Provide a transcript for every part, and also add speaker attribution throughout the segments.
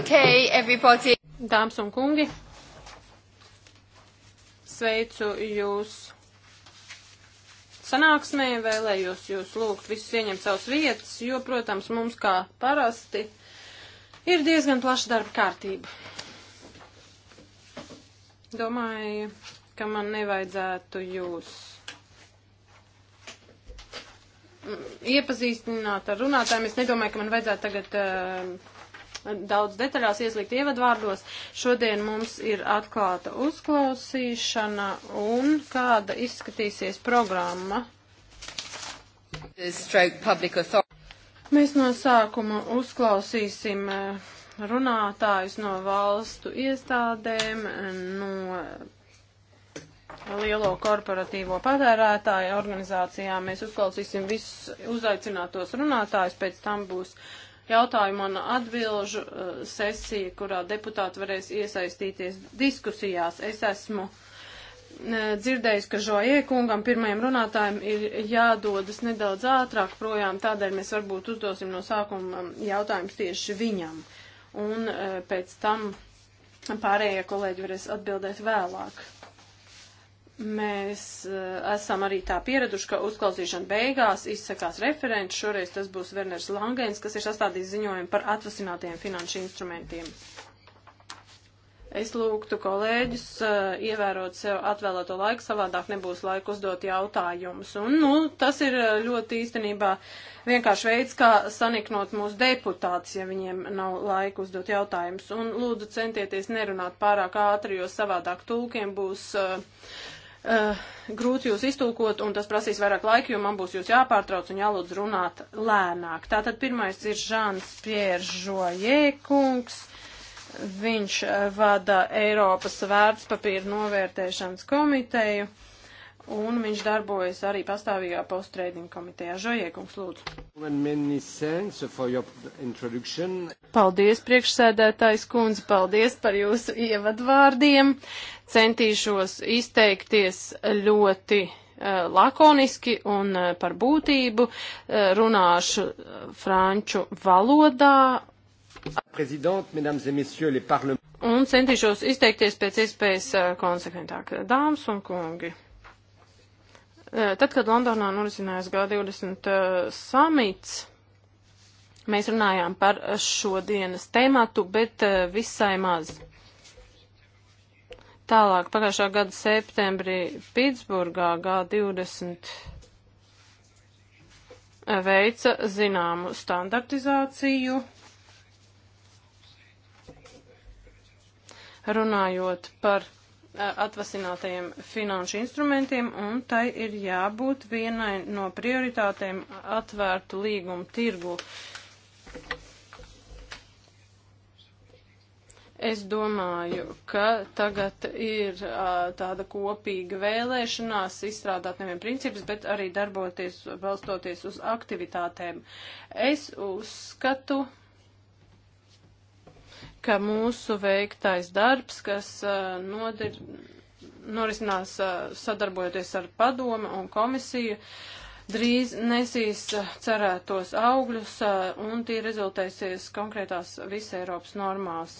Speaker 1: Okay, everybody. Dāmas un kungi, sveicu jūs sanāksmē, vēlējos jūs lūgt visus ieņemt savas vietas, jo, protams, mums kā parasti ir diezgan plaša darba kārtība. Domāju, ka man nevajadzētu jūs iepazīstināt ar runātājiem. Es nedomāju, ka man vajadzētu tagad uh, daudz detaļās ieslīgt ievadvārdos. Šodien mums ir atklāta uzklausīšana un kāda izskatīsies programma. Mēs no sākuma uzklausīsim eh, runātājus no valstu iestādēm, eh, no lielo korporatīvo patērētāju organizācijām. Mēs uzklausīsim visus uzaicinātos runātājus, pēc tam būs jautājumu un atbilžu eh, sesija, kurā deputāti varēs iesaistīties diskusijās. Es esmu eh, dzirdējis, ka Žojē kungam pirmajam runātājam ir jādodas nedaudz ātrāk projām, tādēļ mēs varbūt uzdosim no sākuma um, jautājumus tieši viņam. Un eh, pēc tam pārējie kolēģi varēs atbildēt vēlāk. Mēs eh, esam arī tā pieraduši, ka uzklausīšana beigās izsakās referents. Šoreiz tas būs Werners Langens, kas ir sastādījis ziņojumu par atvasinātajiem finanšu instrumentiem. Es lūgtu kolēģus eh, ievērot sev atvēlēto laiku, savādāk nebūs laika uzdot jautājumus. Un, nu, tas ir eh, ļoti īstenībā vienkārši veids, kā saniknot mūsu deputātus, ja viņiem nav laika uzdot jautājumus. Un lūdzu centieties nerunāt pārāk ātri, jo savādāk tulkiem būs. Uh, uh, grūti jūs iztūkot, un tas prasīs vairāk laika, jo man būs jūs jāpārtrauc un jālūdz runāt lēnāk. Tātad pirmais ir Žāns Pieržojē kungs. Viņš vada Eiropas vērtspapīra novērtēšanas komiteju. Uh, un viņš darbojas arī pastāvīgā post-trading komitejā. Žojiekungs, lūdzu. Paldies, priekšsēdētājs kundze, paldies par jūsu ievadvārdiem. Centīšos izteikties ļoti eh, lakoniski un eh, par būtību eh, runāšu franču valodā. Un centīšos izteikties pēc iespējas konsekventāk. Dāmas un kungi. Eh, tad, kad Londonā norisinājās G20 eh, samits, mēs runājām par šodienas tēmatu, bet eh, visai maz. Tālāk, pagājušā gada septembrī Pitsburgā G20 veica zināmu standartizāciju, runājot par atvasinātajiem finanšu instrumentiem, un tai ir jābūt vienai no prioritātēm atvērtu līgumu tirgu. Es domāju, ka tagad ir uh, tāda kopīga vēlēšanās izstrādāt nevien principus, bet arī darboties, balstoties uz aktivitātēm. Es uzskatu, ka mūsu veiktais darbs, kas uh, nodir, norisinās uh, sadarbojoties ar padomu un komisiju, drīz nesīs uh, cerētos augļus un tie rezultēsies konkrētās visai Eiropas normās.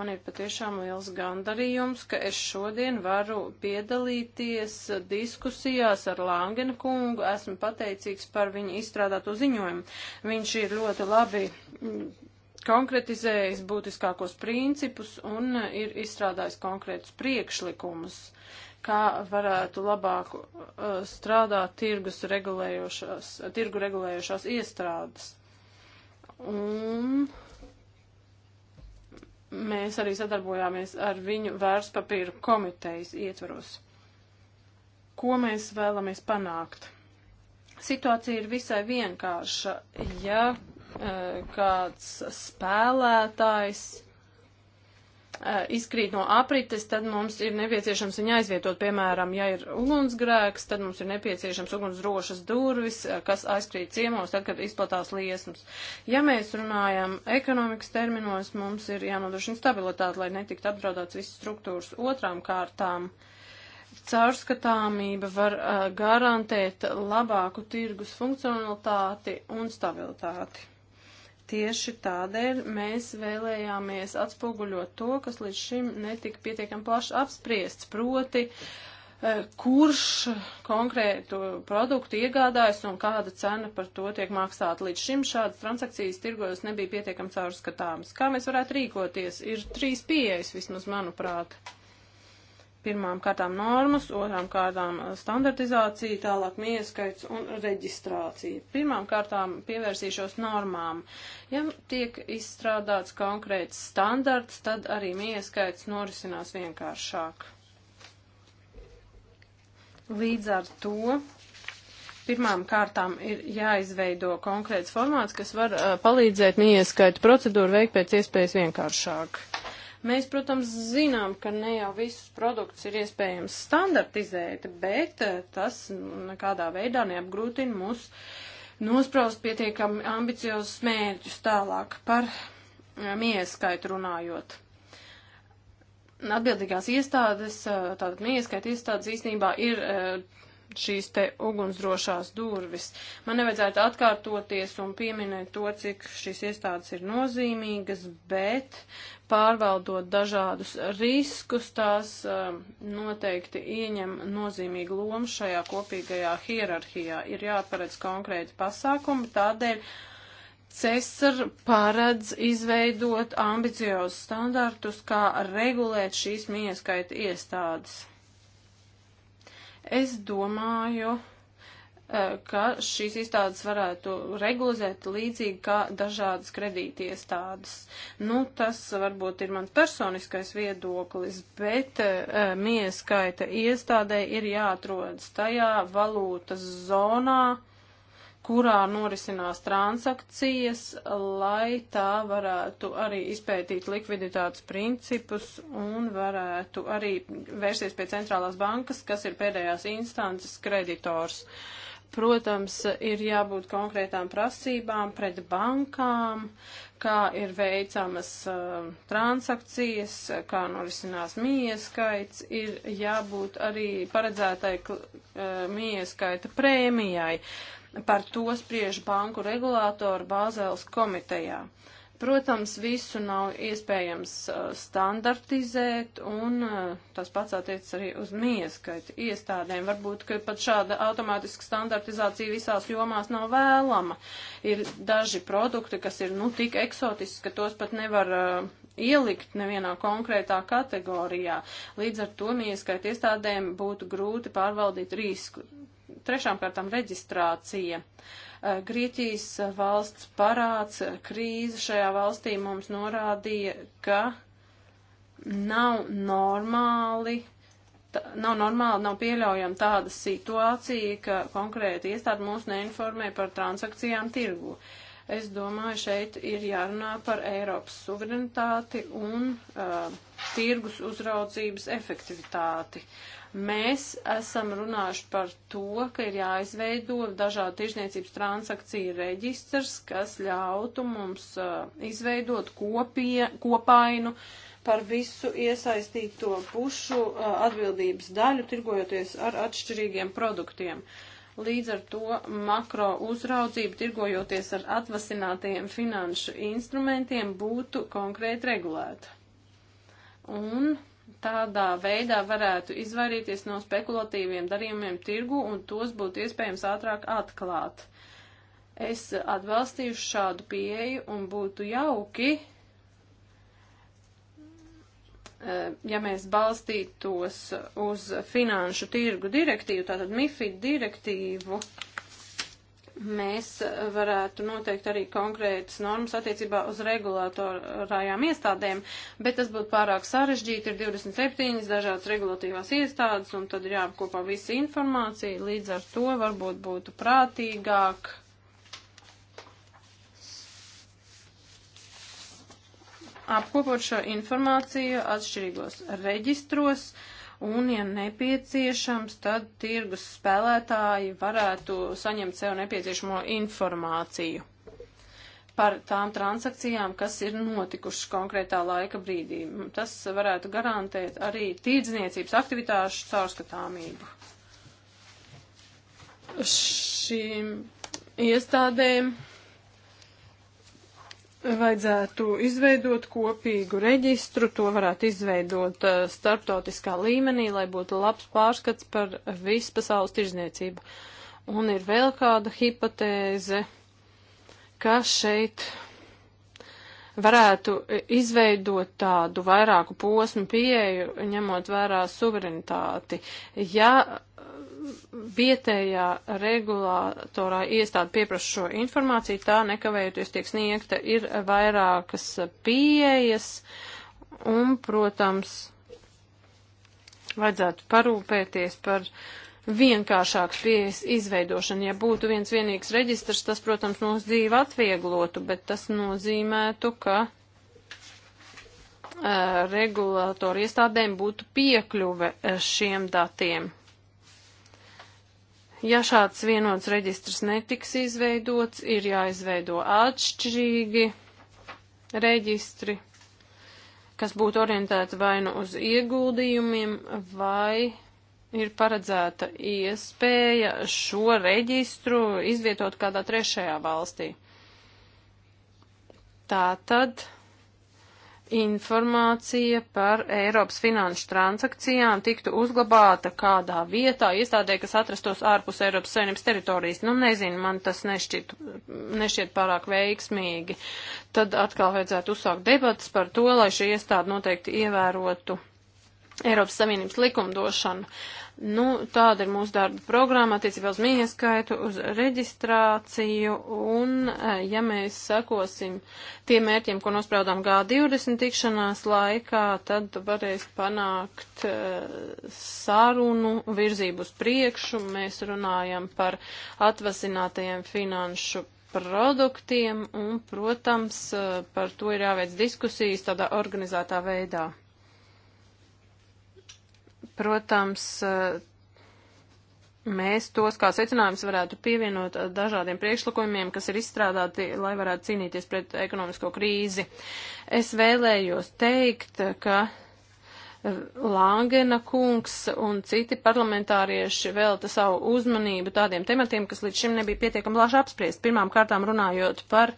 Speaker 1: Man ir patiešām liels gandarījums, ka es šodien varu piedalīties diskusijās ar Langena kungu. Esmu pateicīgs par viņu izstrādāto ziņojumu. Viņš ir ļoti labi konkretizējis būtiskākos principus un ir izstrādājis konkrētus priekšlikumus, kā varētu labāk uh, strādāt tirgus regulējošās, tirgu regulējošās iestrādes. Un mēs arī sadarbojāmies ar viņu vērtspapīru komitejas ietvaros. Ko mēs vēlamies panākt? Situācija ir visai vienkārša. Ja kāds spēlētājs izkrīt no aprites, tad mums ir nepieciešams viņu aizvietot. Piemēram, ja ir ugunsgrēks, tad mums ir nepieciešams ugunsdrošas durvis, kas aizkrīt ciemos, tad, kad izplatās liesmas. Ja mēs runājam ekonomikas terminos, mums ir jānodrošina stabilitāte, lai netiktu apdraudāts visas struktūras otrām kārtām. Caurskatāmība var uh, garantēt labāku tirgus funkcionalitāti un stabilitāti. Tieši tādēļ mēs vēlējāmies atspoguļot to, kas līdz šim netika pietiekami plaši apspriests, proti, e, kurš konkrētu produktu iegādājas un kāda cena par to tiek maksāta. Līdz šim šādas transakcijas tirgojos nebija pietiekami caurskatāmas. Kā mēs varētu rīkoties? Ir trīs pieejas, vismaz manuprāt. Pirmām kārtām normas, otrām kārtām eh, standartizācija, tālāk mieskaits un reģistrācija. Pirmām kārtām pievērsīšos normām. Ja tiek izstrādāts konkrēts standarts, tad arī mieskaits norisinās vienkāršāk. Līdz ar to pirmām kārtām ir jāizveido konkrēts formāts, kas var uh, palīdzēt nieskaitu procedūru veikt pēc iespējas vienkāršāk. Mēs, protams, zinām, ka ne jau visus produktus ir iespējams standartizēt, bet eh, tas nekādā veidā neapgrūtina mūs nospraust pietiekami ambiciozus mērķus tālāk par eh, mieskaitu runājot atbildīgās iestādes, eh, tātad neieskaita iestādes īstenībā ir šīs te ugunsdrošās durvis. Man nevajadzētu atkārtoties un pieminēt to, cik šīs iestādes ir nozīmīgas, bet pārvaldot dažādus riskus, tās um, noteikti ieņem nozīmīgu lomu šajā kopīgajā hierarhijā. Ir jāparedz konkrēti pasākumi, tādēļ CESAR paredz izveidot ambiciozus standartus, kā regulēt šīs mieskaita iestādes. Es domāju, e, ka šīs izstādes varētu regulēt līdzīgi kā dažādas kredītiestādes. Nu, tas varbūt ir mans personiskais viedoklis, bet uh, e, e, mieskaita iestādē ir jāatrodas tajā valūtas zonā, uh, kurā norisinās transakcijas, lai tā varētu arī izpētīt likviditātes principus un varētu arī vērsties pie centrālās bankas, kas ir pēdējās instances kreditors. Protams, ir jābūt konkrētām prasībām pret bankām, kā ir veicamas uh, transakcijas, kā norisinās mieskaits, ir jābūt arī paredzētai uh, mieskaita prēmijai. Uh, Par to spriež banku regulātoru Bāzēlas komitejā. Protams, visu nav iespējams uh, standartizēt, un uh, tas pats attiecas arī uz mieskaita iestādēm. Varbūt, ka pat šāda automātiska standartizācija visās jomās nav vēlama. Ir daži produkti, kas ir nu, tik eksotiski, ka tos pat nevar uh, ielikt nevienā konkrētā kategorijā. Līdz ar to mieskaita iestādēm būtu grūti pārvaldīt risku Trešām kārtām reģistrācija. Grieķijas valsts parāds, krīze šajā valstī mums norādīja, ka nav normāli nav normāli, nav pieļaujama tāda situācija, ka konkrēti iestādi mūs neinformē par transakcijām tirgu. Es domāju, šeit ir jārunā par Eiropas suverenitāti un uh, tirgus uzraudzības efektivitāti. Mēs esam runājuši par to, ka ir jāizveido dažādu tirzniecības transakciju reģistrs, kas ļautu mums uh, izveidot kopie, kopainu par visu iesaistīto pušu uh, atbildības daļu, tirgojoties ar atšķirīgiem produktiem. Līdz ar to makro uzraudzību, tirgojoties ar atvasinātajiem finanšu instrumentiem, būtu konkrēti regulēta. Un tādā veidā varētu izvairīties no spekulatīviem darījumiem tirgu un tos būtu iespējams ātrāk atklāt. Es atbalstīšu šādu pieeju un būtu jauki, e, ja mēs balstītos uz finanšu tirgu direktīvu, tātad MIFID direktīvu, uh, mēs varētu noteikt arī konkrētas normas attiecībā uz regulatorajām iestādēm, bet tas būtu pārāk sarežģīti, ir 27 dažādas regulatīvās iestādes, un tad ir jāapkopā visa informācija, līdz ar to varbūt būtu prātīgāk. Apkopot šo informāciju atšķirīgos reģistros, uh, un, ja nepieciešams, tad tirgus spēlētāji varētu saņemt sev nepieciešamo informāciju par tām transakcijām, kas ir notikušas konkrētā laika brīdī. Tas varētu garantēt arī tīrdzniecības aktivitāšu caurskatāmību. Šīm iestādēm vajadzētu izveidot kopīgu reģistru, to varētu izveidot uh, starptautiskā līmenī, lai būtu labs pārskats par visu pasaules tirzniecību. Un ir vēl kāda hipotēze, ka šeit varētu izveidot tādu vairāku posmu pieeju, ņemot vērā suverenitāti. Ja vietējā regulātorā iestāde pieprasa šo informāciju, tā nekavējoties tiek sniegta, ir vairākas pieejas un, protams, vajadzētu parūpēties par vienkāršāks pieejas izveidošana. Ja būtu viens vienīgs reģistrs, tas, protams, mūsu dzīvi atvieglotu, bet tas nozīmētu, ka uh, eh, regulātori iestādēm būtu piekļuve eh, šiem datiem. Ja šāds vienots reģistrs netiks izveidots, ir jāizveido atšķirīgi reģistri, kas būtu orientēti vai nu uz ieguldījumiem, vai ir paredzēta iespēja šo reģistru izvietot kādā trešajā valstī. Tā tad informācija par Eiropas finanšu transakcijām tiktu uzglabāta kādā vietā, iestādē, kas atrastos ārpus Eiropas Savienības teritorijas. Nu, nezinu, man tas nešķiet, nešķiet pārāk veiksmīgi. Tad atkal vajadzētu uzsākt debatas par to, lai šī iestāde noteikti ievērotu Eiropas Savienības likumdošanu. Nu, tāda ir mūsu darba programma attiecībā uz mīnieskaitu, uz reģistrāciju un, e, ja mēs sekosim tiem mērķiem, ko nospraudām G20 tikšanās laikā, tad varēs panākt uh, sarunu virzību uz priekšu. Mēs runājam par atvasinātajiem finanšu produktiem un, protams, e, par to ir jāveic diskusijas tādā organizētā veidā. Protams, eh, mēs tos kā secinājums varētu pievienot eh, dažādiem priekšlikumiem, kas ir izstrādāti, lai varētu cīnīties pret ekonomisko krīzi. Es vēlējos teikt, ka eh, Langena kungs un citi parlamentārieši velta savu uzmanību tādiem tematiem, kas līdz šim nebija pietiekami plaši apspriest. Pirmām kārtām runājot par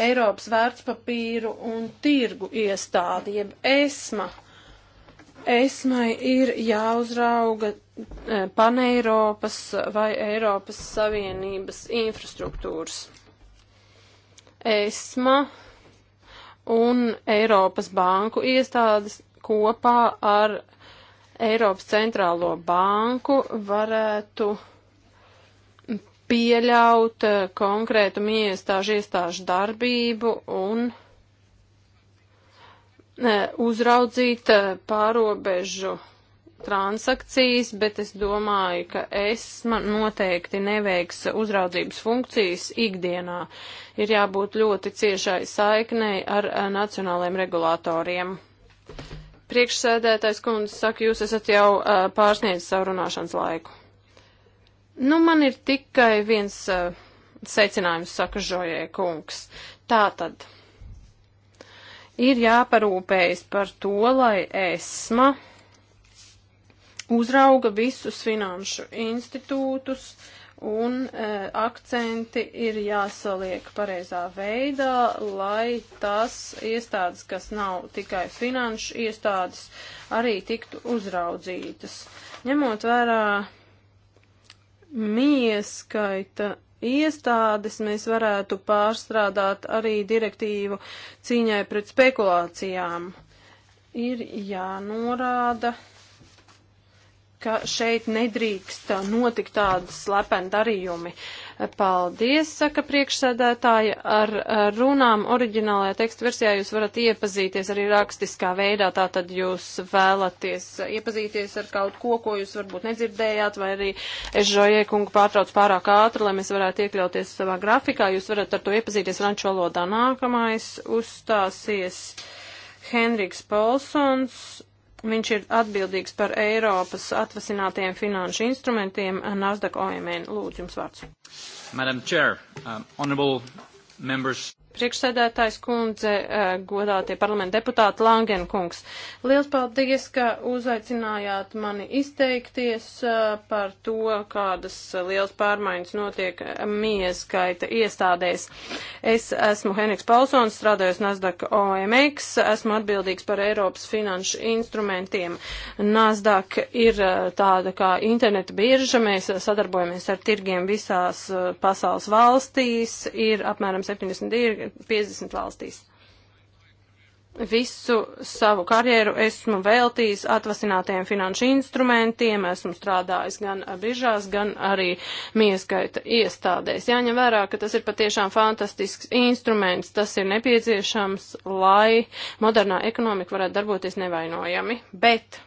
Speaker 1: Eiropas vērtspapīru un tirgu iestādi, jeb ESMA. Uh, Esmai ir jāuzrauga e, paneiropas vai Eiropas Savienības infrastruktūras. Esma un Eiropas banku iestādes kopā ar Eiropas centrālo banku varētu pieļaut e, konkrētu miestāžu iestāžu darbību un uzraudzīt eh, pārobežu transakcijas, bet es domāju, ka ESMA noteikti neveiks uzraudzības funkcijas ikdienā. Ir jābūt ļoti ciešai saiknei ar eh, nacionāliem regulātoriem. Priekšsēdētājs kundze saka, jūs esat jau uh, pārsniedzis savu runāšanas laiku. Nu, man ir tikai viens uh, secinājums, saka Žojē kungs. Tā tad ir jāparūpējas par to, lai ESMA uzrauga visus finanšu institūtus un e, akcenti ir jāsaliek pareizā veidā, lai tas iestādes, kas nav tikai finanšu iestādes, arī tiktu uzraudzītas. Ņemot vērā mieskaita iestādes, mēs varētu pārstrādāt arī direktīvu cīņai pret spekulācijām. Ir jānorāda, ka šeit nedrīkst notikt tādas slepeni darījumi. Uh, Paldies, saka priekšsēdētāja. Ar, ar runām oriģinālajā tekstu versijā jūs varat iepazīties arī rakstiskā veidā, tātad jūs vēlaties iepazīties ar kaut ko, ko jūs varbūt nedzirdējāt, vai arī es žojie kungu pārtrauc pārāk ātri, lai mēs varētu iekļauties savā grafikā. Jūs varat ar to iepazīties franču valodā. Nākamais uzstāsies Henriks Polsons Viņš ir atbildīgs par Eiropas atvasinātiem finanšu instrumentiem Nasdaq OMN. Lūdzu, jums vārds.
Speaker 2: Madam Chair, um, honorable members.
Speaker 1: Priekšsēdētājs kundze, eh, godātie parlamenta deputāti Langenkungs. Liels paldies, ka uzaicinājāt mani izteikties eh, par to, kādas liels pārmaiņas notiek mieskaita iestādēs. Es esmu Henriks Paulsons, strādājos Nasdaq OMX, esmu atbildīgs par Eiropas finanšu instrumentiem. Nasdaq ir eh, tāda kā interneta birža, mēs sadarbojamies ar tirgiem visās pasaules valstīs, ir apmēram 70 tirgi 50 valstīs. Visu savu karjeru esmu veltījis atvasinātajiem finanšu instrumentiem, esmu strādājis gan biržās, gan arī mieskaita iestādēs. Jāņem vērā, ka tas ir patiešām fantastisks instruments, tas ir nepieciešams, lai modernā ekonomika varētu darboties nevainojami. Bet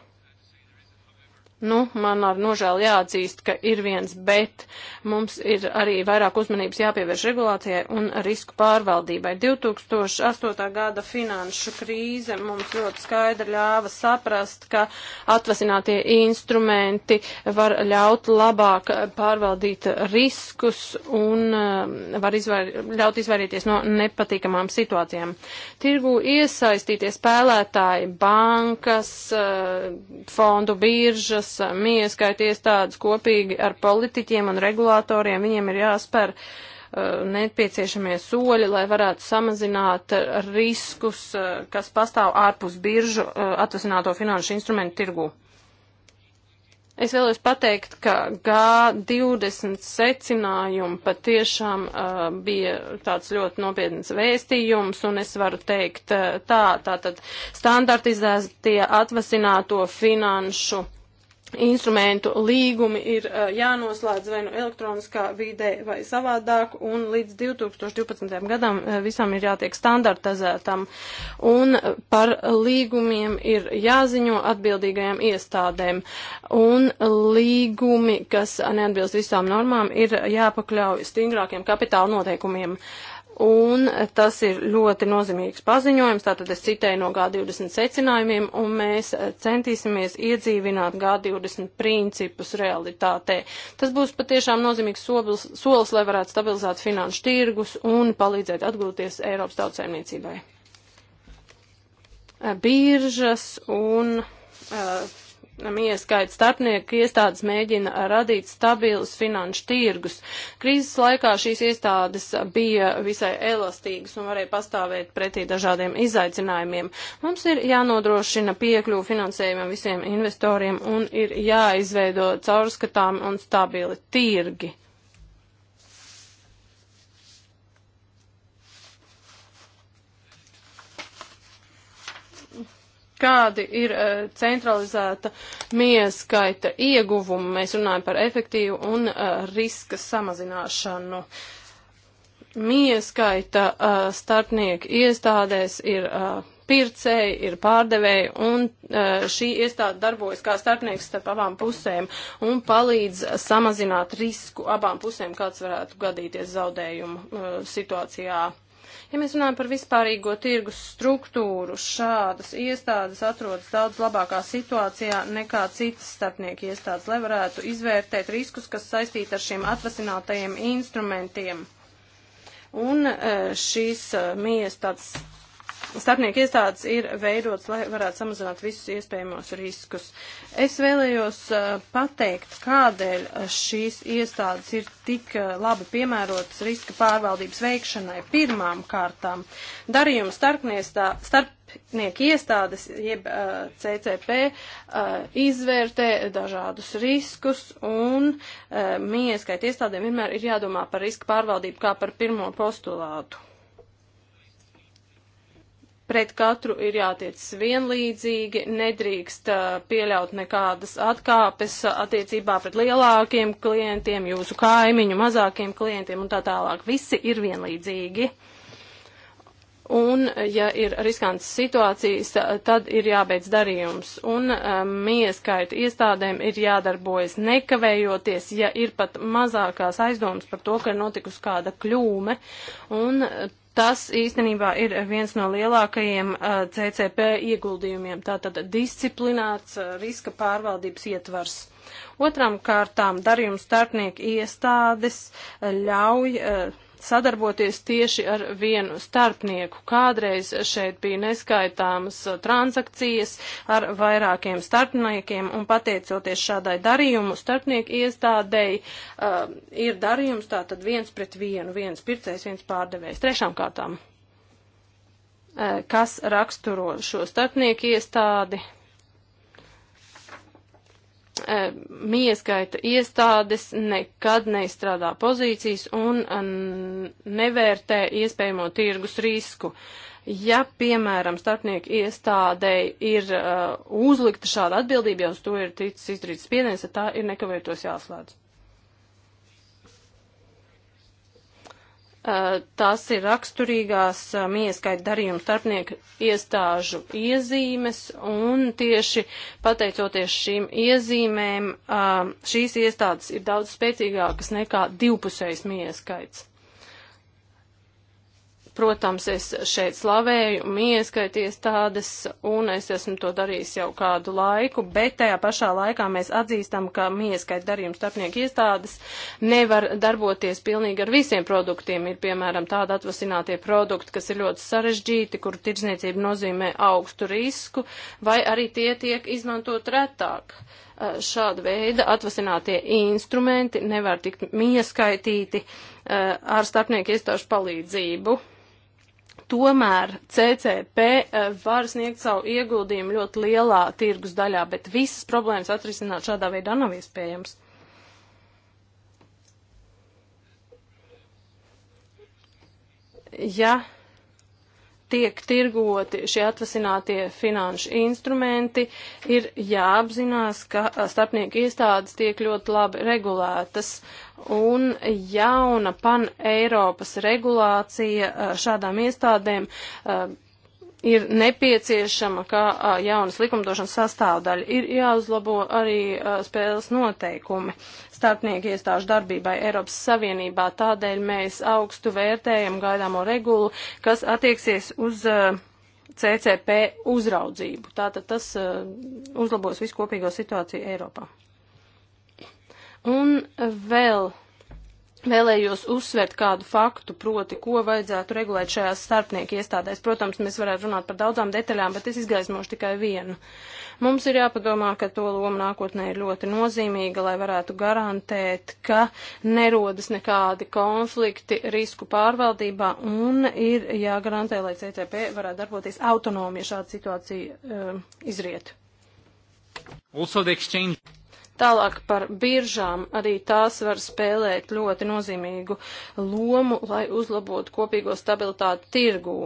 Speaker 1: Nu, man ar nožēlu jāatzīst, ka ir viens, bet mums ir arī vairāk uzmanības jāpievērš regulācijai un risku pārvaldībai. 2008. gada finanšu krīze mums ļoti skaidri ļāva saprast, ka atvasinātie instrumenti var ļaut labāk pārvaldīt riskus un um, var izvair ļaut izvairīties no nepatīkamām situācijām. Tirgu iesaistīties spēlētāji, bankas, uh, fondu biržas, mieskaita iestādes kopīgi ar politiķiem un regulātoriem, viņiem ir jāspēr uh, nepieciešamie soļi, lai varētu samazināt riskus, uh, kas pastāv ārpus biržu uh, atvasināto finanšu instrumentu tirgu. Es vēlos pateikt, ka G20 secinājumi patiešām uh, bija tāds ļoti nopietns vēstījums, un es varu teikt uh, tā, tātad standartizētie atvasināto finanšu instrumentu līgumi ir eh, jānoslēdz vai nu no elektroniskā vidē vai savādāk, un līdz 2012. gadam eh, visam ir jātiek standartizētam, un eh, par līgumiem ir jāziņo atbildīgajām iestādēm, un līgumi, kas neatbilst visām normām, ir jāpakļauj stingrākiem kapitāla noteikumiem. Uh, Un tas ir ļoti nozīmīgs paziņojums, tātad es citēju no G20 secinājumiem, un mēs eh, centīsimies iedzīvināt G20 principus realitātē. Tas būs patiešām nozīmīgs solis, solis lai varētu stabilizēt finanšu tirgus un palīdzēt atgūties Eiropas tautsēmniecībai. Eh, Biržas un. Uh, Mieskaita starpnieku iestādes mēģina radīt stabilus finanšu tirgus. Krīzes laikā šīs iestādes bija visai elastīgas un varēja pastāvēt pretī dažādiem izaicinājumiem. Mums ir jānodrošina piekļuvu finansējumam visiem investoriem un ir jāizveido caurskatām un stabili tirgi. kādi ir uh, centralizēta mieskaita ieguvumi. Mēs runājam par efektīvu un uh, riska samazināšanu. Mieskaita uh, e, starpnieku iestādēs ir. Uh, pircēji, ir pārdevēji, un šī iestāde darbojas kā starpnieks starp abām pusēm un palīdz samazināt risku abām pusēm, kāds varētu gadīties zaudējumu situācijā. Ja mēs runājam par vispārīgo tirgus struktūru, šādas iestādes atrodas daudz labākā situācijā nekā citas starpnieku iestādes, lai varētu izvērtēt riskus, kas saistīti ar šiem atvasinātajiem instrumentiem. Un eh, šīs eh, mijas tāds starpnieku iestādes ir veidotas, lai varētu samazināt visus iespējamos riskus. Es vēlējos eh, pateikt, kādēļ eh, šīs iestādes ir tik eh, labi piemērotas riska pārvaldības veikšanai. Pirmām kārtām darījuma starpnieku iestādes, jeb uh, CCP, uh, izvērtē dažādus riskus un uh, mieskait iestādēm vienmēr ir jādomā par riska pārvaldību kā par pirmo postulātu pret katru ir jātiec vienlīdzīgi, nedrīkst uh, pieļaut nekādas atkāpes attiecībā pret lielākiem klientiem, jūsu kaimiņu, mazākiem klientiem un tā tālāk. Visi ir vienlīdzīgi. Un, ja ir riskants situācijas, tad ir jābeidz darījums. Un um, mieskaita iestādēm ir jādarbojas nekavējoties, ja ir pat mazākās aizdomas par to, ka ir notikusi kāda kļūme. Un Tas īstenībā ir viens no lielākajiem uh, CCP ieguldījumiem, tātad disciplināts uh, riska pārvaldības ietvars. Otram kārtām darījums starpnieku iestādes uh, ļauj uh, sadarboties tieši ar vienu starpnieku. Kādreiz šeit bija neskaitāmas uh, transakcijas ar vairākiem starpniekiem, un pateicoties šādai darījumu starpnieku iestādēji, uh, ir darījums tātad viens pret vienu, viens pircējs, viens pārdevējs. Trešām kārtām, uh, kas raksturo šo starpnieku iestādi? E, mieskaita iestādes nekad neizstrādā pozīcijas un e, nevērtē iespējamo tirgus risku. Ja, piemēram, starpnieku iestādei ir uh, uzlikta šāda atbildība, jau uz to ir ticis izdarīts spiediens, tad tā ir nekavētos jāslēdz. Eh, tās ir raksturīgās eh, mieskaita darījuma starpnieku iestāžu iezīmes, un tieši pateicoties šīm iezīmēm, eh, šīs iestādes ir daudz spēcīgākas nekā divpusējs mieskaits. Protams, es šeit slavēju mieskaities tādas, un es esmu to darījis jau kādu laiku, bet tajā pašā laikā mēs atzīstam, ka mieskait darījums starpnieku iestādes nevar darboties pilnīgi ar visiem produktiem. Ir, piemēram, tādi atvasinātie produkti, kas ir ļoti sarežģīti, kur tirdzniecība nozīmē augstu risku, vai arī tie tiek izmantot retāk eh, šāda veida atvasinātie instrumenti nevar tikt ieskaitīti eh, ar starpnieku iestāžu palīdzību. Tomēr CCP eh, var sniegt savu ieguldījumu ļoti lielā tirgus daļā, bet visas problēmas atrisināt šādā veidā nav iespējams. Ja tiek tirgoti šie atvasinātie finanšu instrumenti, ir jāapzinās, ka starpnieku iestādes tiek ļoti labi regulētas. Un jauna pan-Eiropas regulācija šādām iestādēm ir nepieciešama kā jaunas likumdošanas sastāvdaļa. Ir jāuzlabo arī spēles noteikumi starpnieku iestāžu darbībai Eiropas Savienībā. Tādēļ mēs augstu vērtējam gaidāmo regulu, kas attieksies uz CCP uzraudzību. Tātad tas uzlabos viskopīgo situāciju Eiropā. Un vēl Vēlējos uzsvērt kādu faktu, proti, ko vajadzētu regulēt šajās starpnieku iestādēs. Protams, mēs varētu runāt par daudzām detaļām, bet es izgaismošu tikai vienu. Mums ir jāpadomā, ka to loma nākotnē ir ļoti nozīmīga, lai varētu garantēt, ka nerodas nekādi konflikti risku pārvaldībā un ir jāgarantē, lai CCP varētu darboties autonomi, ja šāda situācija uh, izriet.
Speaker 2: Also the exchange.
Speaker 1: Tālāk par biržām arī tās var spēlēt ļoti nozīmīgu lomu, lai uzlabotu kopīgo stabilitāti tirgū.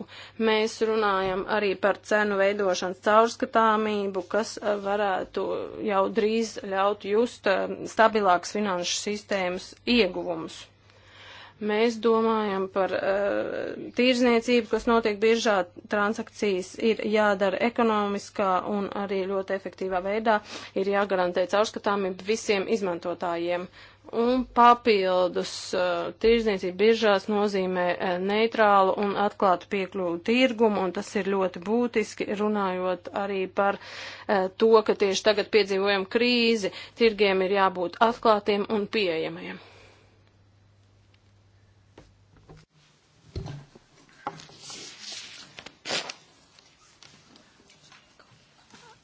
Speaker 1: Mēs runājam arī par cenu veidošanas caurskatāmību, kas eh, varētu jau drīz ļaut just eh, stabilāks finanšu sistēmas ieguvumus. Mēs domājam par uh, eh, tīrzniecību, kas notiek biržā, transakcijas ir jādara ekonomiskā un arī ļoti efektīvā veidā, ir jāgarantē caurskatāmība visiem izmantotājiem. Un papildus uh, eh, tīrzniecība biržās nozīmē uh, neitrālu un atklātu piekļuvu tirgumu, un tas ir ļoti būtiski, runājot arī par uh, to, ka tieši tagad piedzīvojam krīzi, tirgiem ir jābūt atklātiem un pieejamiem.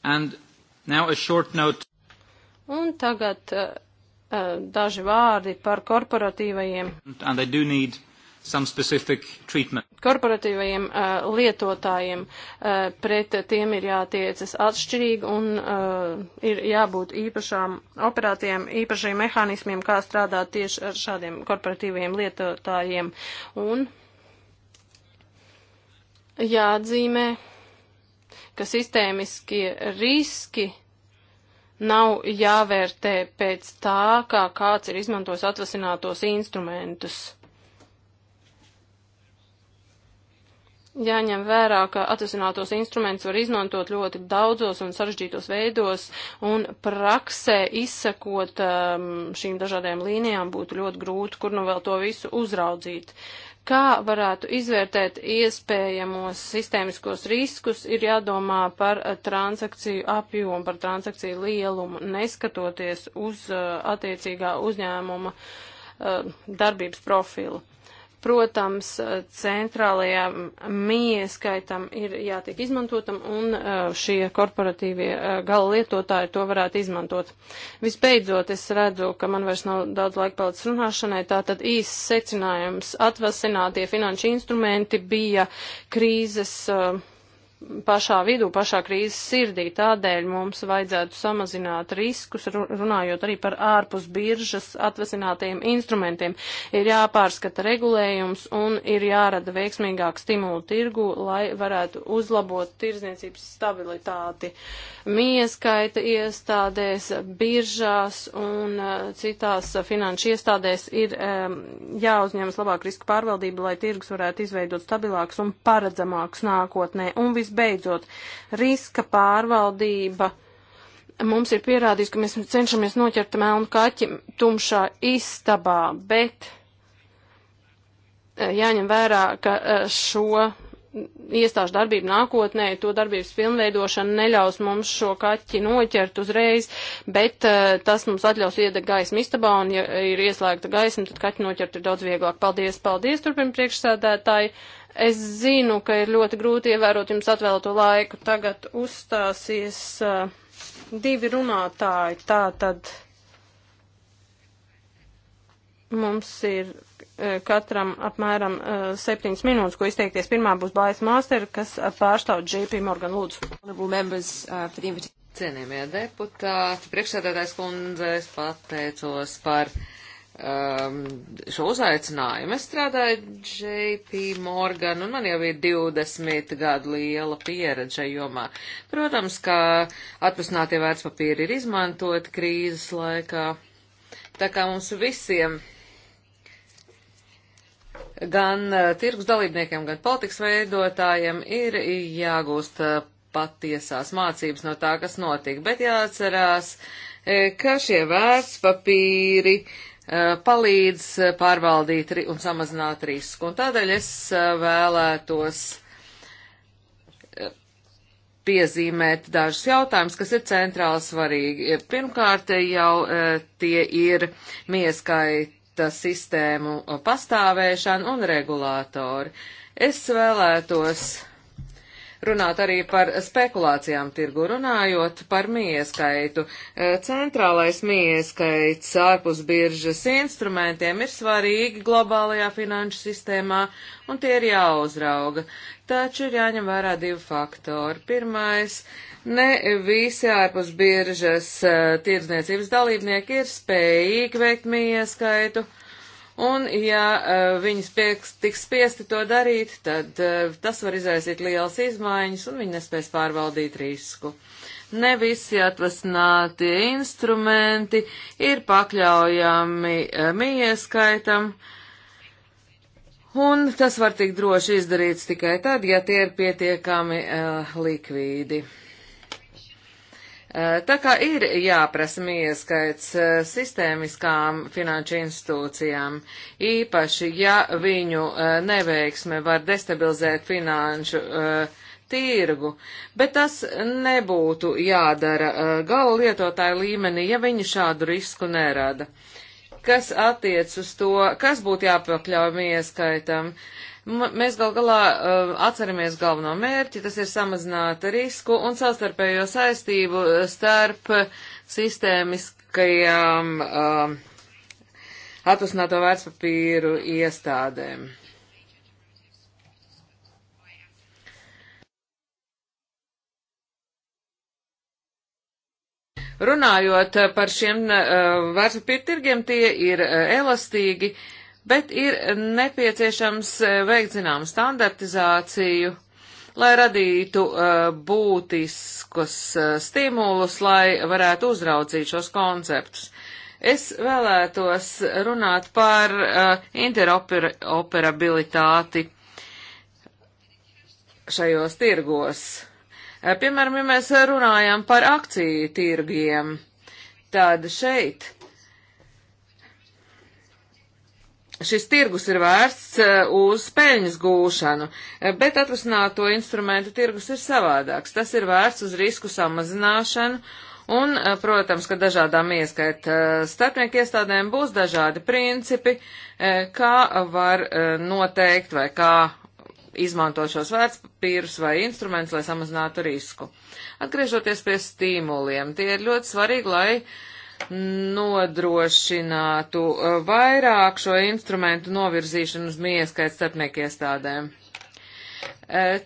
Speaker 3: And now a short note.
Speaker 1: Un tagad uh, uh daži vārdi par korporatīvajiem.
Speaker 3: And
Speaker 2: they do need some specific treatment.
Speaker 1: Korporatīvajiem uh, lietotājiem uh, pret tiem ir jātiecas atšķirīgi un uh, ir jābūt īpašām operātiem, īpašiem mehānismiem, kā strādāt tieši ar šādiem korporatīvajiem lietotājiem. Un jāatzīmē. Ja ka sistēmiskie riski nav jāvērtē pēc tā, kā kāds ir izmantojis atvasinātos instrumentus. Jāņem vērā, ka atvasinātos instrumentus var izmantot ļoti daudzos un sarežģītos veidos, un praksē izsekot um, šīm dažādajām līnijām būtu ļoti grūti, kur nu vēl to visu uzraudzīt. Kā varētu izvērtēt iespējamos sistēmiskos riskus, ir jādomā par eh, transakciju apjomu, par transakciju lielumu, neskatoties uz eh, attiecīgā uzņēmuma eh, darbības profilu. Protams, centrālajām mieskaitam ir jātiek izmantotam un uh, šie korporatīvie uh, gala lietotāji to varētu izmantot. Visbeidzot, es redzu, ka man vairs nav daudz laika palicis runāšanai, tātad īsts secinājums atvasinātie finanšu instrumenti bija krīzes uh, pašā vidū, pašā krīzes sirdī. Tādēļ mums vajadzētu samazināt riskus, runājot arī par ārpus biržas atvesinātajiem instrumentiem. Ir jāpārskata regulējums un ir jārada veiksmīgāk stimulu tirgu, lai varētu uzlabot tirzniecības stabilitāti. Mieskaita iestādēs, biržās un eh, citās finanšu iestādēs ir um, jāuzņemas labāk risku pārvaldība, lai tirgus varētu izveidot stabilāks un paredzamāks nākotnē. Un vis Visbeidzot, riska pārvaldība mums ir pierādījis, ka mēs cenšamies noķert melnu kaķi tumšā istabā, bet eh, jāņem vērā, ka eh, šo iestāžu darbību nākotnē, to darbības pilnveidošana neļaus mums šo kaķi noķert uzreiz, bet uh, tas mums atļaus iedegt gaismu istabā, un ja ir ieslēgta gaisma, tad kaķi noķert ir daudz vieglāk. Paldies, paldies, turpin priekšsēdētāji. Uh, Es zinu, ka ir ļoti grūti ievērot jums atvēlto laiku. Tagad uzstāsies uh, divi runātāji. Tā tad mums ir uh, katram apmēram uh, septiņas minūtes, ko izteikties. Pirmā būs Bājas Māstera, kas uh, pārstāv JP Morgan Lūdzu. Uh,
Speaker 3: Cienījamie deputāti, priekšsēdētājs kundze, es pateicos par um, šo uzaicinājumu. Es strādāju JP Morgan, un man jau ir 20 gadu liela pieredze jomā. Protams, ka atpusinātie vērtspapīri ir izmantot krīzes laikā. Tā kā mums visiem, gan uh, tirgus dalībniekiem, gan politikas veidotājiem, ir jāgūst uh, patiesās mācības no tā, kas notika. Bet jāatcerās, uh, ka šie vērtspapīri uh, Eh, palīdz eh, pārvaldīt un samazināt risku. Un tādēļ es eh, vēlētos piezīmēt dažus jautājumus, kas ir centrāli svarīgi. Pirmkārt, jau tie ir mieskaita sistēmu pastāvēšana un regulātori. Es vēlētos runāt arī par spekulācijām tirgu, runājot par mieskaitu. E, centrālais mieskaits ārpus biržas instrumentiem ir svarīgi globālajā finanšu sistēmā, un tie ir jāuzrauga. Taču ir jāņem vērā divi faktori. Pirmais, ne visi ārpus biržas e, tirdzniecības dalībnieki ir spējīgi veikt mieskaitu. skaitu Un, ja eh, viņas pieks, tiks spiesti to darīt, tad eh, tas var izraisīt lielas izmaiņas, un viņi nespēs pārvaldīt risku. Ne visi atvasinātie instrumenti ir pakļaujami eh, mieskaitam, un tas var tik droši izdarīts tikai tad, ja tie ir pietiekami uh, likvīdi. Eh, tā kā ir jāprasma ieskaits eh, sistēmiskām finanšu institūcijām, īpaši, ja viņu eh, neveiksme var destabilizēt finanšu uh, tirgu, bet tas nebūtu jādara uh, gala lietotāju līmenī, ja viņi šādu risku nerada. Kas attiec uz to, kas būtu jāpakļauj ieskaitam? Uh, Mēs gal galā uh, atceramies galveno mērķi, tas ir samazināt risku un savstarpējo saistību uh, starp sistēmiskajām uh, um, atvasināto vērtspapīru iestādēm. Runājot par šiem uh, vērtspapīra tirgiem, tie ir uh, elastīgi. Uh, bet ir nepieciešams e, veikt zināmu standartizāciju, lai radītu e, būtiskus e, stimulus, lai varētu uzraudzīt šos konceptus. Es vēlētos runāt par interoperabilitāti šajos tirgos. Piemēram, ja mēs runājam par akciju tirgiem, tad šeit šis tirgus ir vērsts eh, uz peļņas gūšanu, eh, bet atrasināto instrumentu tirgus ir savādāks. Tas ir vērsts uz risku samazināšanu. Un, eh, protams, ka dažādām ieskait starpnieku iestādēm būs dažādi principi, kā var noteikt vai kā izmantot šos vērtspapīrus vai instrumentus, lai samazinātu risku. Atgriežoties pie stīmuliem, tie ir ļoti svarīgi, lai uh, nodrošinātu uh, vairāk šo instrumentu novirzīšanu uz mieskaits starpnieku iestādēm. Uh,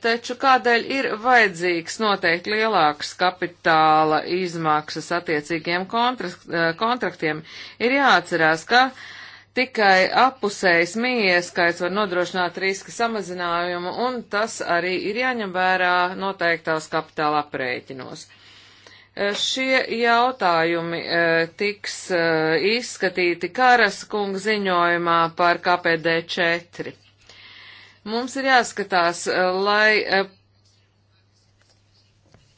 Speaker 3: taču kādēļ ir vajadzīgs noteikti lielāks kapitāla izmaksas attiecīgiem uh, kontraktiem, ir jāatcerās, ka tikai apusējs mieskaits var nodrošināt riska samazinājumu, un tas arī ir jāņem vērā noteiktās kapitāla aprēķinos. Šie jautājumi e, tiks e, izskatīti Karas kunga ziņojumā par KPD 4. Mums ir jāskatās, e, lai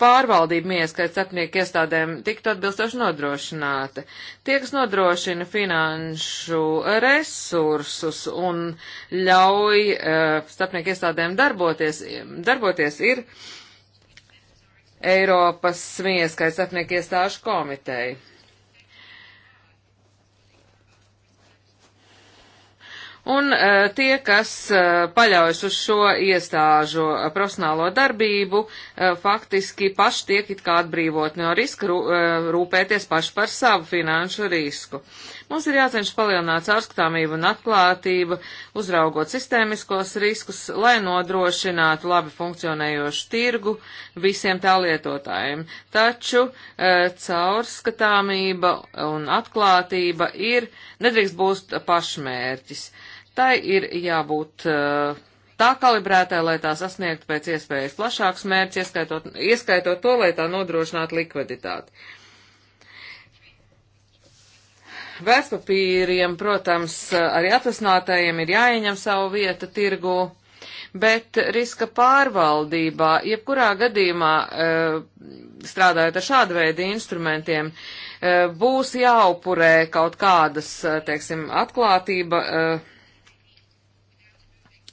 Speaker 3: pārvaldība ieskait starpnieku iestādēm tiktu atbilstoši nodrošināta. Tie, kas nodrošina finanšu resursus un ļauj uh, starpnieku iestādēm darboties, darboties ir uh, Eiropas smieskai sapnieku iestāžu komiteju. Un uh, tie, kas uh, paļaujas uz šo iestāžu uh, profesionālo darbību, faktiski paši tiek it kā atbrīvot no riska rūpēties paši par savu finanšu risku. Uh, Mums ir jācenšas palielināt caurskatāmību un atklātību, uzraugot sistēmiskos riskus, lai nodrošinātu labi funkcionējošu tirgu visiem tā lietotājiem. Taču eh, caurskatāmība un atklātība ir, nedrīkst būt pašmērķis. Tai ir jābūt uh, tā kalibrētā, lai tā sasniegtu pēc iespējas plašāks mērķis, ieskaitot, ieskaitot to, lai tā nodrošinātu likviditāti. Vērtspapīriem, protams, arī atvesinātājiem ir jāieņem savu vietu tirgu, bet riska pārvaldībā, jebkurā gadījumā eh, strādājot ar šādu veidu instrumentiem, eh, būs jāupurē kaut kādas, eh, teiksim, atklātība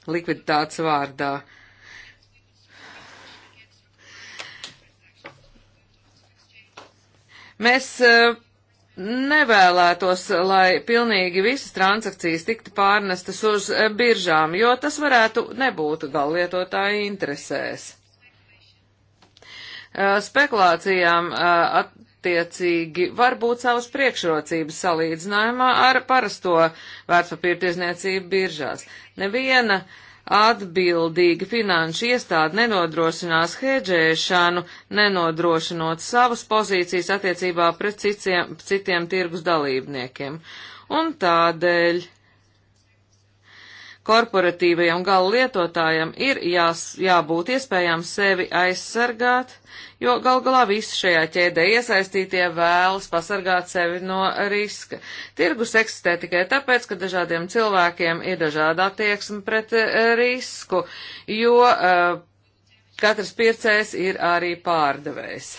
Speaker 3: likviditātes vārdā. Mēs uh, nevēlētos, lai pilnīgi visas transakcijas tiktu pārnestas uz eh, biržām, jo tas varētu nebūt gallietotāju interesēs. Eh, spekulācijām eh, attiecīgi var būt savas priekšrocības salīdzinājumā ar parasto vērtspapīra tiesniecību biržās. Neviena uh, Atbildīga finanšu iestāde nenodrošinās hedžēšanu, nenodrošinot savas pozīcijas attiecībā pret citiem, citiem tirgus dalībniekiem. Un tādēļ korporatīvajam gala lietotājam ir jās, jābūt iespējām sevi aizsargāt, jo gal galā visi šajā ķēdē iesaistītie vēlas pasargāt sevi no riska. Tirgus eksistē tikai tāpēc, ka dažādiem cilvēkiem ir dažāda attieksme pret eh, risku, jo uh, katrs pircējs ir arī pārdevējs.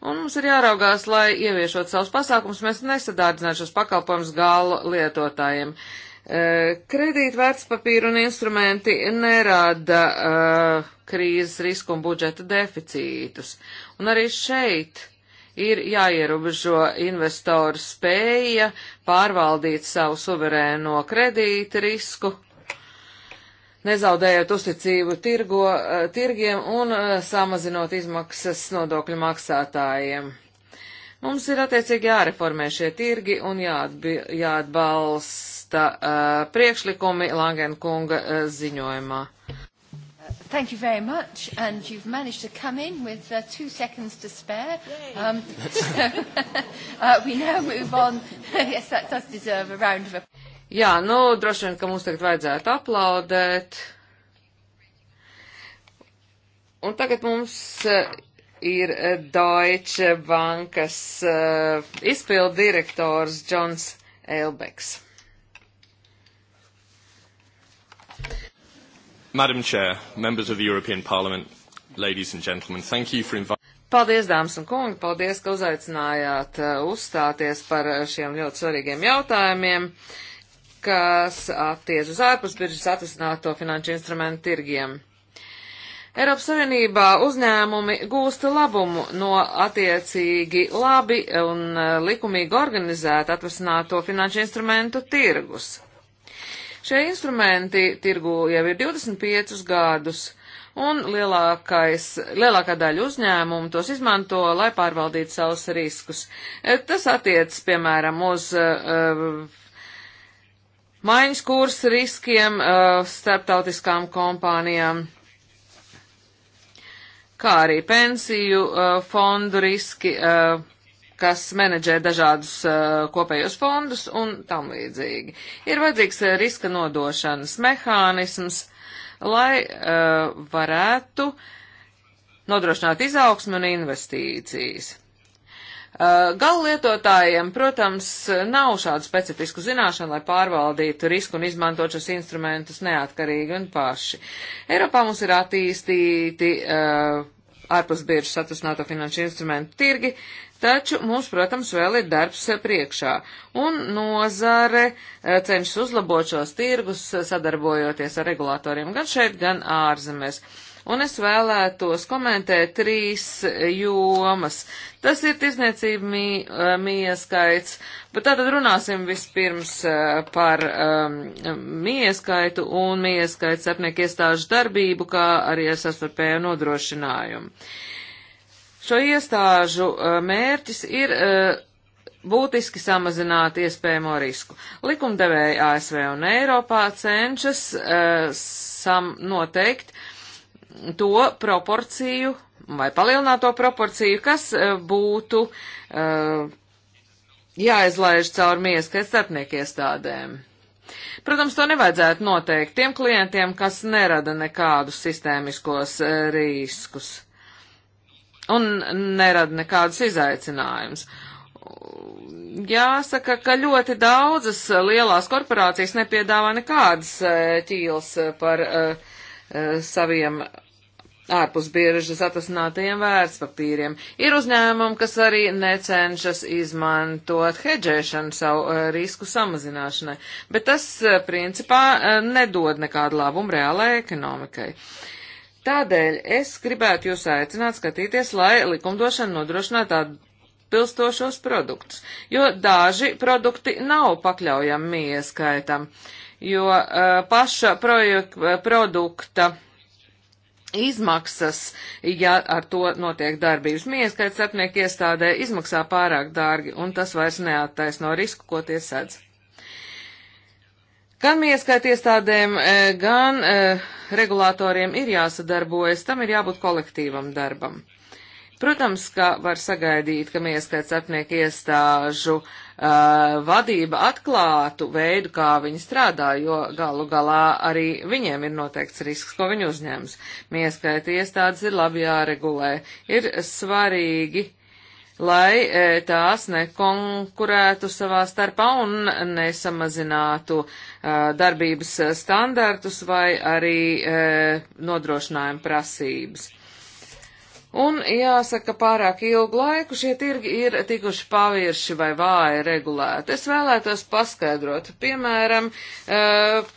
Speaker 3: Un mums ir jāraugās, lai ieviešot savus pasākumus, mēs nesadārdzinātu šos pakalpojumus gala lietotājiem. Uh, Eh, kredīt vērtspapīru un instrumenti nerada uh, krīzes risku un budžeta deficītus. Un arī šeit ir jāierobežo investoru spēja pārvaldīt savu suverēno kredīta risku, nezaudējot uzticību tirgo, eh, tirgiem un samazinot izmaksas nodokļu maksātājiem. Mums ir attiecīgi jāreformē šie tirgi un jāatbi, jāatbalsta uh, priekšlikumi Langenkunga uh, eh, ziņojumā.
Speaker 2: Thank you very much, and you've managed to come in with uh, two seconds to spare. Um, so uh, we now move on. yes, that does deserve a round of applause.
Speaker 3: Jā, nu, droši vien, ka mums tagad vajadzētu aplaudēt. Un tagad mums eh, ir eh, Deutsche Bankas uh, eh, izpildu direktors Džons Elbeks.
Speaker 2: Madam Chair, members of the European Parliament, ladies and gentlemen, thank you for inviting
Speaker 3: Paldies, dāmas un kungi, paldies, ka uzaicinājāt eh, uzstāties par šiem ļoti svarīgiem jautājumiem, kas attiec uz ārpusbiržas atvesināto finanšu instrumentu tirgiem. Eiropas Savienībā uzņēmumi gūsta labumu no attiecīgi labi un e, likumīgi organizēta atvasināto finanšu instrumentu tirgus. Šie instrumenti tirgu jau ir 25 gadus, un lielākais, lielākā daļa uzņēmumu tos izmanto, lai pārvaldītu savus riskus. E, tas attiec, piemēram, uz uh, maiņas kursa riskiem uh, starptautiskām kompānijām kā arī pensiju uh, fondu riski, uh, kas menedžē dažādus uh, kopējos fondus un tam līdzīgi. Ir vajadzīgs riska nodošanas mehānisms, lai varētu nodrošināt izaugsmu un investīcijas. Eh, gallietotājiem, protams, nav šādu specifisku zināšanu, lai pārvaldītu risku un izmantot šos instrumentus neatkarīgi un paši. Eiropā mums ir attīstīti uh, ārpus bieži satrasināto finanšu instrumentu tirgi, taču mums, protams, vēl ir darbs priekšā. Un nozare uh, cenšas uzlabot šos tirgus, sadarbojoties ar regulatoriem gan šeit, gan ārzemēs. Uh, Un es vēlētos komentēt trīs jomas. Tas ir tirzniecība mī, eh, mieskaits, bet tātad runāsim vispirms eh, par um, ehm, mieskaitu un mieskaits sapnieku iestāžu darbību, kā arī ar sastarpēju nodrošinājumu. Šo iestāžu eh, mērķis ir uh, būtiski samazināt iespējamo risku. Likumdevēji ASV un Eiropā cenšas uh, sam noteikt, to proporciju vai palielināt to proporciju, kas e, būtu uh, jāizlaiž caur mieskai starpnieku iestādēm. Protams, to nevajadzētu noteikt tiem klientiem, kas nerada nekādus sistēmiskos e, riskus un nerada nekādus izaicinājumus. Jāsaka, ka ļoti daudzas lielās korporācijas nepiedāvā nekādas ķīles par uh, Eh, saviem ārpus biežas atrasinātajiem vērtspapīriem. Ir uzņēmumi, kas arī necenšas izmantot hedžēšanu savu eh, risku samazināšanai, bet tas eh, principā nedod nekādu labumu reālajai ekonomikai. Tādēļ es gribētu jūs aicināt skatīties, lai likumdošana nodrošinātu tādu pilstošos produktus, jo daži produkti nav pakļaujami ieskaitam. Uh, jo eh, paša projekta, produkta izmaksas, ja ar to notiek darbības. Mieskaits starpnieku iestādē izmaksā pārāk dārgi, un tas vairs neattaisno risku, ko tie sēdz. Gan mieskaita iestādēm, eh, gan eh, regulātoriem ir jāsadarbojas, tam ir jābūt kolektīvam darbam. Protams, ka var sagaidīt, ka mieskaits apnieku iestāžu uh, uh, vadība atklātu veidu, kā viņi strādā, jo galu galā arī viņiem ir noteikts risks, ko viņi uzņems. Mieskaita iestādes ir labi jāregulē. Ir svarīgi, lai e, tās nekonkurētu savā starpā un nesamazinātu uh, darbības standartus vai arī uh, nodrošinājumu prasības. Un jāsaka, pārāk ilgu laiku šie tirgi ir tikuši pavirši vai vāji regulēti. Es vēlētos paskaidrot, piemēram, eh,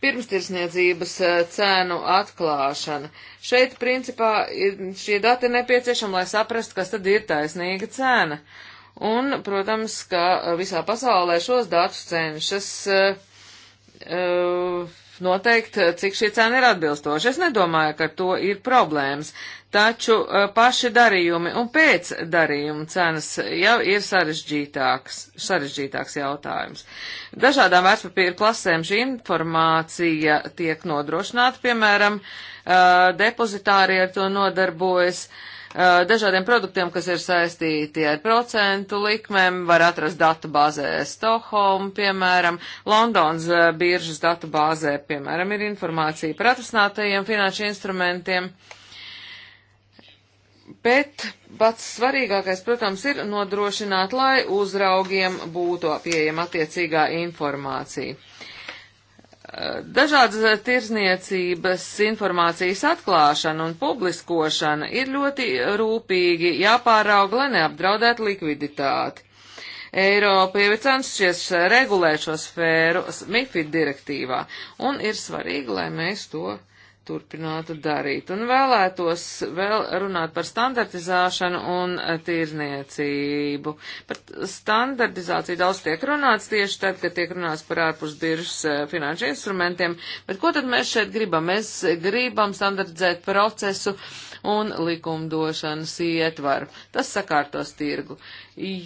Speaker 3: pirmstirsniecības eh, cēnu atklāšana. Šeit, principā, šie dati ir nepieciešami, lai saprastu, kas tad ir taisnīga cena. Un, protams, ka visā pasaulē šos datus cenšas uh, uh, noteikt, eh, cik šī cena ir atbilstoša. Es nedomāju, ka to ir problēmas, taču eh, paši darījumi un pēc darījuma cenas jau ir sarežģītāks, sarežģītāks jautājums. Dažādām vērtspapīra klasēm šī informācija tiek nodrošināta, piemēram, eh, depozitāri ar to nodarbojas. Uh, Eh, dažādiem produktiem, kas ir saistīti ar procentu likmēm, var atrast datubāzē Stokholm, piemēram, Londons eh, biržas datubāzē, piemēram, ir informācija par atrasinātajiem finanšu instrumentiem. Bet pats svarīgākais, protams, ir nodrošināt, lai uzraugiem būtu pieejama attiecīgā informācija. Dažādas tirzniecības informācijas atklāšana un publiskošana ir ļoti rūpīgi jāpārauga, lai neapdraudētu likviditāti. Eiropa jau ir cenšies regulēt šo sfēru MIFID direktīvā, un ir svarīgi, lai mēs to turpinātu darīt. Un vēlētos vēl runāt par standartizāšanu un e, tirniecību. Par standartizāciju daudz tiek runāts tieši tad, kad tiek runāts par ārpusbiržas e, finanšu instrumentiem, bet ko tad mēs šeit gribam? Mēs gribam standartizēt procesu un likumdošanas ietvaru. Tas sakārtos tirgu.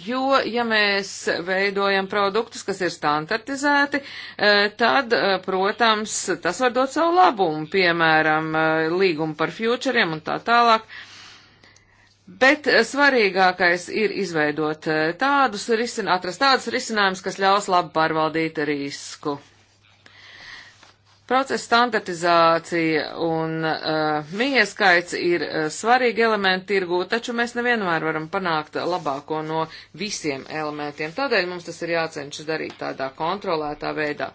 Speaker 3: Jo, ja mēs veidojam produktus, kas ir standartizēti, e, tad, e, protams, tas var dot savu labumu, piemēram, e, līgumu par futuriem un tā tālāk. Bet svarīgākais ir izveidot tādus risinājumus, atrast tādus risinājumus, kas ļaus labi pārvaldīt risku. Procesa standartizācija un uh, mieskaits ir uh, svarīgi elementi tirgū, taču mēs nevienmēr varam panākt labāko no visiem elementiem. Tādēļ mums tas ir jācenšas darīt tādā kontrolētā veidā.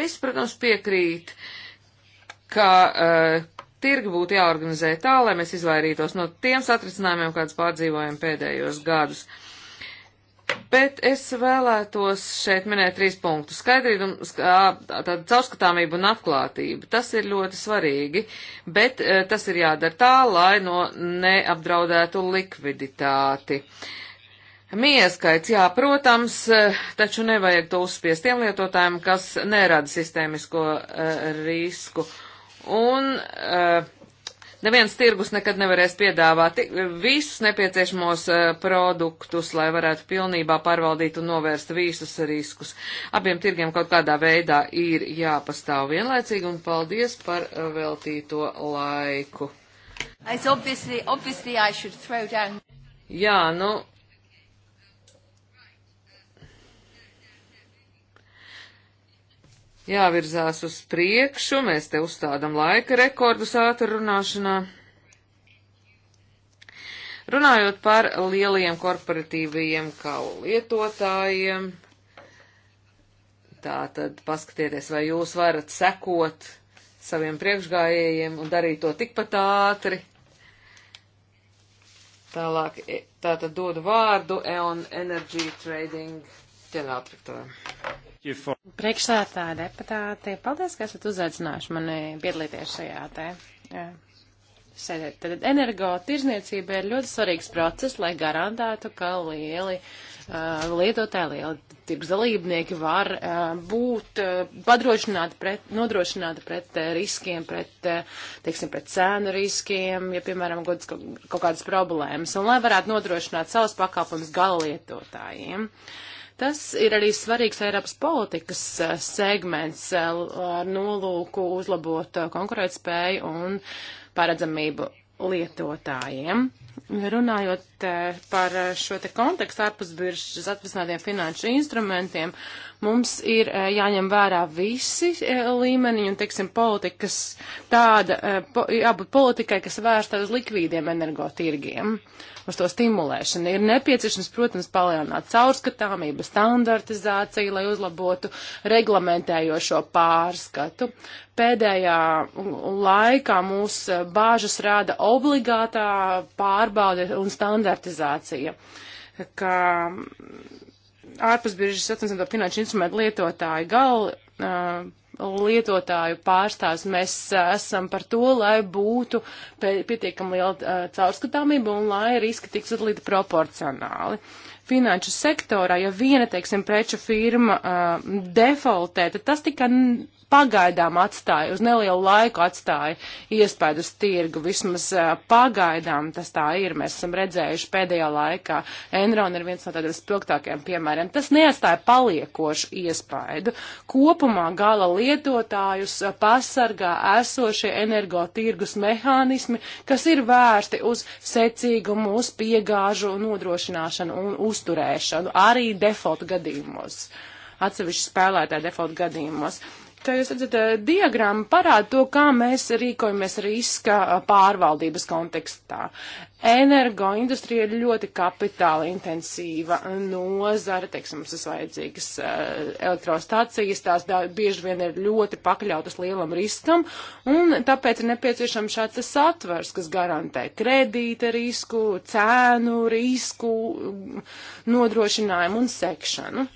Speaker 3: Viss, protams, piekrīt, ka uh, tirgi būtu jāorganizē tā, lai mēs izvairītos no tiem satricinājumiem, kāds pārdzīvojam pēdējos gadus. Uh, Bet es vēlētos šeit minēt trīs punktus. Skaidrība, tāda caurskatāmība un atklātība. Tas ir ļoti svarīgi, bet tas ir jādara tā, lai no neapdraudētu likviditāti. Mieskaits, jā, protams, taču nevajag to uzspiest tiem lietotājiem, kas nerada sistēmisko uh, risku. Un uh, Neviens tirgus nekad nevarēs piedāvāt visus nepieciešamos eh, produktus, lai varētu pilnībā pārvaldīt un novērst visus riskus. Abiem tirgiem kaut kādā veidā ir jāpastāv vienlaicīgi un paldies par eh, veltīto laiku. Obviously, obviously Jā, nu, jāvirzās uz priekšu, mēs te uzstādam laika rekordus ātri runāšanā. Runājot par lieliem korporatīvajiem kalu lietotājiem, tā tad paskatieties, vai jūs varat sekot saviem priekšgājējiem un darīt to tikpat ātri. Tālāk, e, tā tad dodu vārdu EON Energy Trading ģenerāldirektoram. Priekšsētāja deputāte,
Speaker 2: paldies, ka esat uzaicinājuši mani piedalīties šajā te. Sēdēt. Tad energo tirzniecība ir ļoti svarīgs process, lai garantētu, ka lieli uh, lietotāji, lieli tirgus dalībnieki var uh, būt uh, padrošināti pret, nodrošināti pret uh, riskiem, pret, uh, teiksim, pret cēnu riskiem, ja, piemēram, godas kaut, kaut kādas problēmas, un lai varētu nodrošināt savus pakalpumus galalietotājiem. Uh, Tas ir arī svarīgs Eiropas politikas eh, segments eh, ar nolūku uzlabot eh, konkurētspēju un paredzamību lietotājiem. Runājot par šo te kontekstu ārpusbiržas atvesinātiem finanšu instrumentiem Mums ir eh, jāņem vērā visi eh, līmeni un, teiksim, politikas tāda, eh, po, jābūt politikai, kas vērsta uz likvīdiem energotirgiem, uz to stimulēšanu. Ir nepieciešams, protams, palielināt caurskatāmību, standartizāciju, lai uzlabotu reglamentējošo pārskatu. Pēdējā laikā mūs bāžas rāda obligātā pārbaude un standartizācija ka ārpusbiežas atmaksāto finanšu instrumentu lietotāju galu uh, lietotāju pārstāvs. Mēs uh, esam par to, lai būtu pietiekami liela uh, caurskatāmība un lai riski tiks atlīti proporcionāli. Finanšu sektorā, ja viena, teiksim, preču firma uh, defaultē, tad tas tika pagaidām atstāja, uz nelielu laiku atstāja iespēju uz tirgu. Vismaz uh, pagaidām tas tā ir. Mēs esam redzējuši pēdējā laikā. Enron ir viens no tādiem spilgtākiem piemēriem. Tas neatstāja paliekošu iespaidu. Kopumā gala lietotājus pasargā esošie energotirgus mehānismi, kas ir vērsti uz secīgumu, uz piegāžu nodrošināšanu un uzturēšanu, arī default gadījumos atsevišķu spēlētāju default gadījumos. Te jūs redzat, eh, diagramma parāda to, kā mēs rīkojamies riska eh, pārvaldības kontekstā. Energoindustrija ir ļoti kapitāla intensīva nozara, teiksim, mums ir vajadzīgas eh, elektrostācijas, tās dā, bieži vien ir ļoti pakļautas lielam riskam, un tāpēc ir nepieciešams šāds satvers, kas garantē kredīta risku, cēnu risku, mm, nodrošinājumu un sekšanu.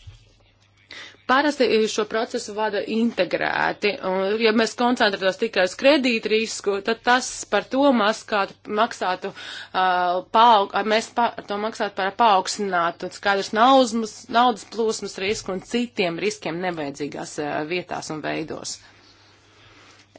Speaker 2: Parasti šo procesu vada integrēti, un ja mēs koncentrētos tikai uz kredīt risku, tad tas par to maskātu, maksātu, uh, paaug, mēs pa, to maksātu par paaugstinātu skaidrs naudas, naudas plūsmas risku un citiem riskiem nevajadzīgās uh, vietās un veidos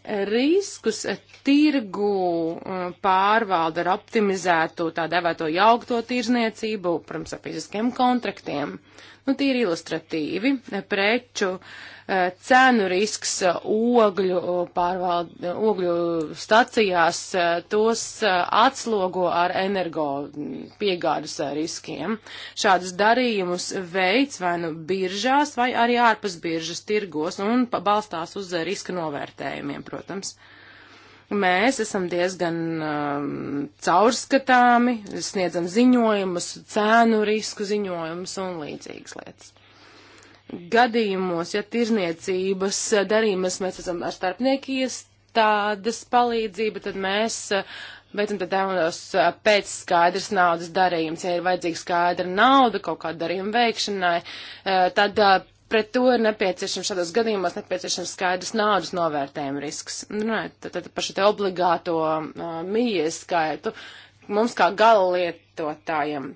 Speaker 2: riskus tirgu uh, pārvalda ar optimizētu tā devēto jaukto tirzniecību, protams, ar fiziskiem kontraktiem. Uh, Nu, tie ir ilustratīvi. Preču eh, cenu risks eh, ogļu eh, pārvaldu, ogļu stacijās tos atslogo ar energo mm, piegādes riskiem. Šādus darījumus veids vai nu biržās vai arī ārpus biržas tirgos un balstās uz riska novērtējumiem, protams. Mēs esam diezgan um, caurskatāmi, sniedzam ziņojumus, cēnu risku ziņojumus un līdzīgas lietas. Gadījumos, ja tirzniecības darījumus mēs esam ar starpnieku iestādes palīdzību, tad mēs uh, bet un tad tādos uh, pēc skaidrs naudas darījums, ja ir vajadzīga skaidra nauda kaut kāda darījuma veikšanai, uh, tad uh, pret to ir nepieciešams šādos gadījumos nepieciešams skaidrs naudas novērtējuma risks. Nu, runājot nu, tad, tad par šo te obligāto uh, mījas skaitu, mums kā gala lietotājiem.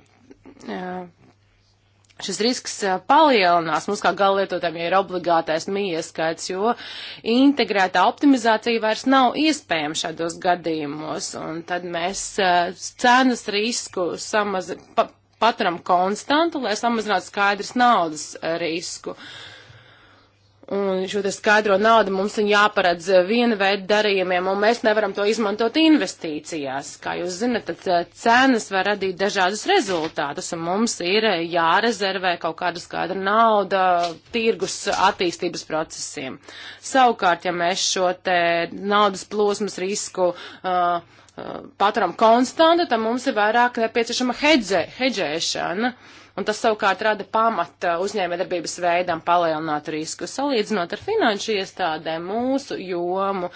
Speaker 2: Uh, Šis risks uh, palielinās mums kā gala lietotājiem, ja ir obligātais mījas skaits, jo integrētā optimizācija vairs nav iespējama šādos gadījumos, un tad mēs uh, cenas risku samaz, pa, paturam konstantu, lai samazinātu skaidrs naudas eh, risku. Un šo te skaidro naudu mums ir jāparedz eh, viena veida darījumiem, un mēs nevaram to izmantot investīcijās. Kā jūs zinat, tad eh, cenas var radīt dažādus rezultātus, un mums ir jārezervē kaut kāda skaidra nauda tirgus attīstības procesiem. Savukārt, ja mēs šo te naudas plosmas risku uh, paturam konstantu, tad mums ir vairāk nepieciešama hedze, hedžēšana. Un tas savukārt rada pamata uh, uzņēmējdarbības veidam palielināt risku. Salīdzinot ar finanšu iestādēm, mūsu jomu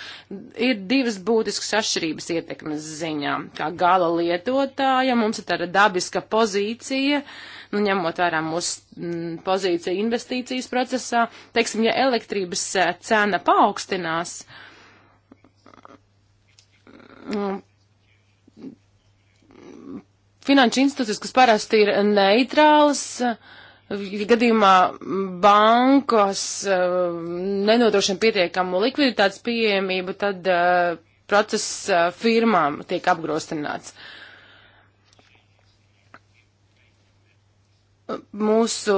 Speaker 2: ir divas būtiskas atšķirības ietekmes ziņā. Kā gala lietotāja mums ir tāda dabiska pozīcija, nu, ņemot vērā mūsu mm, pozīciju investīcijas procesā. Teiksim, ja elektrības uh, cena paaugstinās, mm, finanšu institūcijas, kas parasti ir neitrālas, gadījumā bankas eh, nenodrošina pietiekamu likviditātes pieejamību, tad eh, process eh, firmām tiek apgrostināts. Mūsu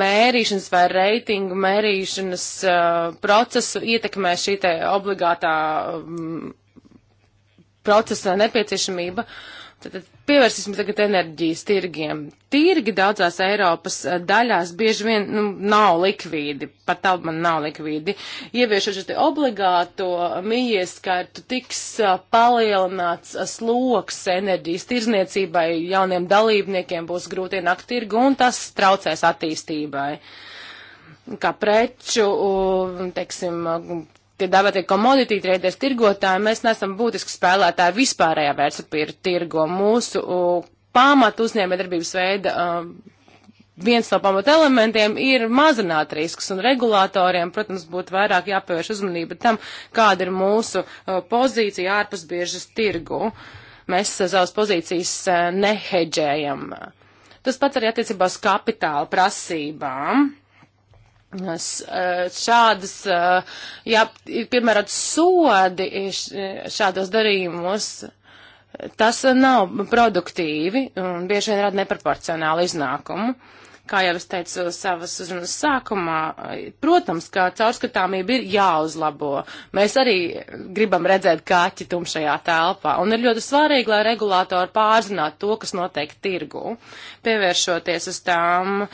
Speaker 2: mērīšanas vai reitingu mērīšanas uh, procesu ietekmē šī te obligātā um, procesa nepieciešamība. Uh, Tad pievērsīsim tagad enerģijas tirgiem. Tirgi daudzās Eiropas eh, daļās bieži vien nu, nav likvīdi, pat tālu man nav likvīdi. Ieviešot šo obligāto mīieskārtu, tiks eh, palielināts eh, sloks enerģijas tirzniecībai, jauniem dalībniekiem būs grūti ienākt tirgu un tas traucēs attīstībai kā preču, teiksim, tie dēvētie commodity traders tirgotāji, mēs nesam būtiski spēlētāji vispārējā vērtspapīra tirgo. Mūsu uh, pamatu uzņēmējdarbības veida uh, viens no pamata elementiem ir mazināt riskus un regulātoriem, protams, būtu vairāk jāpievērš uzmanība tam, kāda ir mūsu uh, pozīcija ārpus biežas tirgu. Mēs uh, savas pozīcijas uh, nehedžējam. Tas pats arī attiecībā uz kapitāla prasībām E, šādas, e, jā, ir piemērot sodi e, šādos darījumos, tas nav produktīvi un bieži vien rada neproporcionālu iznākumu. Kā jau es teicu savas uzrunas sākumā, protams, ka caurskatāmība ir jāuzlabo. Mēs arī gribam redzēt kaķi tumšajā telpā, un ir ļoti svarīgi, lai regulātori pārzinātu to, kas notiek tirgu, pievēršoties uz tām uh,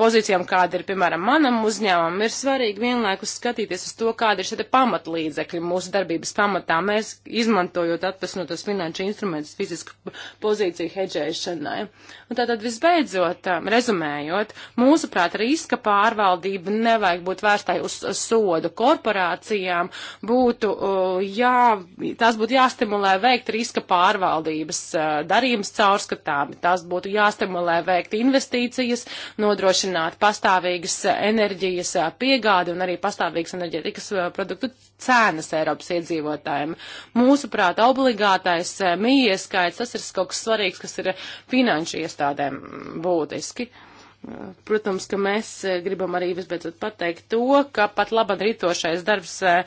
Speaker 2: pozīcijām, kāda ir, piemēram, manam uzņēmumam, ir svarīgi vienlaikus skatīties uz to, kāda ir šie pamatlīdzekļi mūsu darbības pamatā. Mēs, izmantojot atvesnotos finanšu instrumentus fizisku pozīciju hedžēšanai. Un tātad visbeidzot, eh, rezumējot, runājot. Mūsuprāt, riska pārvaldība nevajag būt vērstai uz sodu korporācijām, būtu uh, jā, tas būtu jāstimulē veikt riska pārvaldības uh, darījums caurskatāmi, tas būtu jāstimulē veikt investīcijas, nodrošināt pastāvīgas enerģijas uh, piegādi un arī pastāvīgas enerģētikas produktu cenas Eiropas iedzīvotājiem. Mūsuprāt, obligātais mīieskaits, tas ir kaut kas svarīgs, kas ir finanšu iestādēm būtiski. Protams, ka mēs eh, gribam arī visbeidzot pateikt to, ka pat laba rītošais darbs eh,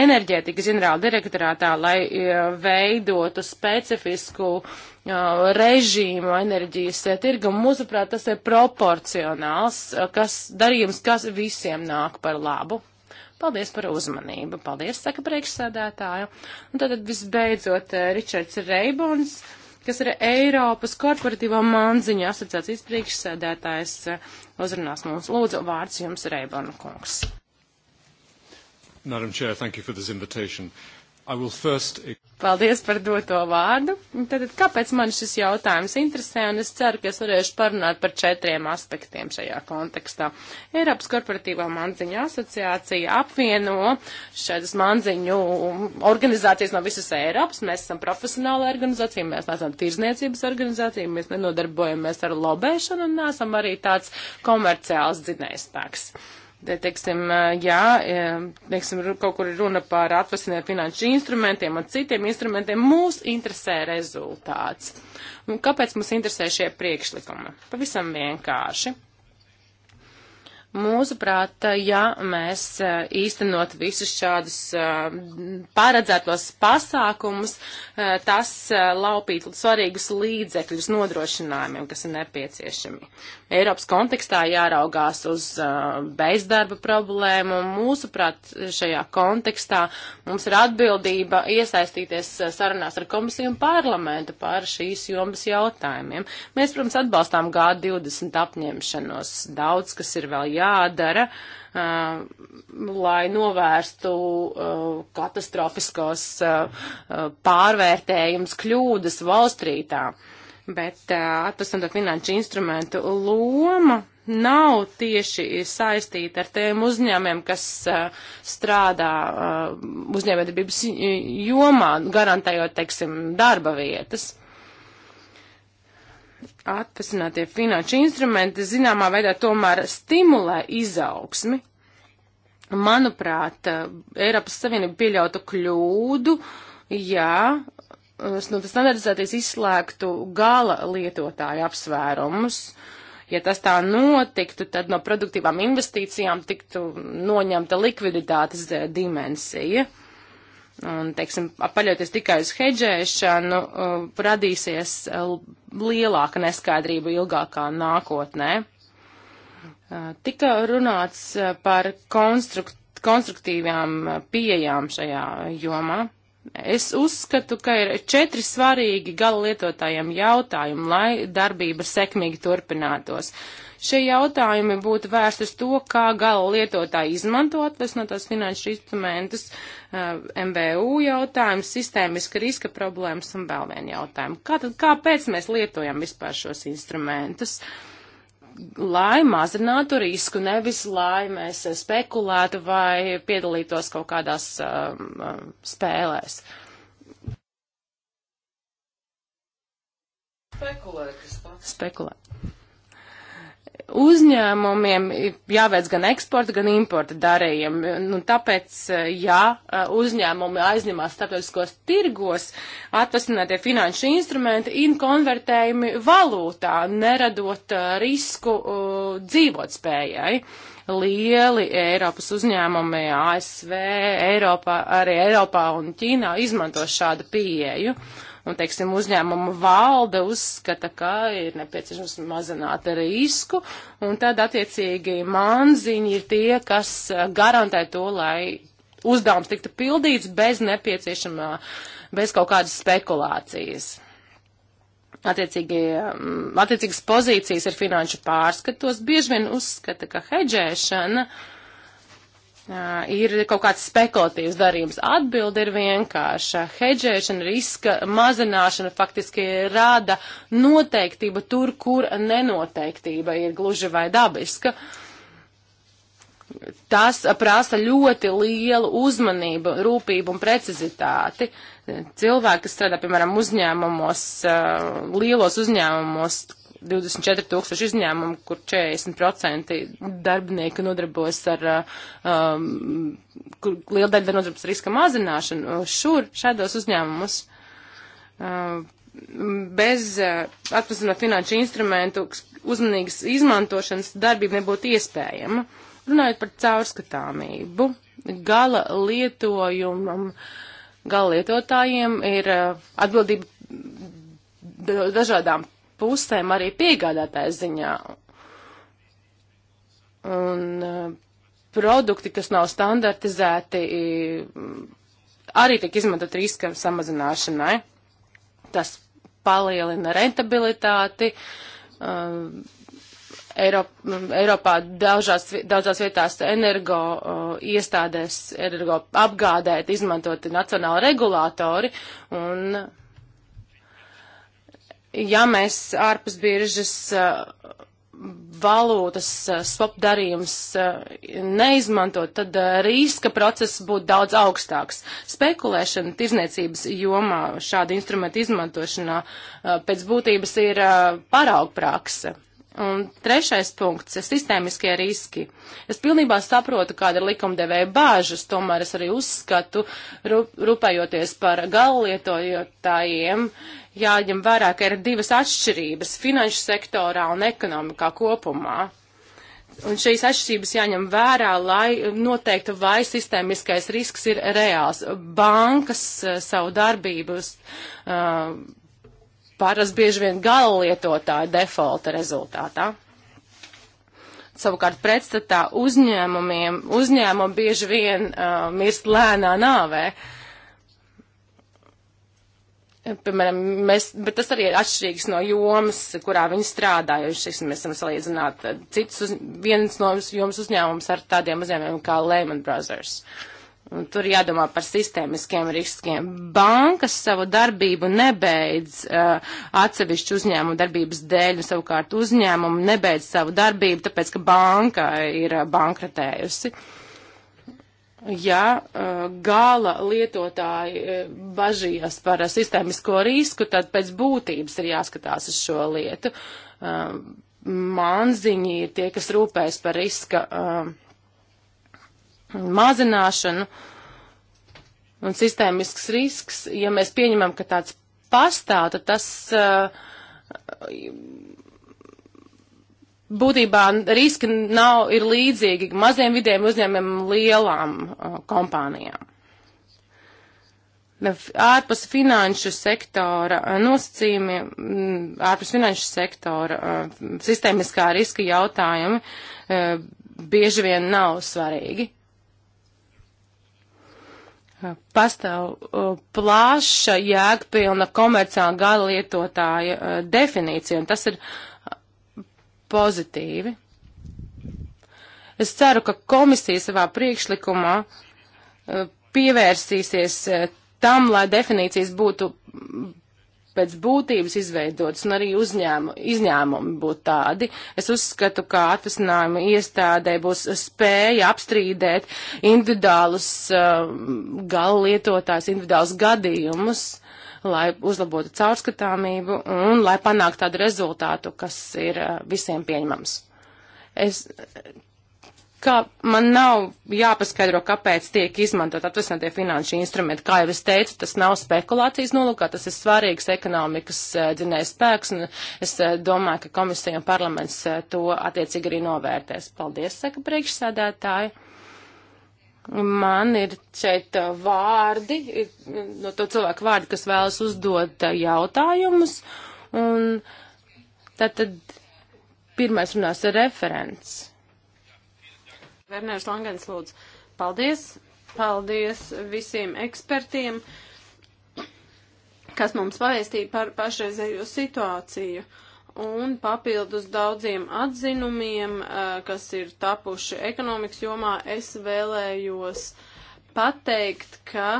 Speaker 2: enerģētikas ģenerāla direktorātā, lai eh, veidotu specifisku režīmu enerģijas tirgam, mūsuprāt, tas ir proporcionāls, kas darījums, kas visiem nāk par labu. Paldies par uzmanību. Paldies, saka priekšsēdētāju. Un tad visbeidzot Ričards Reibons kas ir Eiropas korporatīvā manziņa asociācijas priekšsēdētājs, eh, uzrunās mums. Lūdzu, vārds jums, Reibana kungs. Madam Chair, thank you for this invitation. Uh, First... Paldies par doto vārdu. Tad kāpēc man šis jautājums interesē, un es ceru, ka es varēšu parunāt par četriem aspektiem šajā kontekstā. Eiropas korporatīvā manziņa asociācija apvieno šādas manziņu organizācijas no visas Eiropas. Mēs esam profesionāla organizācija, mēs neesam tirzniecības organizācija, mēs nenodarbojamies ar lobēšanu un neesam arī tāds komerciāls dzinējstāks teiksim, jā, teiksim, kaut kur ir runa par atvasiniem finanšu instrumentiem un citiem instrumentiem, mūs interesē rezultāts. Un kāpēc mums interesē šie priekšlikumi? Pavisam vienkārši. Mūsuprāt, ja mēs īstenot visus šādus paredzētos pasākumus, tas laupītu svarīgus līdzekļus nodrošinājumiem, kas ir nepieciešami. Eiropas kontekstā jāraugās uz uh, bezdarba problēmu. Mūsuprāt, šajā kontekstā mums ir atbildība iesaistīties uh, sarunās ar komisiju un parlamentu par šīs jomas jautājumiem. Mēs, protams, atbalstām G20 apņemšanos. Daudz, kas ir vēl jādara, uh, lai novērstu uh, katastrofiskos uh, uh, pārvērtējums kļūdas valstrītā. Uh, bet atpasantot finanšu instrumentu loma nav tieši saistīta ar tiem uzņēmiem, kas uh, strādā uh, uzņēmējdarbības jomā, garantējot, teiksim, darba vietas. Atpasinātie finanšu instrumenti zināmā veidā tomēr stimulē izaugsmi. Manuprāt, Eiropas Savienība pieļautu kļūdu, ja Uh, nu, standardizēties izslēgtu gala lietotāju apsvērumus. Ja tas tā notiktu, tad no produktīvām investīcijām tiktu noņemta likviditātes eh, dimensija. Un, teiksim, paļauties tikai uz hedžēšanu, uh, radīsies uh, lielāka neskaidrība ilgākā nākotnē. Tika runāts par konstrukt, konstruktīvām pieejām šajā jomā. Es uzskatu, ka ir četri svarīgi gala lietotājiem jautājumi, lai darbība sekmīgi turpinātos. Šie jautājumi būtu vērsti uz to, kā gala lietotāji izmanto atvesnotās finanšu instrumentus, eh, MVU jautājums, sistēmiska riska problēmas un vēl vienu jautājumu. Kā tad, kāpēc mēs lietojam vispār šos instrumentus? Uh, lai mazinātu risku, nevis lai mēs spekulētu vai piedalītos kaut kādās um, um spēlēs. Spekulēt. Spekulēt uzņēmumiem jāveic gan eksporta, gan importa darījumi. Nu, tāpēc, eh, ja eh, uzņēmumi aizņemās starptautiskos tirgos, atvasinātie finanšu instrumenti ir konvertējumi valūtā, neradot eh, risku uh, dzīvot spējai. Lieli Eiropas uzņēmumi ASV, Eiropā, arī Eiropā un Ķīnā izmanto šādu pieeju. Uh, un, nu, teiksim, uzņēmuma valde uzskata, ka ir nepieciešams mazināt risku, un tad attiecīgi manziņi ir tie, kas uh, garantē to, lai uzdevums tiktu pildīts bez nepieciešamā, bez kaut kādas spekulācijas. Attiecīgi, um, attiecīgas pozīcijas ir finanšu pārskatos. Bieži vien uzskata, ka hedžēšana uh, ir kaut kāds spekulatīvs darījums. Atbilde ir vienkārša. Hedžēšana, riska mazināšana faktiski rada noteiktība tur, kur nenoteiktība ir gluži vai dabiska. Tas prasa ļoti lielu uzmanību, rūpību un precizitāti. Cilvēki, kas strādā, piemēram, uzņēmumos, lielos uzņēmumos, 24 tūkstoši izņēmumu, kur 40% darbinieki nodarbojas ar, um, kur liela daļa nodarbojas ar riska mazināšanu, šur šādos uzņēmumus. Um, bez uh, atmazināt finanšu instrumentu uzmanīgas izmantošanas darbība nebūtu iespējama. Runājot par caurskatāmību, gala lietojumam, gala lietotājiem ir uh, atbildība dažādām pusēm arī piegādātāja ziņā. Un eh, produkti, kas nav standartizēti, mm, arī tiek izmantot riska samazināšanai. Tas palielina rentabilitāti. Uh, eh, Eiropā, mm, Eiropā daužās, daudzās vietās energo uh, iestādēs, energo apgādēt izmantoti nacionāli regulātori un ja mēs ārpus biržas eh, valūtas eh, swap darījums eh, neizmantot, tad riska process būtu daudz augstāks. Spekulēšana tirzniecības jomā šāda instrumenta izmantošanā pēc būtības ir paraugprāksa. Un trešais punkts - sistēmiskie riski. Es pilnībā saprotu, kāda ir likumdevēja bāžas, tomēr es arī uzskatu, rūpējoties par galvlietojotājiem, jāņem vērā, ka ir divas atšķirības - finanšu sektorā un ekonomikā kopumā. Un šīs atšķirības jāņem vērā, lai noteiktu, vai sistēmiskais risks ir reāls. Bankas eh, savu darbības. Uh, eh, parasti bieži vien gala lietotāja defaulta rezultātā. Savukārt pretstatā uzņēmumiem, uzņēmumi bieži vien uh, mirst lēnā nāvē. Piemēram, mēs, bet tas arī ir atšķirīgs no jomas, kurā viņi strādā, jo šis mēs esam salīdzināt uh, citus, uz, viens no jums uzņēmums ar tādiem uzņēmumiem kā Lehman Brothers. Uh, Un tur jādomā par sistēmiskiem riskiem. Bankas savu darbību nebeidz uh, atsevišķu uzņēmumu darbības dēļ, un savukārt uzņēmumu nebeidz savu darbību, tāpēc, ka banka ir uh, bankratējusi. Ja uh, gala lietotāji uh, bažījās par uh, sistēmisko risku, tad pēc būtības ir jāskatās uz šo lietu. Uh, manziņi ir tie, kas rūpēs par riska. Uh, mazināšanu un sistēmisks risks, ja mēs pieņemam, ka tāds pastāv, tad tas uh, būtībā riski nav, ir līdzīgi maziem vidiem uzņēmiem lielām uh, kompānijām. Ārpus finanšu sektora uh, nosacījumiem, mm, ārpus finanšu sektora uh, sistēmiskā riska jautājumi uh, bieži vien nav svarīgi. Pastāv plāša jēgpilna komerciāla gala lietotāja definīcija, un tas ir pozitīvi. Es ceru, ka komisija savā priekšlikumā pievērsīsies e, tam, lai definīcijas būtu pēc būtības izveidotas un arī uzņēmu, izņēmumi būtu tādi. Es uzskatu, ka atvesinājuma iestādē būs spēja apstrīdēt individuālus uh, um, galu lietotājs, individuālus gadījumus, lai uzlabotu caurskatāmību un lai panāktu tādu rezultātu, kas ir uh, visiem pieņemams. Es kā man nav jāpaskaidro, kāpēc tiek izmantot atvesinātie finanšu instrumenti. Kā jau es teicu, tas nav spekulācijas nolūkā, tas ir svarīgs ekonomikas eh, dzinējs spēks, un es eh, domāju, ka komisija un parlaments eh, to attiecīgi arī novērtēs. Paldies, saka priekšsēdētāji. Man ir šeit vārdi, ir mm, no to cilvēku vārdi, kas vēlas uzdot jautājumus, un tātad pirmais runās referents.
Speaker 1: Vernērs Langens lūdzu. Paldies! Paldies visiem ekspertiem, kas mums pavēstīja par pašreizējo situāciju un papildus daudziem atzinumiem, eh, kas ir tapuši ekonomikas jomā, es vēlējos pateikt, ka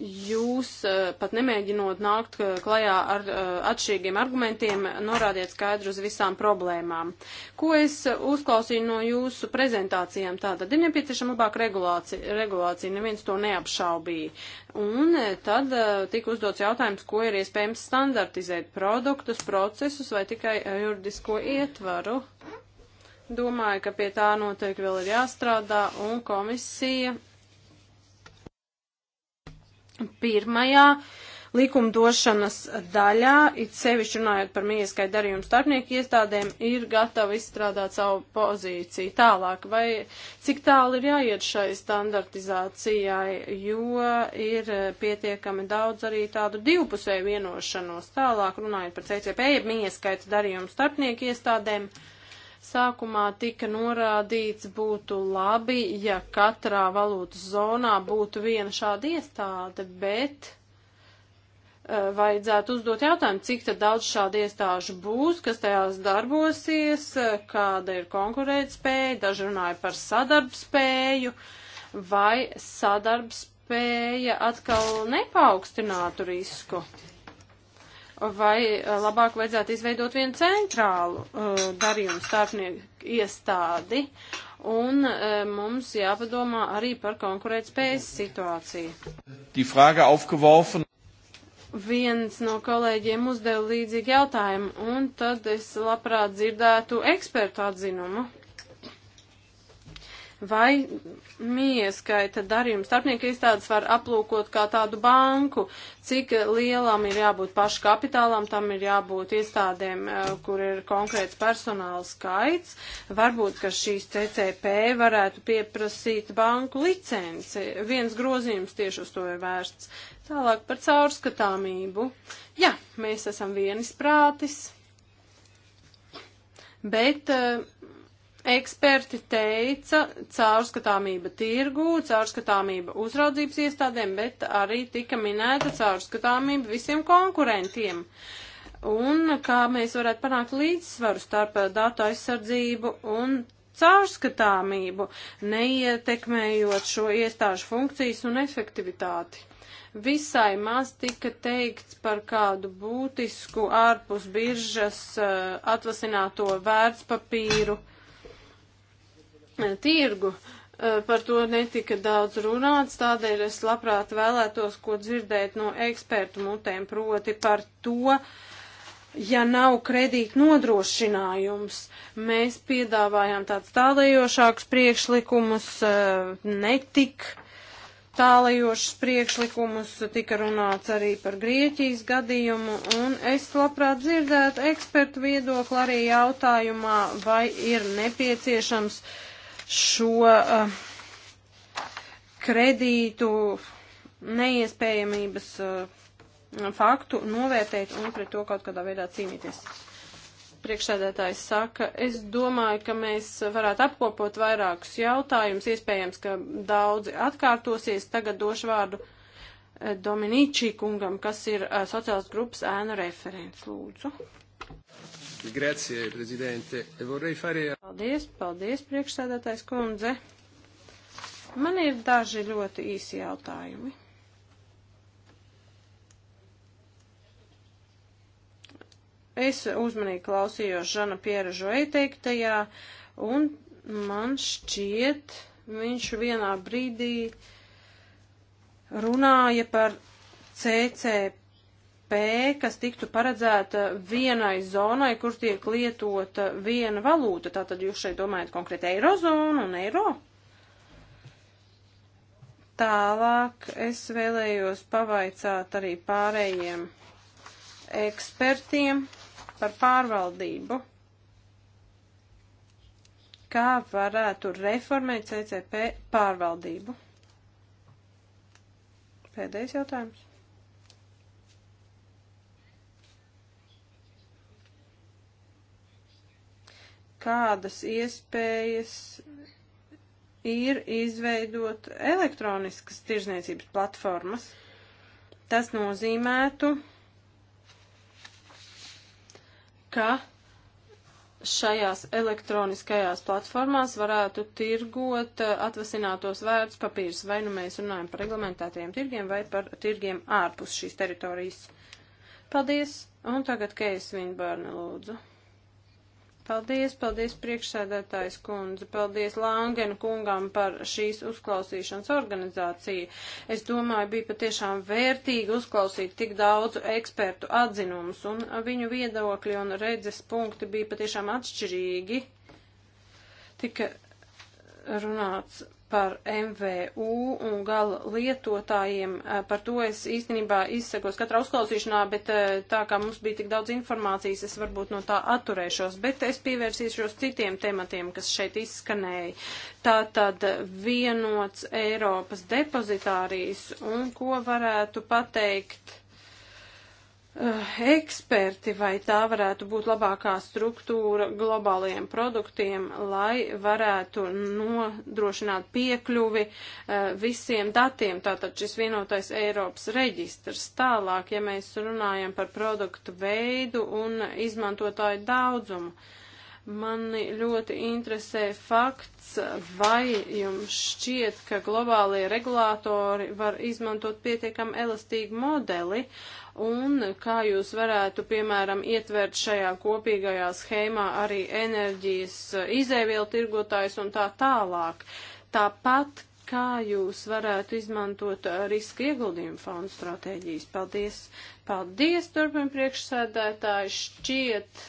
Speaker 1: jūs eh, pat nemēģinot nākt eh, klajā ar eh, atšķirīgiem argumentiem, norādiet skaidru uz visām problēmām. Ko es uzklausīju no jūsu prezentācijām? Tātad ir nepieciešama labāka regulācija, regulācija, neviens to neapšaubīja. Un tad tika uzdots jautājums, ko ir iespējams standartizēt produktus, procesus vai tikai juridisko ietvaru. Domāju, ka pie tā noteikti vēl ir jāstrādā, un komisija pirmajā likumdošanas daļā, it sevišķi runājot par mieskai darījumu starpnieku iestādēm, ir gatavi izstrādāt savu pozīciju tālāk, vai cik tālu ir jāiet šai standartizācijai, jo ir pietiekami daudz arī tādu divpusēju vienošanos tālāk, runājot par CCP, mieskaitu darījumu starpnieku iestādēm. Uh, Sākumā tika norādīts, būtu labi, ja katrā valūtas zonā būtu viena šāda iestāde, bet eh, vajadzētu uzdot jautājumu, cik daudz šādu iestāžu būs, kas tajās darbosies, eh, kāda ir konkurētspēja, daži runāja par sadarbspēju, vai sadarbspēja atkal nepaukstinātu risku vai eh, labāk vajadzētu izveidot vienu centrālu uh, darījumu starpnieku iestādi, un uh, mums jāpadomā arī par konkurētspējas situāciju. Viens no kolēģiem uzdeva līdzīgi jautājumu, un tad es labprāt dzirdētu ekspertu atzinumu. Vai mieskaita darījuma starpnieku izstādes var aplūkot kā tādu banku? Cik lielam ir jābūt pašu kapitālam, tam ir jābūt iestādēm, eh, kur ir konkrēts personāla skaits. Varbūt, ka šīs CCP varētu pieprasīt banku licenci. Viens grozījums tieši uz to ir vērsts. Tālāk par caurskatāmību. Jā, mēs esam vienisprātis. Bet uh, Eksperti teica, caurskatāmība tirgū, caurskatāmība uzraudzības iestādēm, bet arī tika minēta caurskatāmība visiem konkurentiem. Un kā mēs varētu panākt līdzsvaru starp datu aizsardzību un caurskatāmību, neietekmējot šo iestāžu funkcijas un efektivitāti visai maz tika teikts par kādu būtisku ārpus biržas uh, atvasināto vērtspapīru uh, E, tirgu. E, par to netika daudz runāts, tādēļ es labprāt vēlētos, ko dzirdēt no ekspertu mutēm, proti par to, ja nav kredīt nodrošinājums. Mēs piedāvājām tāds tālējošāks priekšlikumus, e, netik tālajošas priekšlikumus, tika runāts arī par Grieķijas gadījumu, un es labprāt dzirdētu ekspertu viedokli arī jautājumā, vai ir nepieciešams uh, šo uh, kredītu neiespējamības uh, faktu novērtēt un pret to kaut kādā veidā cīnīties. Priekšsēdētājs saka, es domāju, ka mēs varētu apkopot vairākus jautājumus, iespējams, ka daudzi atkārtosies. Tagad došu vārdu eh, Dominīčī kungam, kas ir sociālas grupas ēnu referents. Lūdzu.
Speaker 3: Grazie, prezidente. E vorrei fare...
Speaker 1: Paldies, paldies, priekšsēdētājs kundze. Man ir daži ļoti īsi jautājumi. Es uzmanīgi klausījos Žana Pieražo ieteiktajā, un man šķiet, viņš vienā brīdī runāja par CCP P, kas tiktu paredzēta vienai zonai, kur tiek lietota viena valūta. Tātad jūs šeit domājat konkrēti eirozonu un eiro. Tālāk es vēlējos pavaicāt arī pārējiem ekspertiem par pārvaldību. Kā varētu reformēt CCP pārvaldību? Pēdējais jautājums. kādas iespējas ir izveidot elektroniskas tirzniecības platformas. Tas nozīmētu, ka šajās elektroniskajās platformās varētu tirgot eh, atvasinātos vērts papīrus, vai nu mēs runājam par reglamentētajiem tirgiem vai par tirgiem ārpus šīs teritorijas. Paldies, un tagad Keis Vinbērne lūdzu. Paldies, paldies priekšsēdētājs kundze, paldies Langena kungam par šīs uzklausīšanas organizāciju. Es domāju, bija patiešām vērtīgi uzklausīt tik daudzu ekspertu atzinumus, un viņu viedokļi un redzes punkti bija patiešām atšķirīgi. Tika runāts par MVU un gala lietotājiem. Eh, par to es īstenībā izsakos katrā uzklausīšanā, bet eh, tā kā mums bija tik daudz informācijas, es varbūt no tā atturēšos. Bet es pievērsīšos citiem tematiem, kas šeit izskanēja. Tā tad vienots Eiropas depozitārijas un ko varētu pateikt Eh, eksperti, vai tā varētu būt labākā struktūra globālajiem produktiem, lai varētu nodrošināt piekļuvi eh, visiem datiem. Tātad šis vienotais Eiropas reģistrs. Tālāk, ja mēs runājam par produktu veidu un izmantotāju daudzumu Mani ļoti interesē fakts, vai jums šķiet, ka globālie regulātori var izmantot pietiekam elastīgu modeli, un kā jūs varētu, piemēram, ietvert šajā kopīgajā schēmā arī enerģijas eh, izēvielu tirgotājs un tā tālāk. Tāpat, kā jūs varētu izmantot eh, riska ieguldījumu fondu stratēģijas. Paldies! Paldies, turpin priekšsēdētāji! Šķiet!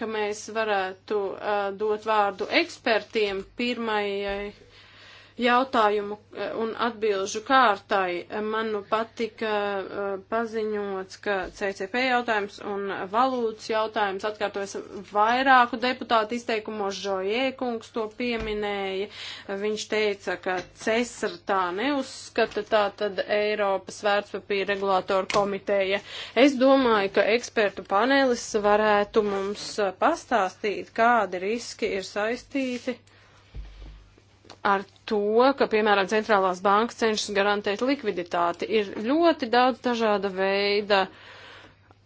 Speaker 1: ka mēs varētu uh, dot vārdu ekspertiem pirmajai jautājumu e, un atbilžu kārtai. E, man nu patika e, paziņots, ka CCP jautājums un valūtas jautājums atkārtojas vairāku deputātu izteikumos. Žojēkungs to pieminēja. Viņš teica, ka CESR tā neuzskata, tā tad Eiropas vērtspapīra regulātora komiteja. Es domāju, ka ekspertu panelis varētu mums pastāstīt, kādi riski ir saistīti ar to, ka, piemēram, centrālās bankas cenšas garantēt likviditāti. Ir ļoti daudz dažāda veida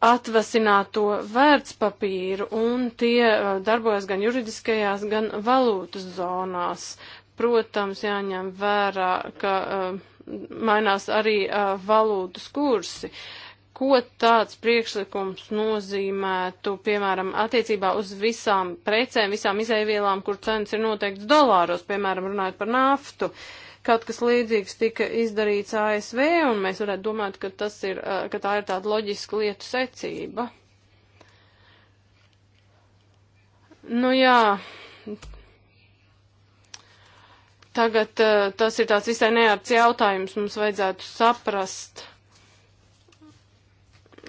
Speaker 1: atvasināto vērtspapīru, un tie uh, darbojas gan juridiskajās, gan valūtas zonās. Protams, jāņem vērā, ka uh, mainās arī uh, valūtas kursi. Uh, ko tāds priekšlikums nozīmētu, piemēram, attiecībā uz visām precēm, visām izēvielām, kur cenas ir noteikts dolāros, piemēram, runājot par naftu. Kaut kas līdzīgs tika izdarīts ASV, un mēs varētu domāt, ka, tas ir, ka tā ir tāda loģiska lietu secība. Nu jā, tagad tas ir tāds visai neārts jautājums, mums vajadzētu saprast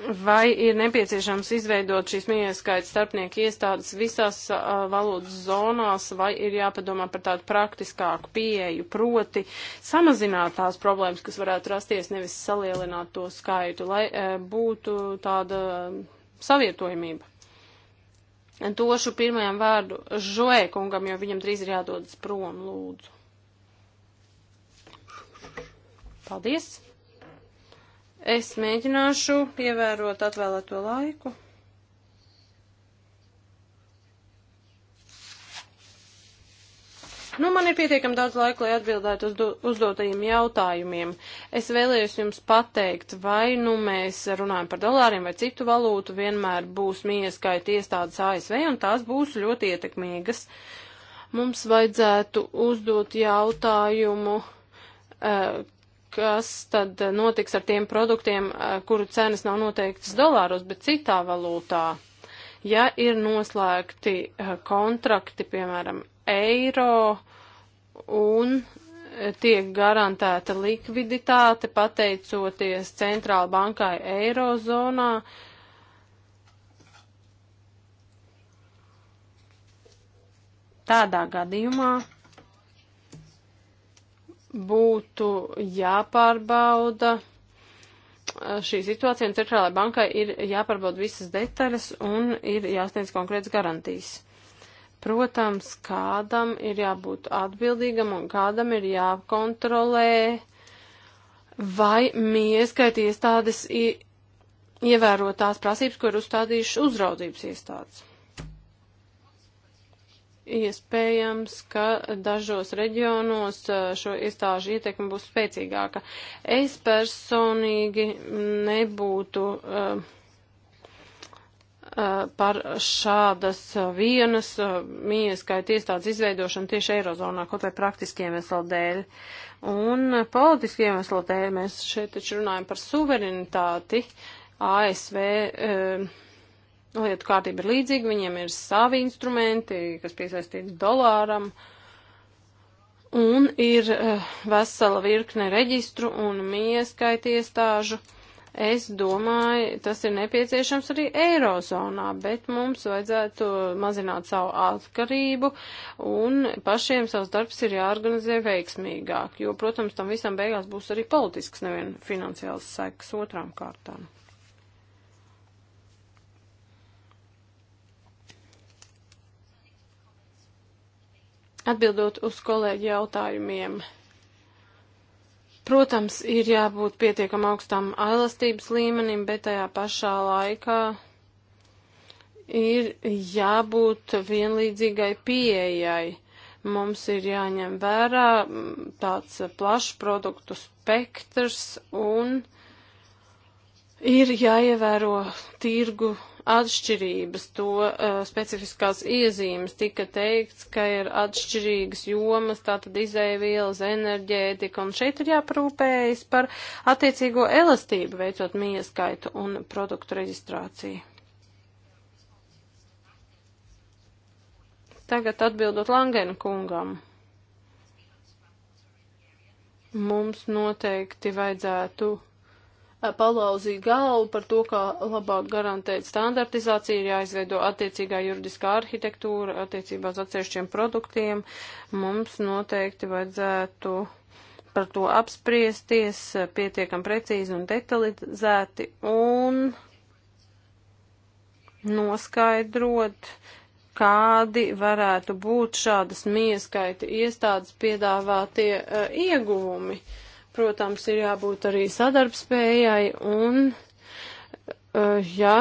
Speaker 1: vai ir nepieciešams izveidot šīs mieskaita starpnieku iestādes visās uh, valodas zonās, vai ir jāpadomā par tādu praktiskāku pieeju, proti samazināt tās problēmas, kas varētu rasties, nevis salielināt to skaitu, lai uh, būtu tāda e, savietojamība. Došu pirmajam vārdu Žoē kungam, jo viņam drīz ir jādodas prom, lūdzu. Paldies! Es mēģināšu ievērot atvēlēto laiku. Nu, man ir pietiekami daudz laika, lai atbildētu uz do, uzdotajiem jautājumiem. Es vēlējos jums pateikt, vai nu mēs runājam par dolāriem vai citu valūtu, vienmēr būs mieskaita iestādes ASV, un tās būs ļoti ietekmīgas. Mums vajadzētu uzdot jautājumu, eh, kas tad notiks ar tiem produktiem, kuru cenas nav noteiktas dolāros, bet citā valūtā. Ja ir noslēgti kontrakti, piemēram, eiro un tiek garantēta likviditāte pateicoties centrāla bankai eirozonā. Tādā gadījumā būtu jāpārbauda šī situācija, un centrālajai bankai ir jāpārbauda visas detaļas un ir jāsniedz konkrēts garantijas. Protams, kādam ir jābūt atbildīgam un kādam ir jākontrolē, vai mieskait iestādes ievēro tās prasības, ko ir uzstādījuši uzraudzības iestādes. Iespējams, ka dažos reģionos uh, šo iestāžu ietekme būs spēcīgāka. Es personīgi nebūtu uh, uh par šādas vienas uh, mījaskaita iestādes izveidošanu tieši Eirozonā, kaut vai praktiskiem iemeslu dēļ. Un politiskiem iemeslu dēļ mēs šeit taču runājam par suverenitāti. ASV. Uh, lietu kārtība ir līdzīga, viņiem ir savi instrumenti, kas piesaistīti dolāram, un ir eh, vesela virkne reģistru un mieskaiti iestāžu. Es domāju, tas ir nepieciešams arī Eirozonā, bet mums vajadzētu mazināt savu atkarību un pašiem savs darbs ir jāorganizē veiksmīgāk, jo, protams, tam visam beigās būs arī politisks nevien finansiāls sekas otrām kārtām. Atbildot uz kolēģi jautājumiem, protams, ir jābūt pietiekam augstam ailastības līmenim, bet tajā pašā laikā ir jābūt vienlīdzīgai pieejai. Mums ir jāņem vērā mm, tāds plašs produktu spektrs un ir jāievēro tirgu atšķirības, to uh, specifiskās iezīmes. Tika teikts, ka ir atšķirīgas jomas, tātad izēvielas, enerģētika, un šeit ir jāparūpējas par attiecīgo elastību, veicot mieskaitu un produktu reģistrāciju. Tagad atbildot Langena kungam. Mums noteikti vajadzētu palauzīt galvu par to, kā labāk garantēt standartizāciju, ir jāizveido attiecīgā juridiskā arhitektūra attiecībā uz atsevišķiem produktiem. Mums noteikti vajadzētu par to apspriesties pietiekam precīzi un detalizēti un noskaidrot, kādi varētu būt šādas mieskaita iestādes piedāvātie uh, ieguvumi. Uh, Protams, ir jābūt arī sadarbspējai un, eh, ja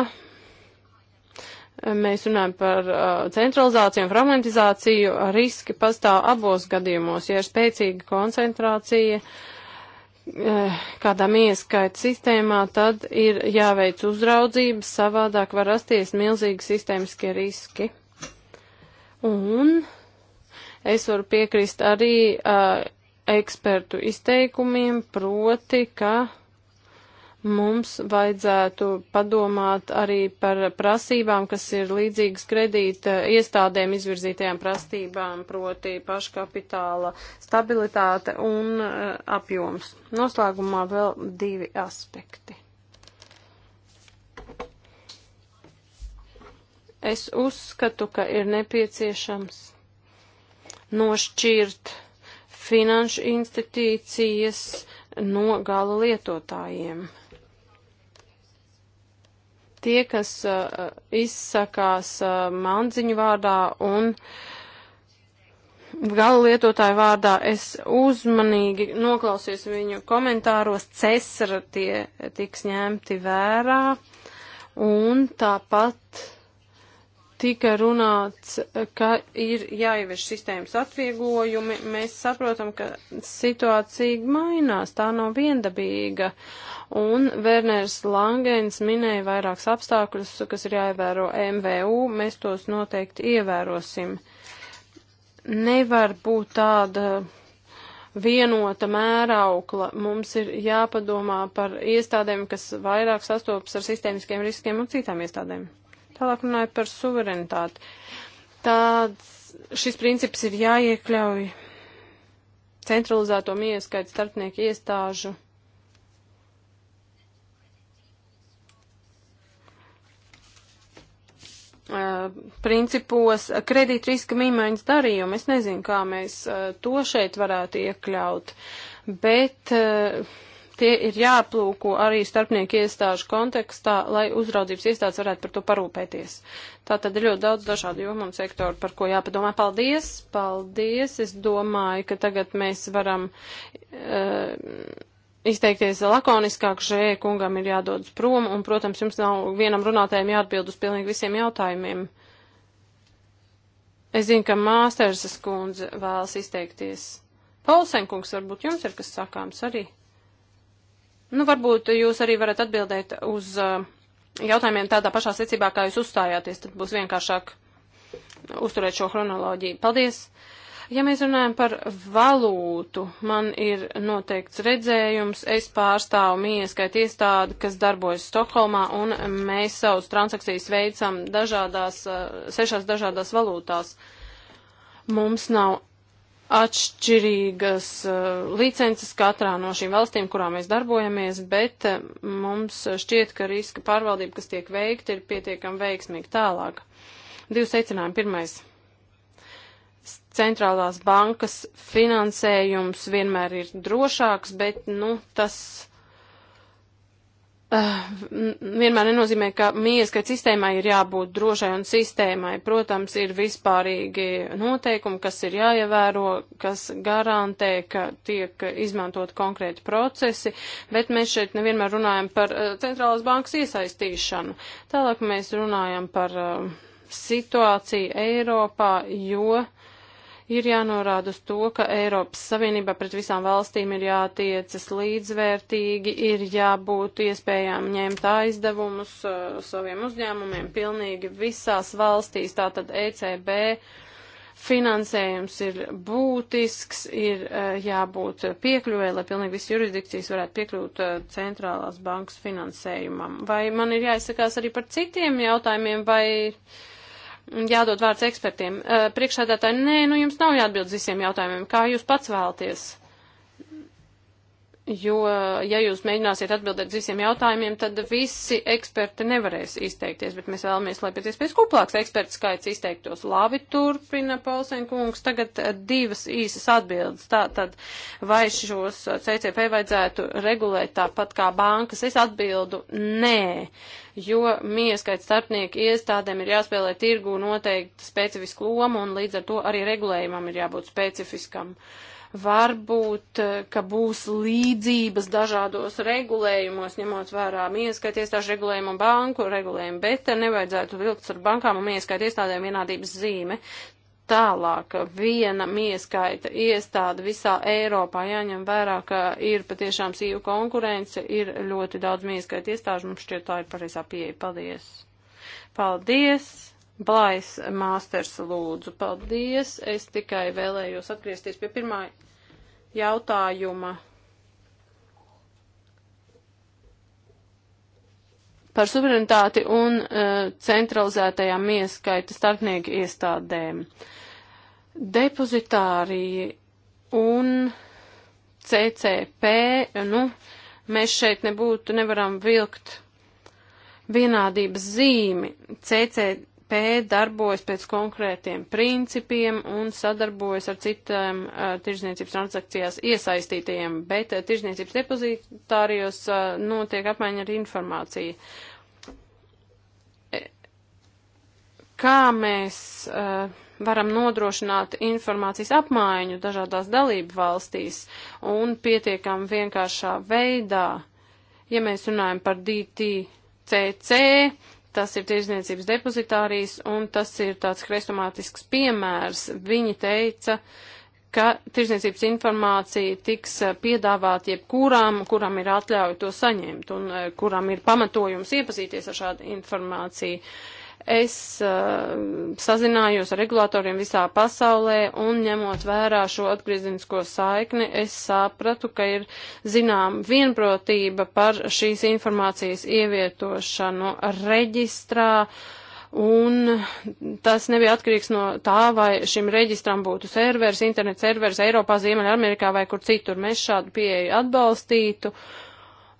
Speaker 1: mēs runājam par eh, centralizāciju un fragmentizāciju, riski pastāv abos gadījumos, ja ir spēcīga koncentrācija eh, kādām ieskaita sistēmā, tad ir jāveic uzraudzības, savādāk var rasties milzīgi sistēmiskie riski. Un es varu piekrist arī uh, ekspertu izteikumiem, proti, ka mums vajadzētu padomāt arī par prasībām, kas ir līdzīgas kredīta iestādēm izvirzītajām prasībām, proti paškapitāla stabilitāte un e, apjoms. Noslēgumā vēl divi aspekti. Es uzskatu, ka ir nepieciešams nošķirt finanšu institīcijas no gala lietotājiem. Tie, kas uh, izsakās uh, manziņu vārdā un gala lietotāju vārdā, es uzmanīgi noklausījos viņu komentāros, cesara tie tiks ņemti vērā un tāpat tika runāts, ka ir jāievieš sistēmas atvieglojumi. Mēs saprotam, ka situācija mainās, tā nav viendabīga. Un Werners Langens minēja vairākus apstākļus, kas ir jāievēro MVU, mēs tos noteikti ievērosim. Nevar būt tāda vienota mēraukla. Mums ir jāpadomā par iestādēm, kas vairāk sastopas ar sistēmiskiem riskiem un citām iestādēm. Tālāk runājot par suverenitāti. Tāds, šis princips ir jāiekļauj centralizēto mieskaitu starpnieku iestāžu principos kredītriska mīmaiņas darījumu. Es nezinu, kā mēs to šeit varētu iekļaut, bet Tie ir jāplūko arī starpnieku iestāžu kontekstā, lai uzraudzības iestādes varētu par to parūpēties. Tā tad ir ļoti daudz dažādu jomu un sektoru, par ko jāpadomā. Paldies! Paldies! Es domāju, ka tagad mēs varam. Uh, izteikties lakoniskāk, šai kungam ir jādodas prom, un, protams, jums nav vienam runātājiem jāatbild uz pilnīgi visiem jautājumiem. Es zinu, ka māstersas kundze vēlas izteikties. Paulsenkungs, varbūt jums ir kas sakāms arī? Nu, varbūt jūs arī varat atbildēt uz uh, jautājumiem tādā pašā secībā, kā jūs uzstājāties, tad būs vienkāršāk uzturēt šo chronoloģiju. Paldies! Ja mēs runājam par valūtu, man ir noteikts redzējums, es pārstāvu mieskait iestādi, kas darbojas Stokholmā, un mēs savus transakcijas veicam dažādās, uh, sešās dažādās valūtās. Mums nav atšķirīgas eh, licences katrā no šīm valstīm, kurā mēs darbojamies, bet eh, mums šķiet, ka riska pārvaldība, kas tiek veikta, ir pietiekami veiksmīga tālāk. Divi secinājumi. Pirmais. Centrālās bankas finansējums vienmēr ir drošāks, bet, nu, tas Ah, vienmēr nenozīmē, ka mieskaita sistēmai ir jābūt drošai un sistēmai. Protams, ir vispārīgi noteikumi, kas ir jāievēro, kas garantē, ka tiek izmantot konkrēti procesi, bet mēs šeit nevienmēr runājam par eh, centrālās bankas iesaistīšanu. Tālāk mēs runājam par eh, situāciju Eiropā, jo Ir jānorāda uz to, ka Eiropas Savienībā pret visām valstīm ir jātiecas līdzvērtīgi, ir jābūt iespējām ņemt aizdevumus uh, saviem uzņēmumiem pilnīgi visās valstīs, tātad ECB finansējums ir būtisks, ir uh, jābūt piekļuvē, lai pilnīgi visas jurisdikcijas varētu piekļūt uh, centrālās bankas finansējumam. Vai man ir jāizsakās arī par citiem jautājumiem, vai jādod vārds ekspertiem. Eh, Priekšādātāji, nē, nu jums nav jāatbild visiem jautājumiem, kā jūs pats vēlties. Jo, ja jūs mēģināsiet atbildēt visiem jautājumiem, tad visi eksperti nevarēs izteikties, bet mēs vēlamies, lai pēc iespējas kuplāks eksperts skaits izteiktos. Labi, turpina Paulsenkungs. Tagad eh, divas īsas atbildes. Tātad, vai šos eh, CCP vajadzētu regulēt tāpat kā bankas? Es atbildu nē, jo mieskaits starpnieku iestādēm ir jāspēlē tirgu noteikti specifisku lomu un līdz ar to arī regulējumam ir jābūt specifiskam. Uh, Varbūt, eh, ka būs līdzības dažādos regulējumos, ņemot vērā mieskait iestāžu regulējumu un banku regulējumu, bet nevajadzētu vilkt ar bankām un mieskait iestādēm vienādības zīme. Tālāk viena mieskaita iestāde visā Eiropā jāņem vērā, ka ir patiešām sīva konkurence, ir ļoti daudz mieskaita iestāžu, mums šķiet tā ir pareizā pieeja. Paldies! Paldies! Blais Māsters lūdzu. Paldies. Es tikai vēlējos atgriezties pie pirmā jautājuma. Par suverenitāti un uh, centralizētajām ieskaita starpnieku iestādēm. Depozitāriji un CCP, nu, mēs šeit nebūtu, nevaram vilkt vienādības zīmi. CCP P darbojas pēc konkrētiem principiem un sadarbojas ar citām uh, eh, tirzniecības transakcijās iesaistītajiem, bet uh, tirzniecības depozitārijos uh, eh, notiek apmaiņa ar informāciju. E, kā mēs uh, varam nodrošināt informācijas apmaiņu dažādās dalību valstīs un pietiekam vienkāršā veidā, ja mēs runājam par DTCC, tas ir tirzniecības depozitārijas, un tas ir tāds krestomātisks piemērs. Viņi teica, ka tirzniecības informācija tiks eh, piedāvāt jebkurām, kurām ir atļauja to saņemt, un eh, kurām ir pamatojums iepazīties ar šādu informāciju. Uh, Es uh, sazinājos ar regulātoriem visā pasaulē un ņemot vērā šo atgriezinisko saikni, es sapratu, ka ir zinām vienprotība par šīs informācijas ievietošanu reģistrā. Un tas nebija atkarīgs no tā, vai šim reģistram būtu servers, internets servers Eiropā, Ziemeļamerikā vai kur citur. Mēs šādu pieeju atbalstītu. Uh,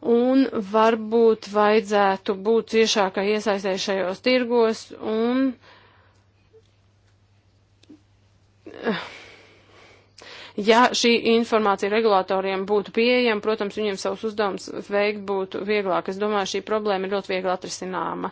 Speaker 1: un varbūt vajadzētu būt ciešākai iesaistē šajos tirgos un eh, ja šī informācija regulātoriem būtu pieejama, protams, viņiem savus uzdevumus veikt būtu vieglāk. Es domāju, šī problēma ir ļoti viegli atrisināma.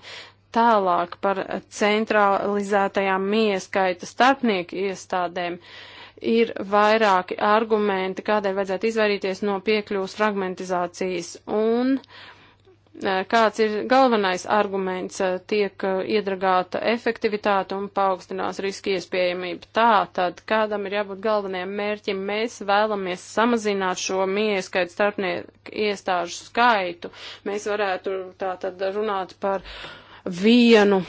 Speaker 1: Tālāk par centralizētajām mieskaita starpnieku iestādēm. Uh, ir vairāki argumenti, kādēļ vajadzētu izvairīties no piekļuvas fragmentizācijas. Un e, kāds ir galvenais arguments, e, tiek e, iedragāta efektivitāte un paaugstinās riski iespējamība. Tā tad, kādam ir jābūt galvenajam mērķim, mēs vēlamies samazināt šo mieskaitu starpnieku iestāžu skaitu. Mēs varētu tā tad runāt par vienu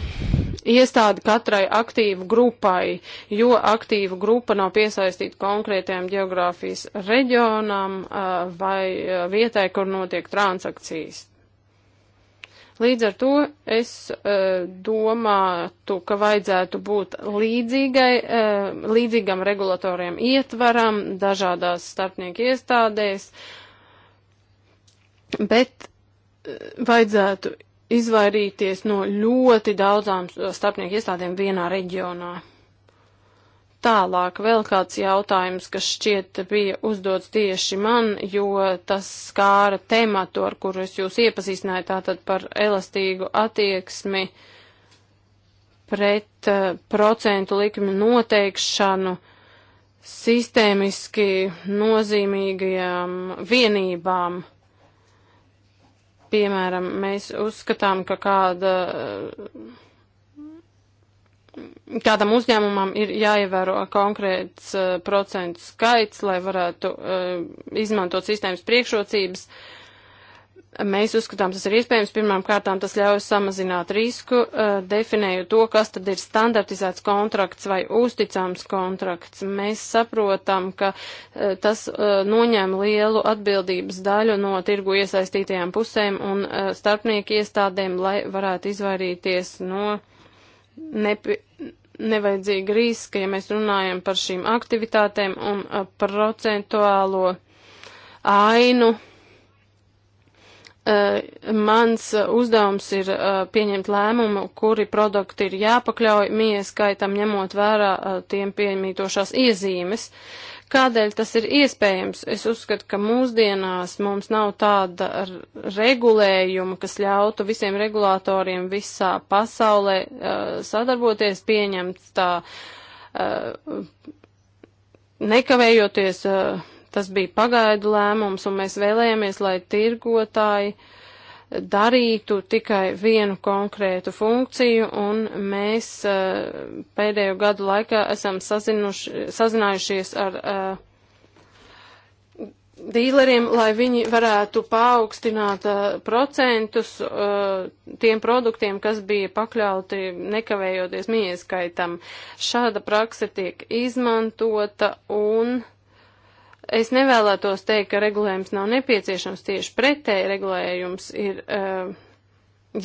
Speaker 1: iestādi katrai aktīvu grupai, jo aktīvu grupa nav piesaistīta konkrētajam geogrāfijas reģionam vai vietai, kur notiek transakcijas. Līdz ar to es e, domātu, ka vajadzētu būt līdzīgai, e, līdzīgam regulatoriem ietvaram dažādās starpnieku iestādēs, bet e, vajadzētu izvairīties no ļoti daudzām uh, starpnieku iestādēm vienā reģionā. Tālāk vēl kāds jautājums, kas šķiet bija uzdots tieši man, jo tas skāra tematu, ar kuru es jūs iepazīstināju, tātad par elastīgu attieksmi pret uh, procentu likmi noteikšanu sistēmiski nozīmīgajām vienībām piemēram, mēs uzskatām, ka kāda, kādam uzņēmumam ir jāievēro konkrēts eh, procentu skaits, lai varētu eh, izmantot sistēmas priekšrocības. Uh, Mēs uzskatām, tas ir iespējams. Pirmām kārtām tas ļauj samazināt risku, uh, definējot to, kas tad ir standartizēts kontrakts vai uzticams kontrakts. Mēs saprotam, ka uh, tas uh, noņem lielu atbildības daļu no tirgu iesaistītajām pusēm un starpnieku iestādēm, lai varētu izvairīties no nepi nevajadzīga riska, ja mēs runājam par šīm aktivitātēm un procentuālo ainu Uh, mans uzdevums ir uh, pieņemt lēmumu, kuri produkti ir jāpakļauj mieskaitam, ņemot vērā uh, tiem piemītošās iezīmes. Kādēļ tas ir iespējams? Es uzskatu, ka mūsdienās mums nav tāda regulējuma, kas ļautu visiem regulātoriem visā pasaulē sadarboties, pieņemt tā nekavējoties uh, Tas bija pagaidu lēmums, un mēs vēlējāmies, lai tirgotāji darītu tikai vienu konkrētu funkciju, un mēs uh, pēdējo gadu laikā esam sazinājušies ar uh, dīleriem, lai viņi varētu paaugstināt uh, procentus uh, tiem produktiem, kas bija pakļauti nekavējoties mieskaitam. Šāda prakse tiek izmantota un Es nevēlētos teikt, ka regulējums nav nepieciešams tieši pretēji regulējums ir uh,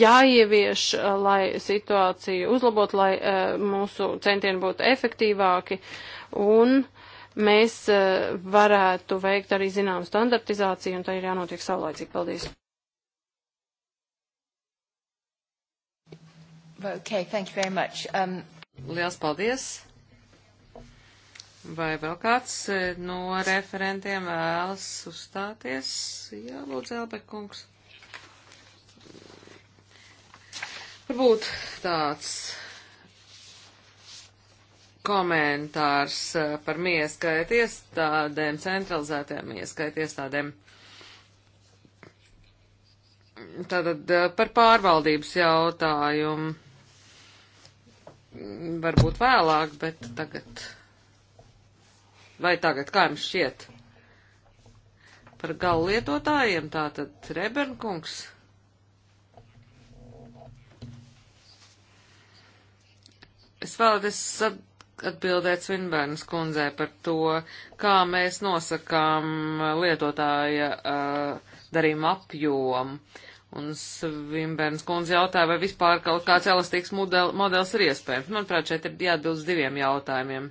Speaker 1: jāievieš, eh, lai situāciju uzlabot, lai uh, mūsu centieni būtu efektīvāki un mēs uh, varētu veikt arī zinām standartizāciju un tā ir jānotiek saulaicīgi.
Speaker 3: Paldies! Okay, thank you very much. Um... Liels paldies! Vai vēl kāds e, no referentiem vēlas uzstāties? Jā, lūdzu, Elbekungs. Varbūt tāds komentārs e, par mieskaitu iestādēm, centralizētām ieskaitu iestādēm. Tātad e, par pārvaldības jautājumu varbūt vēlāk, bet tagad vai tagad, kā jums šķiet? Par galu lietotājiem tātad Rebenkungs. Es vēlētos atbildēt Svinbērnas kundzē par to, kā mēs nosakām lietotāja uh, darījuma apjomu. Un Svinbērns kundze jautāja, vai vispār kaut kāds elastīgs model, modelis ir iespējams. Manuprāt, šeit ir jāatbild uz diviem jautājumiem.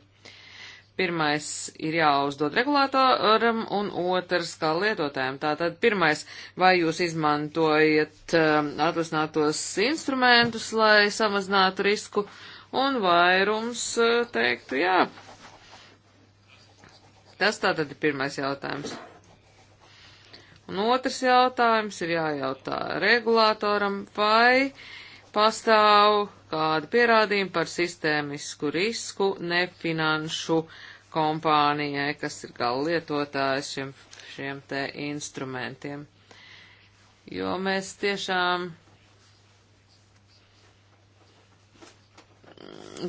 Speaker 3: Pirmais ir jāuzdod regulātoram un otrs kā lietotājiem. Tātad pirmais, vai jūs izmantojat um, atvasinātos instrumentus, lai samazinātu risku, un vairums uh, teiktu jā. Tas tātad ir pirmais jautājums. Un otrs jautājums ir jājautā regulātoram, vai pastāv kādu pierādījumu par sistēmisku risku nefinanšu kompānijai, kas ir gala lietotājs šiem, šiem te instrumentiem. Jo mēs tiešām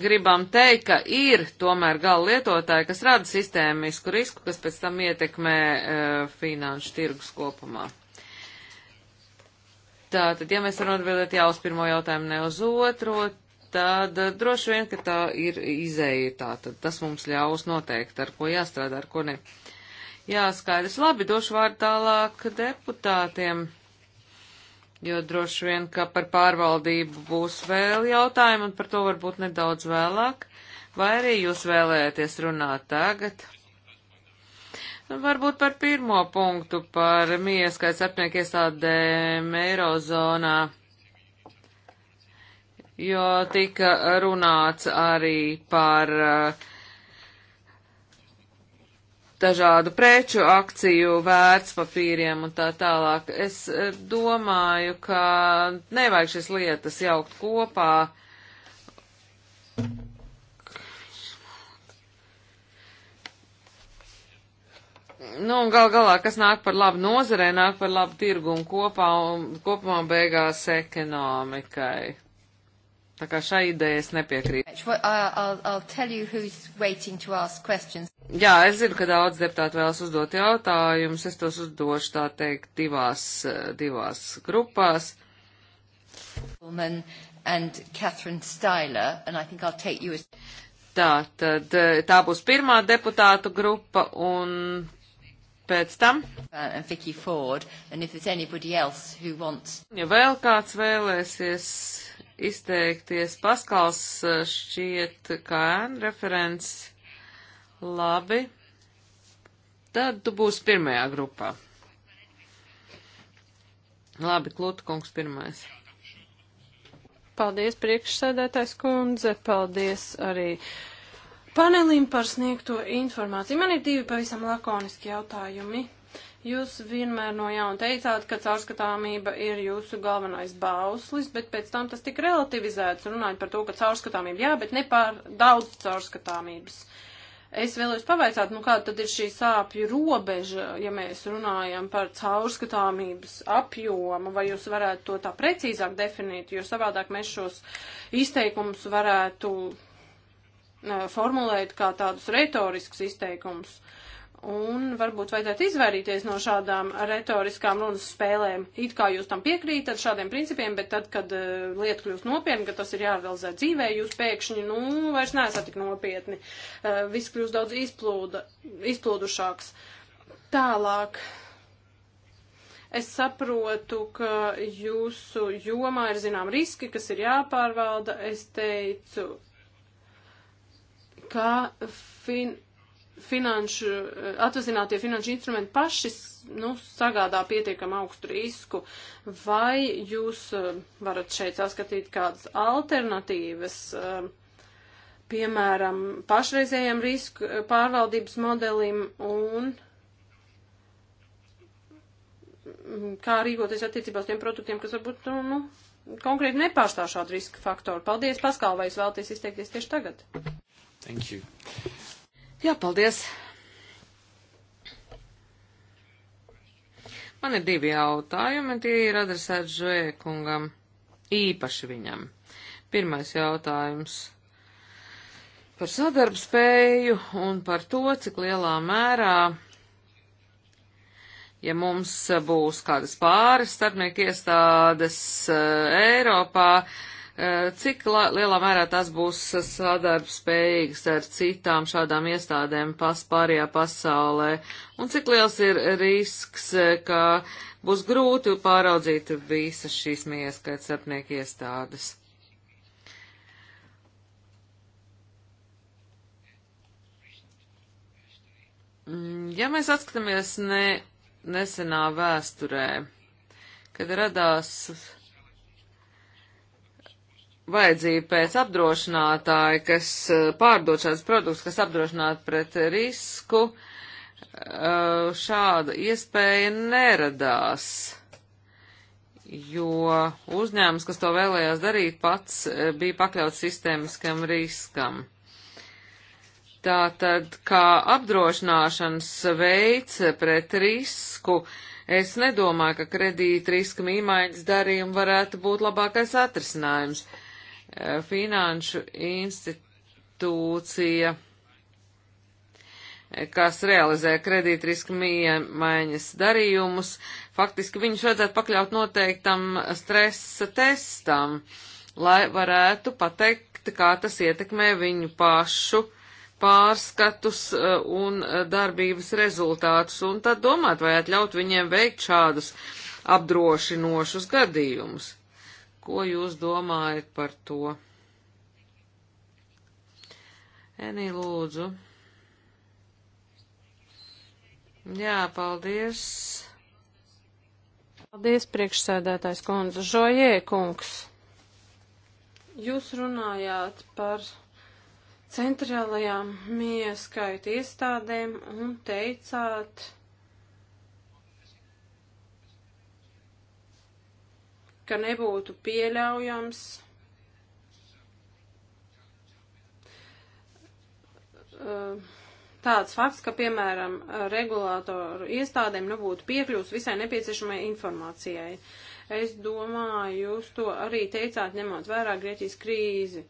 Speaker 3: gribam teikt, ka ir tomēr gala lietotāji, kas rada sistēmisku risku, kas pēc tam ietekmē uh, finanšu tirgus kopumā. Tātad, ja mēs varam atbildēt jā uz pirmo jautājumu, ne uz otro, tad eh, droši vien, ka tā ir izēja. Tātad tas mums ļaus noteikt, ar ko jāstrādā, ar ko ne. Jā, skaidrs. Labi, došu vārdu tālāk deputātiem, jo droši vien, ka par pārvaldību būs vēl jautājumi, un par to varbūt nedaudz vēlāk. Vai arī jūs vēlēties runāt tagad? Varbūt par pirmo punktu, par mieskaits apnieku iestādēm Eirozonā, jo tika runāts arī par eh, dažādu preču akciju vērtspapīriem un tā tālāk. Es eh, domāju, ka nevajag šīs lietas jaukt kopā Nu, un gal galā, kas nāk par labu nozarē, nāk par labu tirgu un kopā, un kopumā beigās ekonomikai. Tā kā šai ideja es nepiekrītu. Jā, es zinu, ka daudz deputāti vēlas uzdot jautājumus. Es tos uzdošu, tā teikt, divās, divās grupās. And, and Catherine Styler, and I think I'll take you as... Tā, tad tā būs pirmā deputātu grupa, un pēc tam. Uh, Ford, wants... Ja vēl kāds vēlēsies izteikties, Paskals uh, šķiet kā referents labi, tad tu būsi pirmajā grupā. Labi, Klutkungs pirmais.
Speaker 1: Paldies priekšsēdētājs kundze, paldies arī uh, panelim par sniegto informāciju. Man ir divi pavisam lakoniski jautājumi. Jūs vienmēr no jauna teicāt, ka caurskatāmība ir jūsu galvenais bauslis, bet pēc tam tas tika relativizēts, runājot par to, ka caurskatāmība jā, bet ne pār daudz caurskatāmības. Es vēlos pavaicāt, nu kāda tad ir šī sāpju robeža, ja mēs runājam par caurskatāmības apjomu, vai jūs varētu to tā precīzāk definēt, jo savādāk mēs šos izteikumus varētu Uh, formulēt kā tādus retoriskus izteikumus. Un varbūt vajadzētu izvairīties no šādām retoriskām runas spēlēm. It kā jūs tam piekrītat šādiem principiem, bet tad, kad uh, lieta kļūst nopietna, kad tas ir jārealizē dzīvē, jūs pēkšņi, nu, vairs neesat tik nopietni. Uh, viss kļūst daudz izplūda, izplūdušāks. Tālāk. Es saprotu, ka jūsu jomā ir zinām riski, kas ir jāpārvalda. Es teicu, ka fin, finanšu, eh, atvasinātie finanšu instrumenti paši nu, sagādā pietiekam augstu risku, vai jūs eh, varat šeit saskatīt kādas alternatīvas, eh, piemēram, pašreizējiem risku pārvaldības modelim un mm, kā rīkoties attiecībā uz tiem produktiem, kas varbūt, nu, nu, konkrēti nepārstāv šādu riska faktoru. Paldies, Paskal, vai jūs vēlaties izteikties tieši tagad? Thank you.
Speaker 3: Jā, paldies. Man ir divi jautājumi, tie ir adresēti Žvēkungam, īpaši viņam. Pirmais jautājums par sadarbspēju un par to, cik lielā mērā, ja mums būs kādas pāris starpnieku iestādes eh, Eiropā, uh, Eh, cik lielā mērā tas būs sadarbspējīgs ar citām šādām iestādēm pas pārējā pasaulē, un cik liels ir risks, eh, ka būs grūti pāraudzīt visas šīs mieskait starpnieku iestādes? Mm, ja mēs atskatāmies ne, nesenā vēsturē, kad radās vajadzība pēc apdrošinātāja, kas eh, pārdod šādas produktus, kas apdrošinātu pret risku, eh, šāda iespēja neradās, jo uzņēmums, kas to vēlējās darīt, pats eh, bija pakļauts sistēmiskam riskam. Tātad, kā apdrošināšanas veids pret risku, es nedomāju, ka kredīt riska mīmaiņas darījumi varētu būt labākais atrisinājums. Uh, Eh, finanšu institūcija, eh, kas realizē kredītriska mīmaiņas darījumus, faktiski viņus vajadzētu pakļaut noteiktam stresa testam, lai varētu pateikt, kā tas ietekmē viņu pašu pārskatus eh, un darbības rezultātus, un tad domāt, vai atļaut viņiem veikt šādus apdrošinošus gadījumus. Ko jūs domājat par to? Enī, lūdzu. Jā, paldies.
Speaker 1: Paldies, priekšsēdētājs kundze. Žojē, kungs. Jūs runājāt par centrālajām mieskaita iestādēm un teicāt, ka nebūtu pieļaujams eh, tāds fakts, ka, piemēram, regulātoru iestādēm nebūtu piekļūst visai nepieciešamai informācijai. Es domāju, jūs to arī teicāt, ņemot vērā Grieķijas krīzi.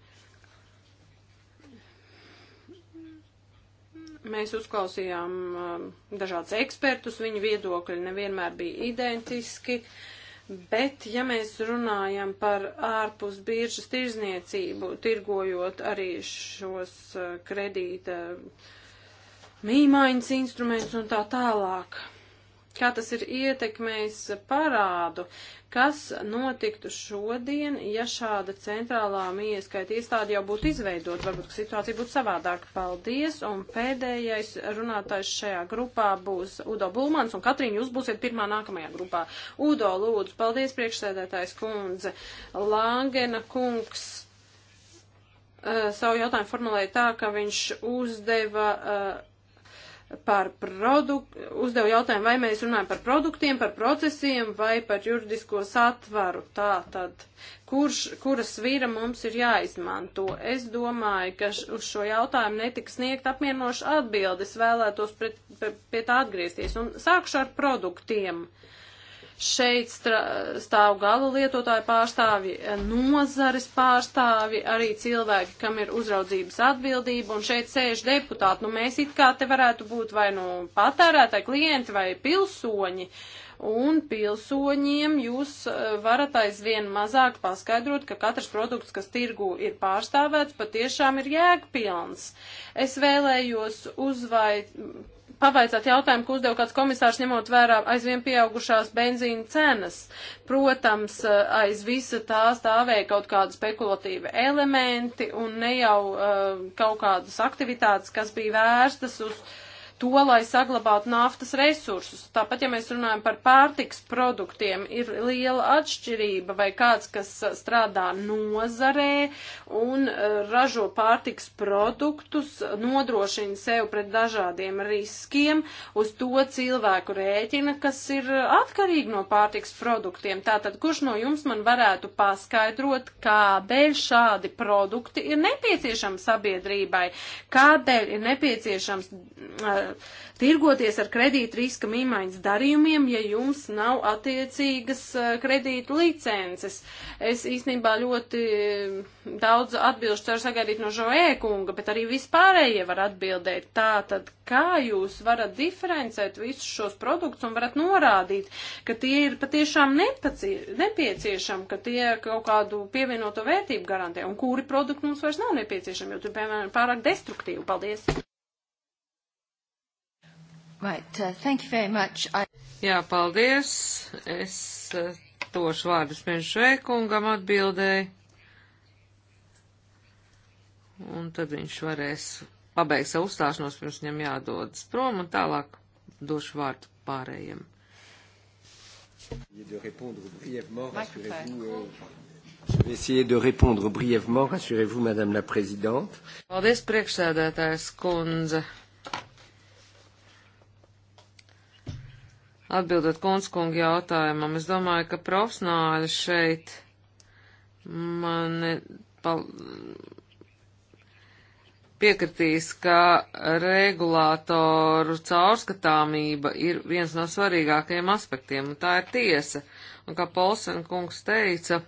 Speaker 1: Mēs uzklausījām eh, dažādus ekspertus, viņu viedokļi nevienmēr bija identiski. Uh, Bet, ja mēs runājam par ārpus biržas tirzniecību, tirgojot arī šos eh, kredīta mīmaiņas instrumentus un tā tālāk, kā tas ir ietekmējis parādu, kas notiktu šodien, ja šāda centrālā mieskaita iestāde jau būtu izveidot, varbūt situācija būtu savādāka. Paldies, un pēdējais runātājs šajā grupā būs Udo Bulmans, un Katrīna, jūs būsiet pirmā nākamajā grupā. Udo, lūdzu, paldies, priekšsēdētājs kundze. Langena kungs eh, savu jautājumu formulēja tā, ka viņš uzdeva uh, par produktu, uzdevu jautājumu, vai mēs runājam par produktiem, par procesiem vai par juridisko satvaru. Tā tad, kurš, kura svīra mums ir jāizmanto? Es domāju, ka uz šo jautājumu netika sniegt apmierinoši atbildes, vēlētos pret, pret, pie tā atgriezties. Un sākšu ar produktiem. Uh, Šeit stāv galu lietotāju pārstāvi, nozares pārstāvi, arī cilvēki, kam ir uzraudzības atbildība, un šeit sēž deputāti. Nu, mēs it kā te varētu būt vai nu no patērētāji, klienti vai pilsoņi, un pilsoņiem jūs eh, varat aizvien mazāk paskaidrot, ka katrs produkts, kas tirgu ir pārstāvēts, patiešām ir jēgpilns. Es vēlējos uzvai pavaicāt jautājumu, ko uzdeva kāds komisārs, ņemot vērā aizvien pieaugušās benzīna cenas. Protams, eh, aiz visa tā stāvēja kaut kāda spekulatīva elementi un ne jau uh, kaut kādas aktivitātes, kas bija vērstas uz uh, to, lai saglabātu naftas resursus. Tāpat, ja mēs runājam par pārtiks produktiem, ir liela atšķirība vai kāds, kas strādā nozarē un eh, ražo pārtiks produktus, nodrošina sev pret dažādiem riskiem uz to cilvēku rēķina, kas ir atkarīgi no pārtiks produktiem. Tātad, kurš no jums man varētu paskaidrot, kādēļ šādi produkti ir nepieciešami sabiedrībai, kādēļ ir nepieciešams uh, tirgoties ar kredīta riska mīmaiņas darījumiem, ja jums nav attiecīgas kredīta licences. Es īstenībā ļoti daudz atbilžu ceru sagaidīt no Žoē kunga, bet arī vispārējie var atbildēt. Tā tad, kā jūs varat diferencēt visus šos produktus un varat norādīt, ka tie ir patiešām nepieciešami, ka tie kaut kādu pievienoto vērtību garantē un kuri produkti mums vairs nav nepieciešami, jo tur, piemēram, pārāk destruktīvi. Paldies!
Speaker 3: Right, uh, thank you very much. I... Jā, paldies. Es uh, tošu vārdus mēnešu veikungam atbildēju. Un tad viņš varēs pabeigt savu uzstāšanos, pirms viņam jādodas prom un tālāk došu vārdu pārējiem. De répondre brièvement, rassurez-vous, euh, Je vais essayer de répondre brièvement, rassurez-vous, Madame la Présidente. Paldies, priekšsēdētājs kundze. Atbildot konskunga jautājumam, es domāju, ka profesionāļi šeit man pal... piekritīs, ka regulātoru caurskatāmība ir viens no svarīgākajiem aspektiem, un tā ir tiesa. Un kā Polsen kungs teica,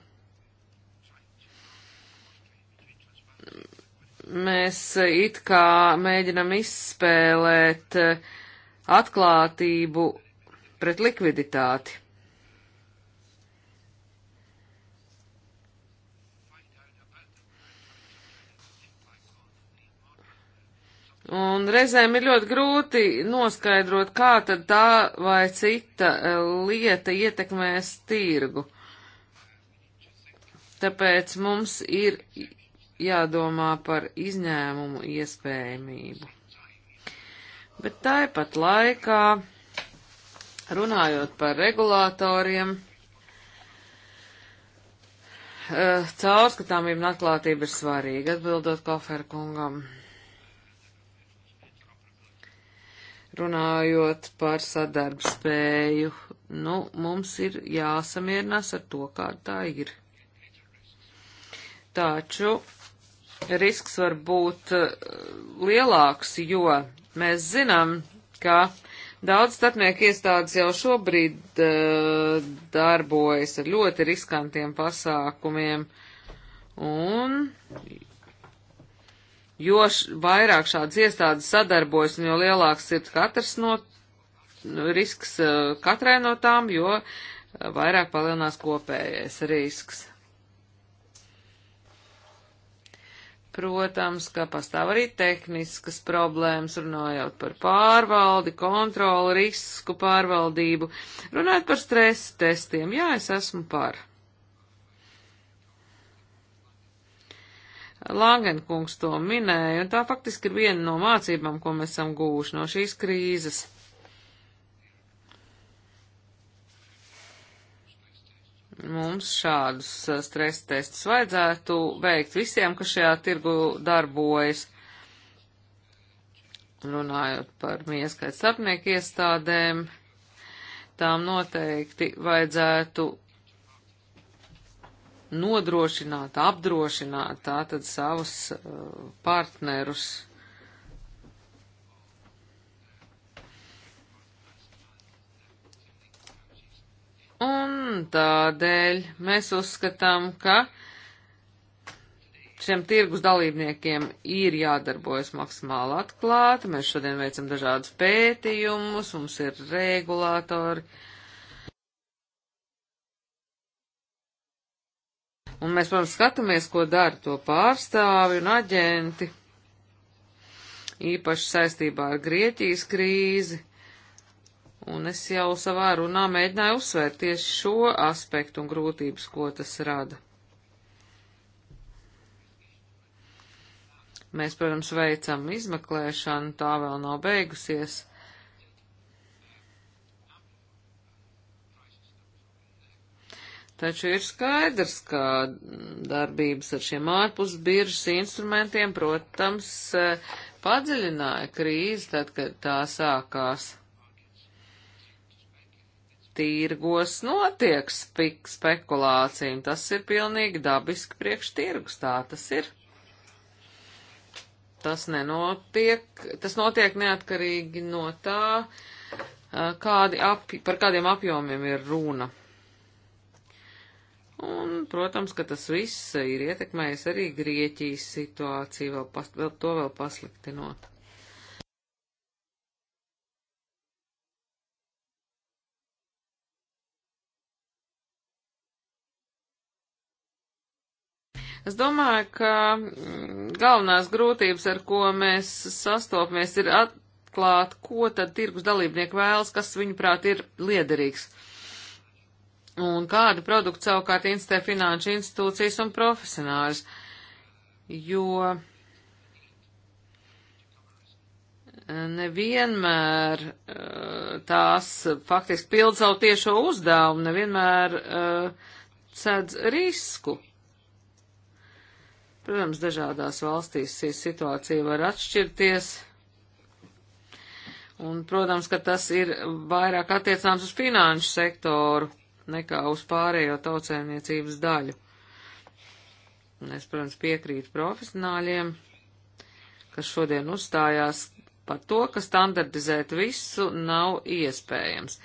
Speaker 3: mēs it kā mēģinam izspēlēt atklātību pret likviditāti. Un reizēm ir ļoti grūti noskaidrot, kā tad tā vai cita e, lieta ietekmēs tirgu. Tāpēc mums ir jādomā par izņēmumu iespējamību. Bet tāpat laikā. Runājot par regulātoriem, eh, caurskatāmība un atklātība ir svarīga, atbildot Kofer kungam. Runājot par sadarbspēju, nu, mums ir jāsamierinās ar to, kā tā ir. Taču risks var būt eh, lielāks, jo mēs zinām, ka uh, Daudz starpnieku iestādes jau šobrīd uh, darbojas ar ļoti riskantiem pasākumiem, un jo š, vairāk šādas iestādes sadarbojas, un jo lielāks ir katrs no risks uh, katrai no tām, jo eh, vairāk palielinās kopējais risks. Protams, ka pastāv arī tehniskas problēmas, runājot par pārvaldi, kontroli, risku pārvaldību, runājot par stresa testiem. Jā, es esmu par. Langenkungs to minēja, un tā faktiski ir viena no mācībām, ko mēs esam gūši no šīs krīzes. Mums šādus uh, stresa testus vajadzētu veikt visiem, kas šajā tirgu darbojas. Runājot par mieskaitu starpnieku iestādēm, tām noteikti vajadzētu nodrošināt, apdrošināt tātad savus uh, partnerus Un tādēļ mēs uzskatām, ka šiem tirgus dalībniekiem ir jādarbojas maksimāli atklāti. Mēs šodien veicam dažādus pētījumus, mums ir regulātori. Un mēs, protams, skatāmies, ko dara to pārstāvi un aģenti, īpaši saistībā ar Grieķijas krīzi. Un es jau savā runā mēģināju uzsvērt tieši šo aspektu un grūtības, ko tas rada. Mēs, protams, veicam izmeklēšanu, tā vēl nav beigusies. Taču ir skaidrs, ka darbības ar šiem ārpus biržas instrumentiem, protams, padziļināja krīzi tad, kad tā sākās tirgos notiek spekulācija, un tas ir pilnīgi dabiski priekš tirgus, tā tas ir. Tas nenotiek, tas notiek neatkarīgi no tā, kādi apj par kādiem apjomiem ir runa. Un, protams, ka tas viss ir ietekmējis arī Grieķijas situāciju, vēl pas, vēl, to vēl pasliktinot. Es domāju, ka mm, galvenās grūtības, ar ko mēs sastopamies, ir atklāt, ko tad tirgus dalībnieki vēlas, kas viņuprāt ir liederīgs. Un kādu produktu savukārt instē finanšu institūcijas un profesionāļus. Jo nevienmēr eh, tās faktiski pild savu tiešo uzdevumu, nevienmēr uh, cedz risku. Protams, dažādās valstīs situācija var atšķirties. Un, protams, ka tas ir vairāk attiecāms uz finanšu sektoru nekā uz pārējo tautsēmniecības daļu. Un es, protams, piekrītu profesionāļiem, kas šodien uzstājās par to, ka standardizēt visu nav iespējams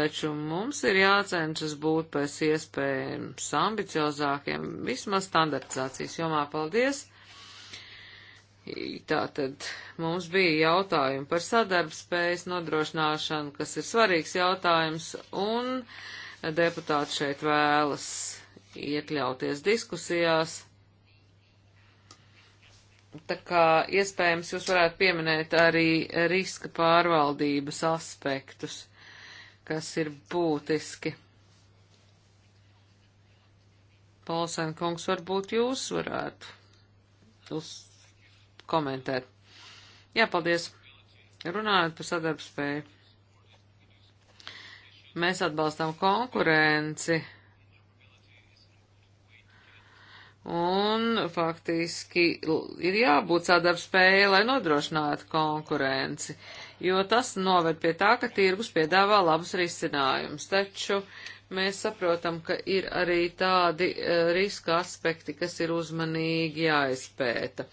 Speaker 3: taču mums ir jācenšas būt pēc iespējams ambiciozākiem, vismaz standartizācijas jomā. Paldies! Tātad mums bija jautājumi par sadarbspējas nodrošināšanu, kas ir svarīgs jautājums, un deputāti šeit vēlas iekļauties diskusijās. Tā kā iespējams jūs varētu pieminēt arī riska pārvaldības aspektus kas ir būtiski. Polsēna kungs, varbūt jūs varētu jūs komentēt. Jā, paldies. Runājot par sadarbspēju. Mēs atbalstām konkurenci. Un faktiski ir jābūt sadarbspēja, lai nodrošinātu konkurenci. Uh, jo tas noved pie tā, ka tirgus piedāvā labus risinājumus. Taču mēs saprotam, ka ir arī tādi e, riska aspekti, kas ir uzmanīgi jāizpēta.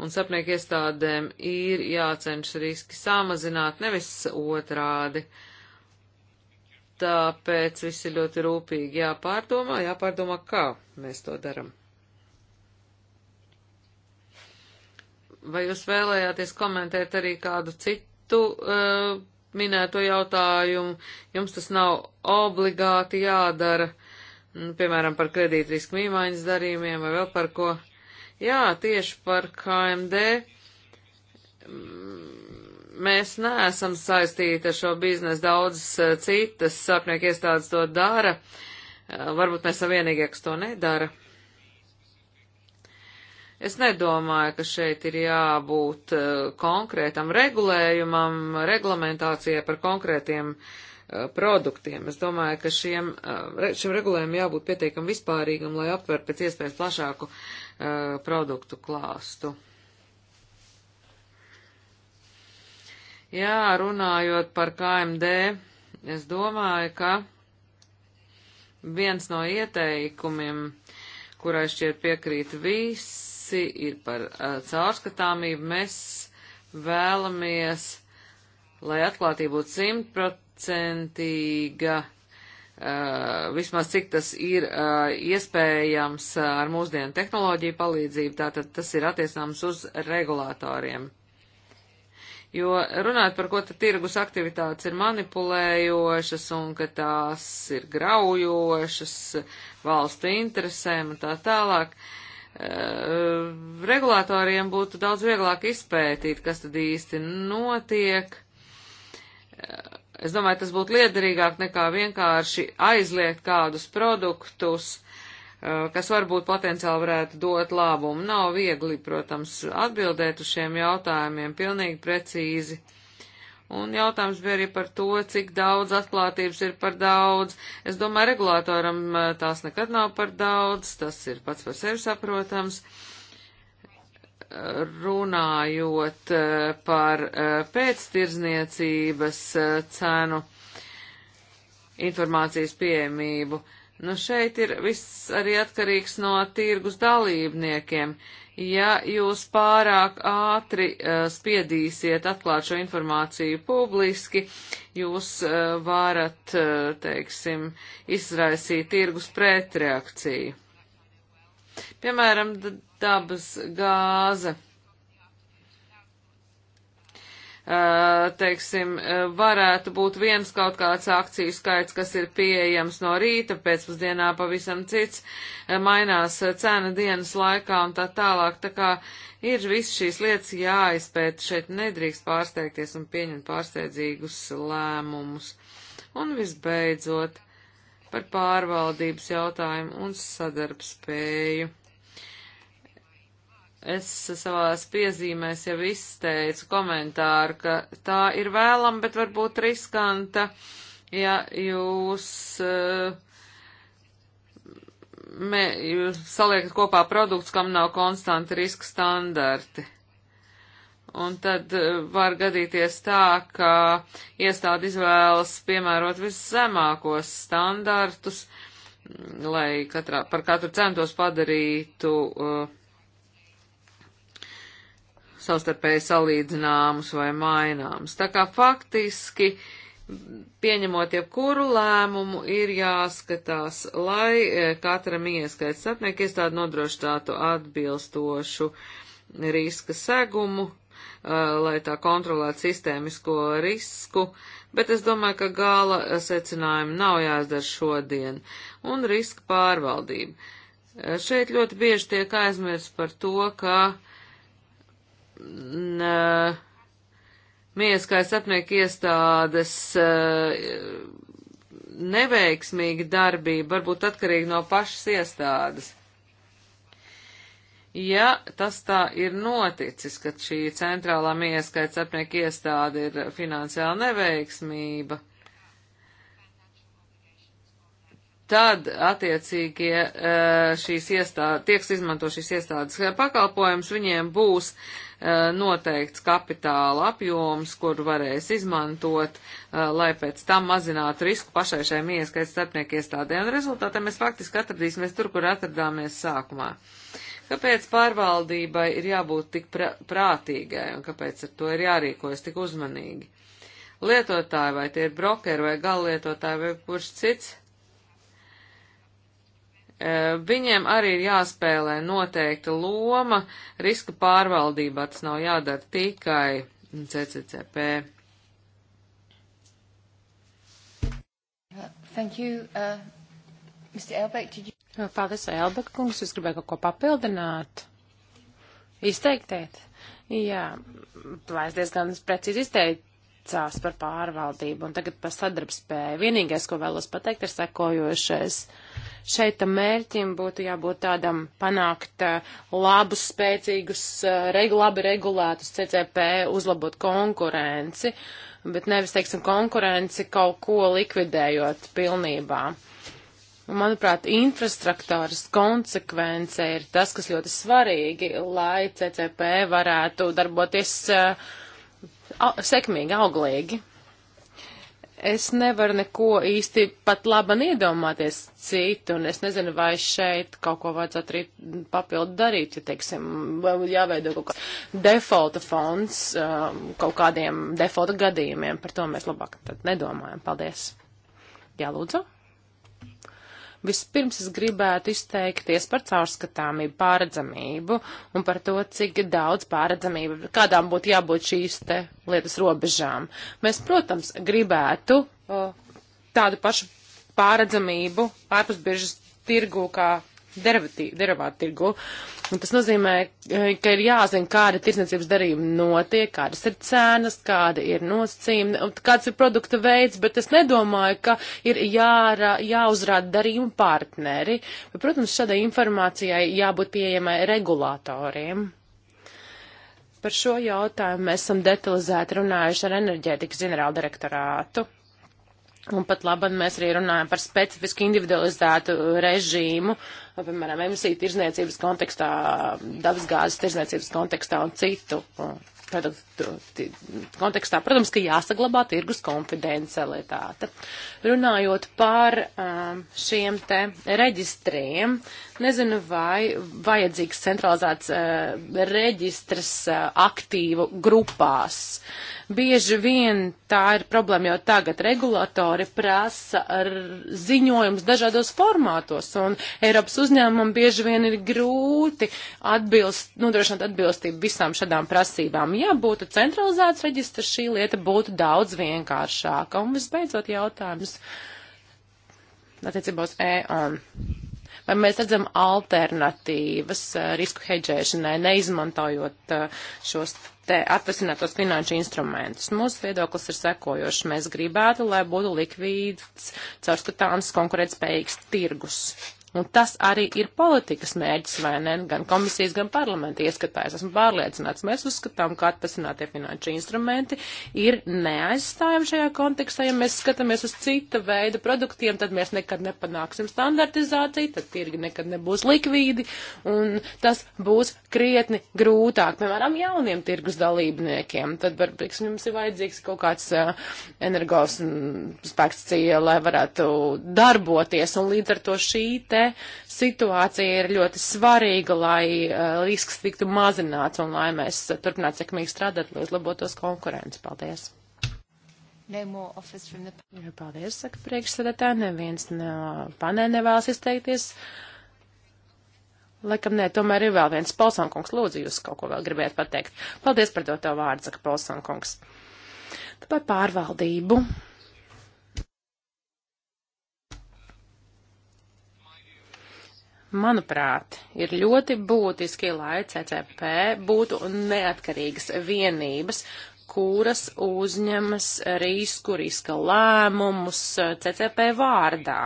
Speaker 3: Un sapnieku iestādēm ir jācenšas riski samazināt, nevis otrādi. Tāpēc viss ir ļoti rūpīgi jāpārdomā, jāpārdomā, kā mēs to darām. Vai jūs vēlējāties komentēt arī kādu citu? citu uh, e, minēto jautājumu, jums tas nav obligāti jādara, piemēram, par kredītrisku mīmaiņas darījumiem vai vēl par ko. Jā, tieši par KMD mēs neesam saistīti ar šo biznesu, daudzas e, citas sapnieku iestādes to dara, e, varbūt mēs esam vienīgie, kas to nedara. Es nedomāju, ka šeit ir jābūt uh, konkrētam regulējumam, reglamentācijai par konkrētiem uh, produktiem. Es domāju, ka šiem, uh, šim regulējumam jābūt pietiekam vispārīgam, lai aptver pēc iespējas plašāku produktu klāstu. Jā, runājot par KMD, es domāju, ka viens no ieteikumiem, kurai šķiet piekrīt viss, praksi, ir par uh, caurskatāmību. Mēs vēlamies, lai atklātība būtu simtprocentīga, uh, vismaz cik tas ir uh, iespējams ar mūsdienu tehnoloģiju palīdzību, tātad tas ir attiecināms uz regulātoriem. Jo runāt par ko tad tirgus aktivitātes ir manipulējošas un ka tās ir graujošas valstu interesēm un tā tālāk. Uh, Eh, regulātoriem būtu daudz vieglāk izpētīt, kas tad īsti notiek. Eh, es domāju, tas būtu liederīgāk nekā vienkārši aizliegt kādus produktus, eh, kas varbūt potenciāli varētu dot labumu. Nav viegli, protams, atbildēt uz šiem jautājumiem pilnīgi precīzi. Uh, Un jautājums bija arī par to, cik daudz atklātības ir par daudz. Es domāju, regulātoram eh, tās nekad nav par daudz, tas ir pats par sevi saprotams. Runājot eh, par eh, pēctirzniecības cenu informācijas pieejamību, nu šeit ir viss arī atkarīgs no tirgus dalībniekiem. Uh, Ja jūs pārāk ātri uh, spiedīsiet atklāt šo informāciju publiski, jūs uh, varat, uh, teiksim, izraisīt tirgus pretreakciju. Piemēram, dabas gāze teiksim, varētu būt viens kaut kāds akciju skaits, kas ir pieejams no rīta, pēcpusdienā pavisam cits, mainās cena dienas laikā un tā tālāk. Tā kā ir viss šīs lietas jāizpēt, šeit nedrīkst pārsteigties un pieņemt pārsteidzīgus lēmumus. Un visbeidzot, par pārvaldības jautājumu un sadarbspēju. Es savās piezīmēs jau izteicu komentāru, ka tā ir vēlama, bet varbūt riskanta, ja jūs, eh, mē, jūs saliekat kopā produkts, kam nav konstanti riska standarti. Un tad eh, var gadīties tā, ka iestādi izvēlas piemērot viszemākos standartus, lai katrā, par katru centos padarītu uh, savstarpēji salīdzināmus vai maināmus. Tā kā faktiski, pieņemot jebkuru lēmumu, ir jāskatās, lai e, katram ieskaits starpnieku iestādi nodrošinātu atbilstošu riska segumu, e, lai tā kontrolētu sistēmisko risku, bet es domāju, ka gala secinājumi nav jāizdara šodien, un riska pārvaldība. E, šeit ļoti bieži tiek aizmirst par to, ka uh, Eh, mieskaits apnieku iestādes eh, neveiksmīga darbība varbūt atkarīga no pašas iestādes. Ja tas tā ir noticis, ka šī centrālā mieskaits apnieku iestāde ir finansiāla neveiksmība, tad attiecīgie eh, šīs iestādes, tieks izmanto šīs iestādes pakalpojums, viņiem būs eh, noteikts kapitāla apjoms, kur varēs izmantot, eh, lai pēc tam mazinātu risku pašai šai mieskaits starpnieku iestādē. Un rezultātā mēs faktiski atradīsimies tur, kur atradāmies sākumā. Kāpēc pārvaldībai ir jābūt tik prātīgai un kāpēc ar to ir jārīkojas tik uzmanīgi? Lietotāji, vai tie ir brokeri vai gallietotāji vai kurš cits, Eh, viņiem arī ir jāspēlē noteikta loma riska pārvaldībā, tas nav jādara tikai CCCP. Uh, thank you, uh, Mr. Elbeck, did you...
Speaker 2: Uh, Paldies, Elbek kungs, jūs gribētu kaut ko papildināt? Izteiktēt? Jā, plēs diezgan precīzi izteicās par pārvaldību un tagad par sadarbspēju. Vienīgais, ko vēlos pateikt, ir sekojošais. Uh, Šeit tam mērķim būtu jābūt tādam panākt eh, labus, spēcīgus, eh, regu, labi regulētus CCP, uzlabot konkurenci, bet nevis, teiksim, konkurenci kaut ko likvidējot pilnībā. Manuprāt, infrastruktūras konsekvence ir tas, kas ļoti svarīgi, lai CCP varētu darboties uh, sekmīgi, auglīgi es nevaru neko īsti pat laban iedomāties citu, un es nezinu, vai šeit kaut ko vajadzētu arī papildu darīt, ja, teiksim, jāveido kaut kāds defaulta fonds um, kaut kādiem defaulta gadījumiem. Par to mēs labāk tad nedomājam. Paldies. Jā, lūdzu. Vispirms es gribētu izteikties par caurskatāmību, pāredzamību un par to, cik daudz pāredzamība, kādām būtu jābūt šīs te lietas robežām. Mēs, protams, gribētu o, uh, tādu pašu pāredzamību ārpus biežas tirgu kā derivātu tirgu. Un tas nozīmē, eh, ka ir jāzina, kāda tirsniecības darījuma notiek, kādas ir cenas, kāda ir nosacījuma, kāds ir produkta veids, bet es nedomāju, ka ir jārā, jāuzrāda darījuma partneri. Bet, protams, šādai informācijai jābūt pieejamai regulātoriem. Par šo jautājumu mēs esam detalizēti runājuši ar enerģētikas ģenerāldirektorātu. Un pat labam mēs arī runājam par specifiski individualizētu režīmu, piemēram, emisiju tirzniecības kontekstā, dabasgāzes tirzniecības kontekstā un citu produktu kontekstā. Protams, ka jāsaglabā tirgus konfidencialitāte. Runājot par um, šiem te reģistriem, Nezinu, vai vajadzīgs centralizēts uh, eh, reģistrs uh, eh, aktīvu grupās. Bieži vien tā ir problēma jau tagad. Regulatori prasa eh, ziņojums dažādos formātos, un Eiropas uzņēmumam bieži vien ir grūti atbilst, nodrošināt atbilstību visām šādām prasībām. Ja būtu centralizēts reģistrs, šī lieta būtu daudz vienkāršāka. Un visbeidzot jautājums attiecībā uz E. -on Vai mēs redzam alternatīvas eh, risku hedžēšanai, neizmantojot eh, šos te atvasinātos finanšu instrumentus? Mūsu viedoklis ir sekojošs. Mēs gribētu, lai būtu likvīds, caurskatāms, konkurētspējīgs tirgus Un tas arī ir politikas mērķis, vai ne? Gan komisijas, gan parlamenta ieskatās. Esmu pārliecināts, mēs uzskatām, ka atvasinātie finanšu instrumenti ir neaizstājami šajā kontekstā. Ja mēs skatāmies uz cita veida produktiem, tad mēs nekad nepanāksim standartizāciju, tad tirgi nekad nebūs likvīdi, un tas būs krietni grūtāk, piemēram, jauniem tirgus dalībniekiem. Tad, varbūt, jums ir vajadzīgs kaut kāds uh, energos spēks, lai varētu darboties, un līdz ar to šī te te situācija ir ļoti svarīga, lai uh, risks tiktu mazināts un lai mēs uh, turpinātu sekmīgi strādāt, lai uzlabotos konkurence. Paldies! No the... Jā, paldies, saka priekšsēdētāji. Neviens no panē nevēlas izteikties. Laikam nē, tomēr ir vēl viens Polsankungs. Lūdzu, jūs kaut ko vēl gribējāt pateikt. Paldies par doto vārdu, saka Polsankungs. Par pārvaldību. manuprāt, ir ļoti būtiski, lai CCP būtu neatkarīgas vienības, kuras uzņemas risku, riska lēmumus CCP vārdā.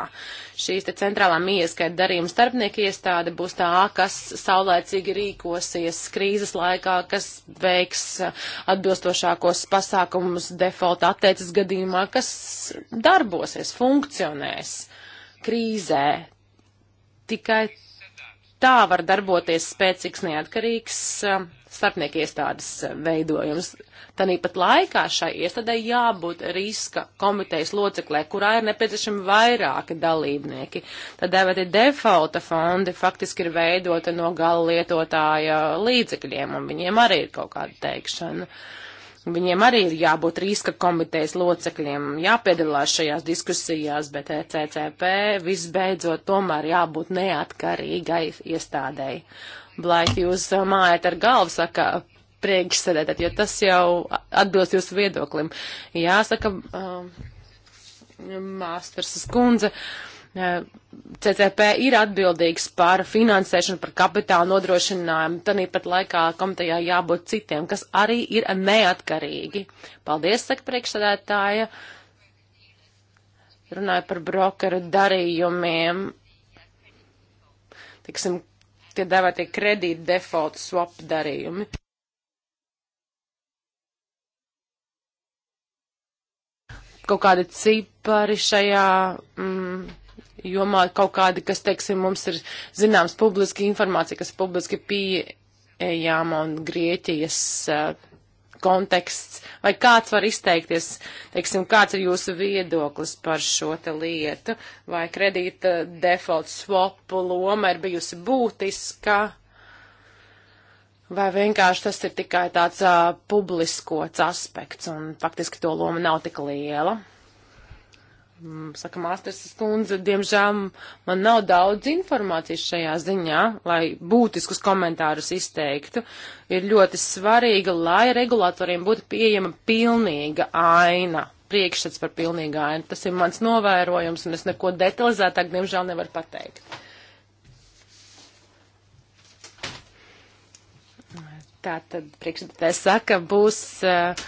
Speaker 2: Šīs te centrālā mieskaita darījuma starpnieka iestāde būs tā, kas saulēcīgi rīkosies krīzes laikā, kas veiks atbilstošākos pasākumus default atteicis gadījumā, kas darbosies, funkcionēs krīzē. Tikai tā var darboties spēcīgs neatkarīgs um, starpnieku iestādes um, veidojums. Tanīpat laikā šai iestādē jābūt riska komitejas loceklē, kurā ir nepieciešami vairāki dalībnieki. Tad dēvēti defaulta fondi faktiski ir veidota no gala lietotāja līdzekļiem, un viņiem arī ir kaut kāda teikšana. Uh, Viņiem arī ir jābūt riska komitejas locekļiem, jāpiedalās šajās diskusijās, bet ECCP visbeidzot tomēr jābūt neatkarīgai iestādēji. Blait jūs uh, mājat ar galvu, saka priekšsēdētāt, jo tas jau atbilst jūsu viedoklim. Jāsaka, um, māsters skundze. Uh, CCP ir atbildīgs par finansēšanu, par kapitālu nodrošinājumu, tanīpat laikā komitejā jābūt citiem, kas arī ir neatkarīgi. Paldies, saka priekšsēdētāja. Runāju par brokeru darījumiem. Tiksim, tie dēvētie kredīt default swap darījumi. Kaut kādi cipari šajā. Mm, jomā kaut kādi, kas, teiksim, mums ir zināms publiski informācija, kas publiski pieejama un Grieķijas uh, konteksts, vai kāds var izteikties, teiksim, kāds ir jūsu viedoklis par šo te lietu, vai kredīta default swapu loma ir bijusi būtiska, vai vienkārši tas ir tikai tāds uh, publiskots aspekts un faktiski to loma nav tik liela. Mm, saka māsters skundze, diemžēl man nav daudz informācijas šajā ziņā, lai būtiskus komentārus izteiktu. Ir ļoti svarīga, lai regulātoriem būtu pieejama pilnīga aina, priekšsats par pilnīgu ainu. Tas ir mans novērojums, un es neko detalizētāk, diemžēl, nevaru pateikt. Tātad priekšsēdētājs saka, būs uh,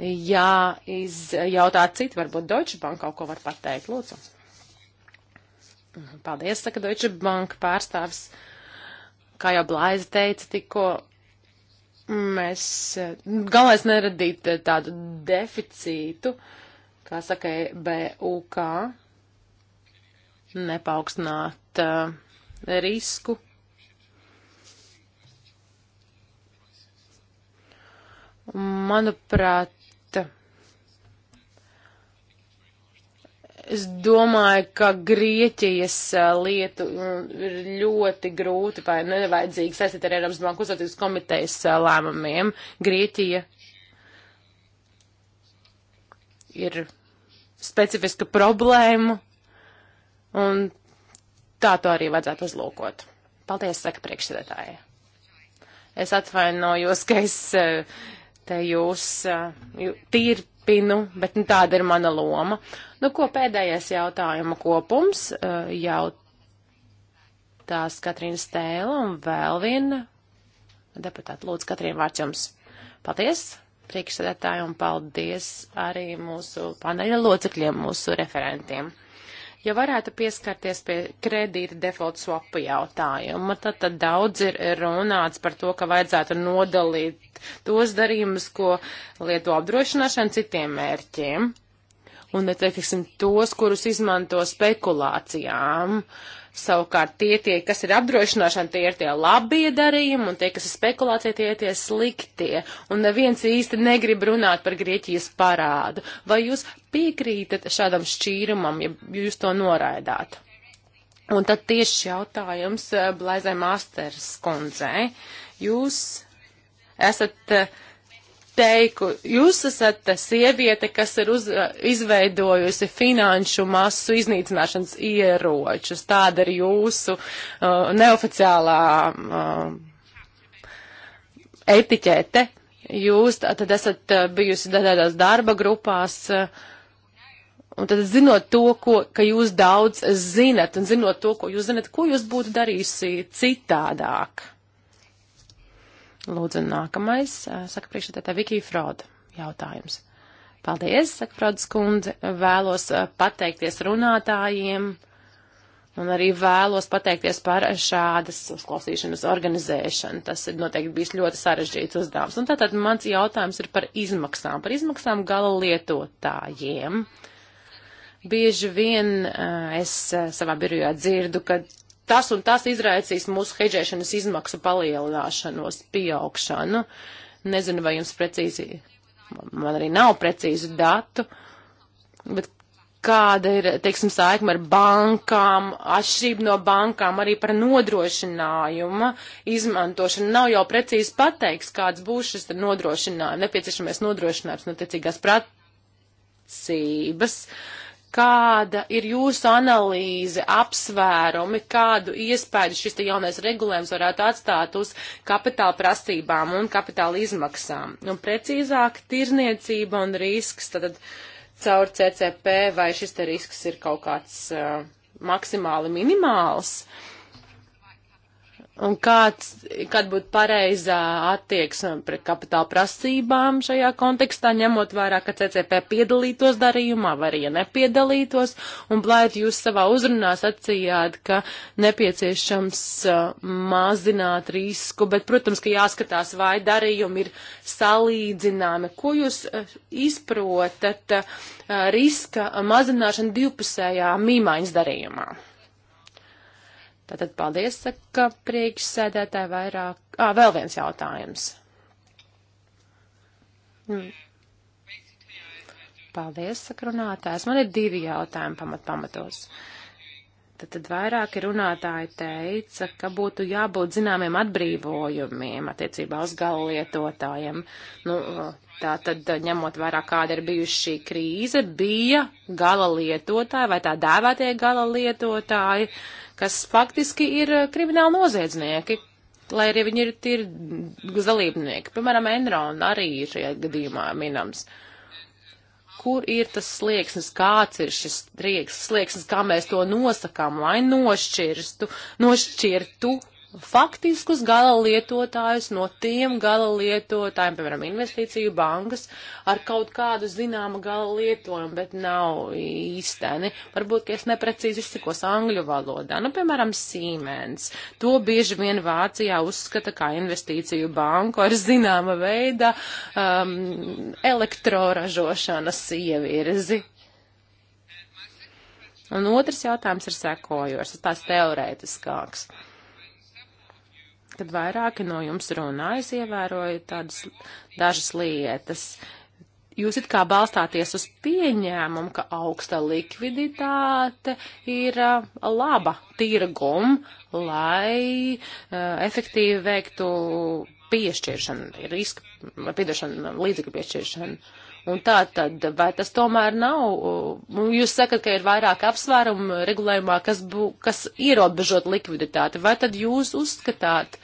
Speaker 2: jāizjautā citi, varbūt Deutsche Bank kaut ko var pateikt, lūdzu. Paldies, saka Deutsche Bank pārstāvis. Kā jau Blaiza teica, tikko mēs galvenais neradīt tādu deficītu, kā saka BUK, nepaukstināt uh, risku. Manuprāt, Es domāju, ka Grieķijas lietu ir ļoti grūti vai nevajadzīgi saistīt ar Eiropas Banku uzraudzības komitejas lēmumiem. Grieķija ir specifiska problēma, un tā to arī vajadzētu uzlūkot. Paldies, saka priekšsēdētāji. Es atvainojos, ka es te jūs tīrpinu, bet nu, tāda ir mana loma. Nu, ko pēdējais jautājuma kopums eh, jau tās Katrīnas Tēla un vēl viena deputāta. Lūdzu, Katrīna, vārds jums. Paldies priekšsēdētāji un paldies arī mūsu paneļa locekļiem, mūsu referentiem ja varētu pieskarties pie kredīta default swapu jautājuma, tad, tad daudz ir runāts par to, ka vajadzētu nodalīt tos darījumus, ko lieto apdrošināšana citiem mērķiem un, teiksim, tos, kurus izmanto spekulācijām. Savukārt tie, tie, kas ir apdrošināšana, tie ir tie labie darījumi, un tie, kas ir spekulācija, tie ir tie sliktie. Un neviens īsti negrib runāt par Grieķijas parādu. Vai jūs piekrītat šādam šķīrumam, ja jūs to noraidāt? Un tad tieši jautājums eh, Blaizai Masters kundzei. Jūs esat uh, teiku, jūs esat ta sieviete, kas ir uz, eh, izveidojusi finanšu masu iznīcināšanas ieročus. Tāda ir jūsu uh, neoficiālā uh, etiķete. Jūs tad esat uh, bijusi dažādās darba grupās. Uh, Un tad zinot to, ko, ka jūs daudz zinat, un zinot to, ko jūs zinat, ko jūs būtu darījusi citādāk? Lūdzu, nākamais, saka priekšsēdētāja Vikija Froda jautājums. Paldies, saka Frodas kundze, vēlos pateikties runātājiem un arī vēlos pateikties par šādas uzklausīšanas organizēšanu. Tas ir noteikti bijis ļoti sarežģīts uzdevums. Un tātad mans jautājums ir par izmaksām, par izmaksām gala lietotājiem. Bieži vien es savā birojā dzirdu, ka tas un tas izraisīs mūsu hedžēšanas izmaksu palielināšanos, pieaugšanu. Nezinu, vai jums precīzi, man arī nav precīzu datu, bet kāda ir, teiksim, saikma ar bankām, atšķirība no bankām arī par nodrošinājuma izmantošanu. Nav jau precīzi pateiks, kāds būs šis nodrošinājums, nepieciešamais nodrošinājums, notiecīgās pracības. Uh, Kāda ir jūsu analīze, apsvērumi, kādu iespēju šis te jaunais regulējums varētu atstāt uz kapitāla prasībām un kapitāla izmaksām? Un precīzāk, tirzniecība un risks, tad caur CCP vai šis te risks ir kaut kāds uh, maksimāli minimāls? Uh, Un kāds, kad būtu pareizā attieksme pret kapitāla prasībām šajā kontekstā, ņemot vērā, ka CCP piedalītos darījumā, vai arī ja nepiedalītos, un blēt jūs savā uzrunā sacījāt, ka nepieciešams uh, mazināt risku, bet, protams, ka jāskatās, vai darījumi ir salīdzināmi. Ko jūs uh, izprotat uh, riska mazināšana divpusējā mīmaiņas darījumā? Tātad paldies, ka priekšsēdētāji vairāk. Ā, vēl viens jautājums. Mm. Paldies, saka runātājs. Man ir divi jautājumi pamat pamatos. Tad, tad vairāki runātāji teica, ka būtu jābūt zināmiem atbrīvojumiem attiecībā uz galu lietotājiem. Nu, tā tad, ņemot vairāk kāda ir bijusi šī krīze, bija gala lietotāji vai tā dēvētie gala lietotāji. Uh, kas faktiski ir eh, krimināli noziedznieki, lai arī viņi ir tīri dalībnieki. Piemēram, Enron arī ir šajā gadījumā minams. Kur ir tas slieksnis, kāds ir šis slieksnis, kā mēs to nosakām, lai nošķirstu, nošķirtu faktiskus gala lietotājus no tiem gala lietotājiem, piemēram, investīciju bankas, ar kaut kādu zināmu gala lietojumu, bet nav īsteni. Varbūt, ka es neprecīzi izsakos angļu valodā. Nu, piemēram, Siemens. To bieži vien Vācijā uzskata kā investīciju banku ar zināma veida um, elektroražošanas ievirzi. Un otrs jautājums ir sekojošs, tas teorētiskāks. Uh, kad vairāki no jums runāja, es ievēroju tādas dažas lietas. Jūs it kā balstāties uz pieņēmumu, ka augsta likviditāte ir laba tirgum, lai uh, efektīvi veiktu piešķiršanu, riska, piedošanu, līdzekļu piešķiršanu. Uh, Un tā tad, vai tas tomēr nav, uh, jūs sakat, ka ir vairāk apsvērumu regulējumā, kas, bū, kas ierobežot likviditāti, vai tad jūs uzskatāt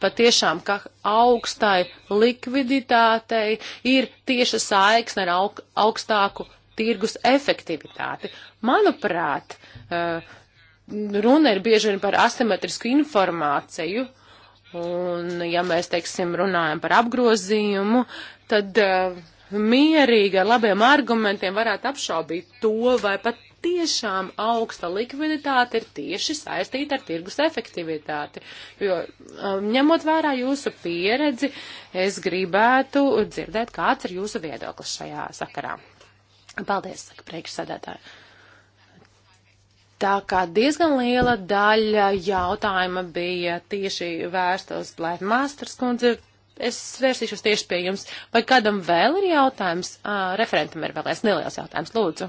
Speaker 2: patiešām, ka augstai likviditātei ir tieša saiksne ar aug, augstāku tirgus efektivitāti? Manuprāt, uh, runa ir bieži vien par asimetrisku informāciju, un ja mēs, teiksim, runājam par apgrozījumu, tad. Uh, mierīgi ar labiem argumentiem varētu apšaubīt to, vai pat tiešām augsta likviditāte ir tieši saistīta ar tirgus efektivitāti. Jo um, ņemot vērā jūsu pieredzi, es gribētu dzirdēt, kāds ir jūsu viedoklis šajā sakarā. Paldies, saka priekšsēdētāji. Tā kā diezgan liela daļa jautājuma bija tieši vērsta uz Blētmāstras kundzi, es vērsīšos tieši pie jums. Vai kādam vēl ir jautājums? Uh, referentam ir vēl es neliels jautājums, lūdzu.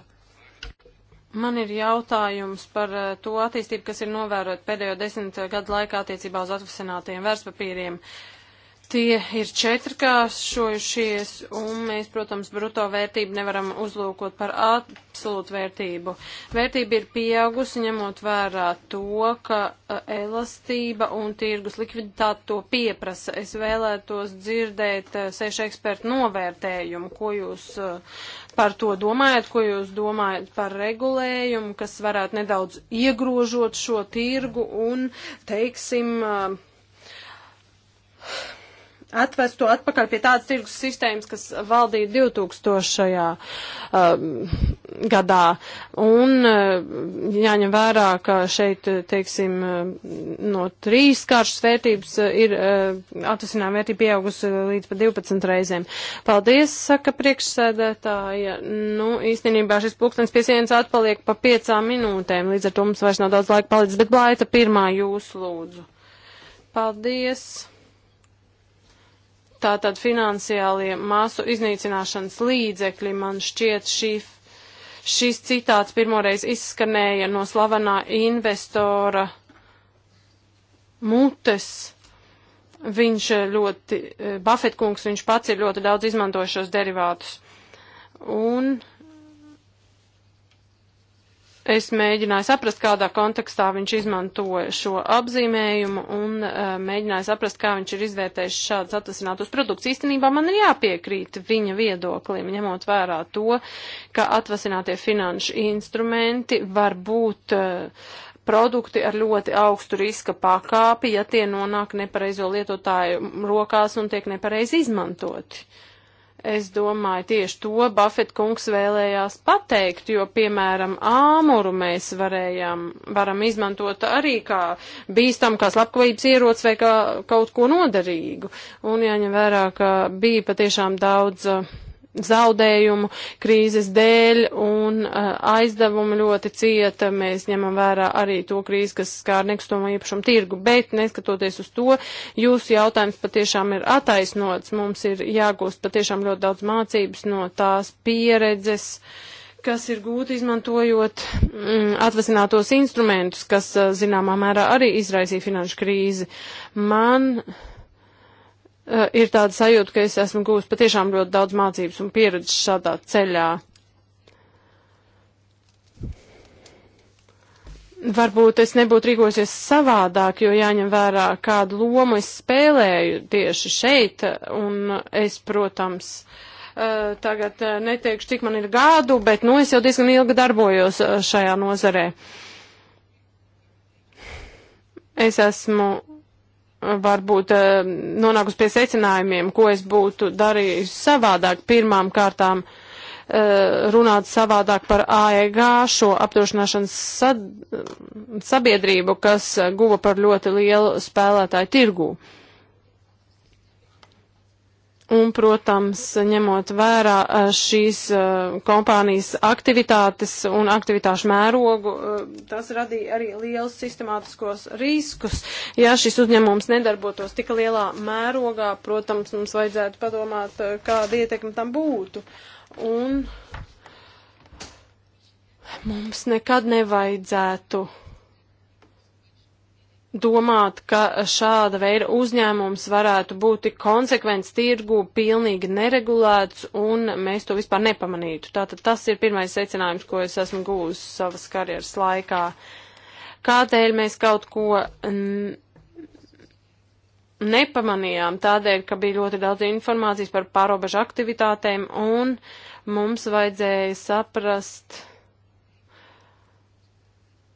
Speaker 1: Man ir jautājums par uh, to attīstību, kas ir novērot pēdējo desmit gadu laikā attiecībā uz atvasinātajiem vērtspapīriem. Uh, tie ir četrkāršojušies, un mēs, protams, bruto vērtību nevaram uzlūkot par absolūtu vērtību. Vērtība ir pieaugusi, ņemot vērā to, ka elastība un tirgus likviditāte to pieprasa. Es vēlētos dzirdēt sešu ekspertu novērtējumu, ko jūs par to domājat, ko jūs domājat par regulējumu, kas varētu nedaudz iegrožot šo tirgu un, teiksim, atvest to atpakaļ pie tādas tirgus sistēmas, kas valdīja 2000. Uh, um, gadā. Un uh, jāņem vērā, ka šeit, uh, teiksim, uh, no trīs kāršas vērtības uh, ir uh, atvesinājuma vērtība pieaugusi līdz pat 12 reizēm. Paldies, saka priekšsēdētāja. Nu, īstenībā šis pulkstens pie sienas atpaliek pa piecām minūtēm, līdz ar to mums vairs nav daudz laika palicis, bet Blaita pirmā jūs lūdzu. Paldies! Tātad finansiālie masu iznīcināšanas līdzekļi man šķiet šī. Šis citāts pirmoreiz izskanēja no slavenā investora mutes. Viņš ļoti, eh, Buffett kungs, viņš pats ir ļoti daudz izmantojis šos derivātus. Un Es mēģināju saprast, kādā kontekstā viņš izmantoja šo apzīmējumu un uh, mēģināju saprast, kā viņš ir izvērtējis šādus atvasinātos produktus. Īstenībā man ir jāpiekrīt viņa viedoklim, ņemot vērā to, ka atvasinātie finanšu instrumenti var būt uh, produkti ar ļoti augstu riska pakāpi, ja tie nonāk nepareizo lietotāju rokās un tiek nepareizi izmantoti. Uh, Es domāju, tieši to Buffett kungs vēlējās pateikt, jo, piemēram, āmuru mēs varējām, varam izmantot arī kā bīstam, kā slepkavības ierots vai kā kaut ko noderīgu. Un jāņem vērā, ka bija patiešām daudz. Uh, zaudējumu krīzes dēļ un uh, aizdevumi ļoti cieta. Mēs ņemam vērā arī to krīzi, kas skār nekustamo īpašumu tirgu, bet neskatoties uz to, jūsu jautājums patiešām ir attaisnots. Mums ir jāgūst patiešām ļoti daudz mācības no tās pieredzes kas ir gūti izmantojot mm, atvasinātos instrumentus, kas uh, zināmā mērā arī izraisīja finanšu krīzi. Man uh, Eh, ir tāda sajūta, ka es esmu gūst patiešām ļoti daudz mācības un pieredzes šādā ceļā. Varbūt es nebūtu rīkosies savādāk, jo jāņem vērā, kādu lomu es spēlēju tieši šeit, un es, protams, eh, tagad eh, neteikšu, cik man ir gadu, bet, nu, es jau diezgan ilgi darbojos šajā nozarē. Es esmu varbūt eh, nonākus pie secinājumiem, ko es būtu darījusi savādāk pirmām kārtām eh, runāt savādāk par AEG šo apdrošināšanas sabiedrību, kas eh, guva par ļoti lielu spēlētāju tirgū. Uh, Un, protams, ņemot vērā eh, šīs eh, kompānijas aktivitātes un aktivitāšu mērogu, eh, tas radīja arī liels sistemātiskos riskus. Ja šis uzņēmums nedarbotos tik lielā mērogā, protams, mums vajadzētu padomāt, kāda ietekme tam būtu. Un mums nekad nevajadzētu domāt, ka šāda veida uzņēmums varētu būt tik konsekvents tirgu, pilnīgi neregulēts un mēs to vispār nepamanītu. Tātad tas ir pirmais secinājums, ko es esmu gūs savas karjeras laikā. Kādēļ mēs kaut ko nepamanījām tādēļ, ka bija ļoti daudz informācijas par pārobežu aktivitātēm un mums vajadzēja saprast,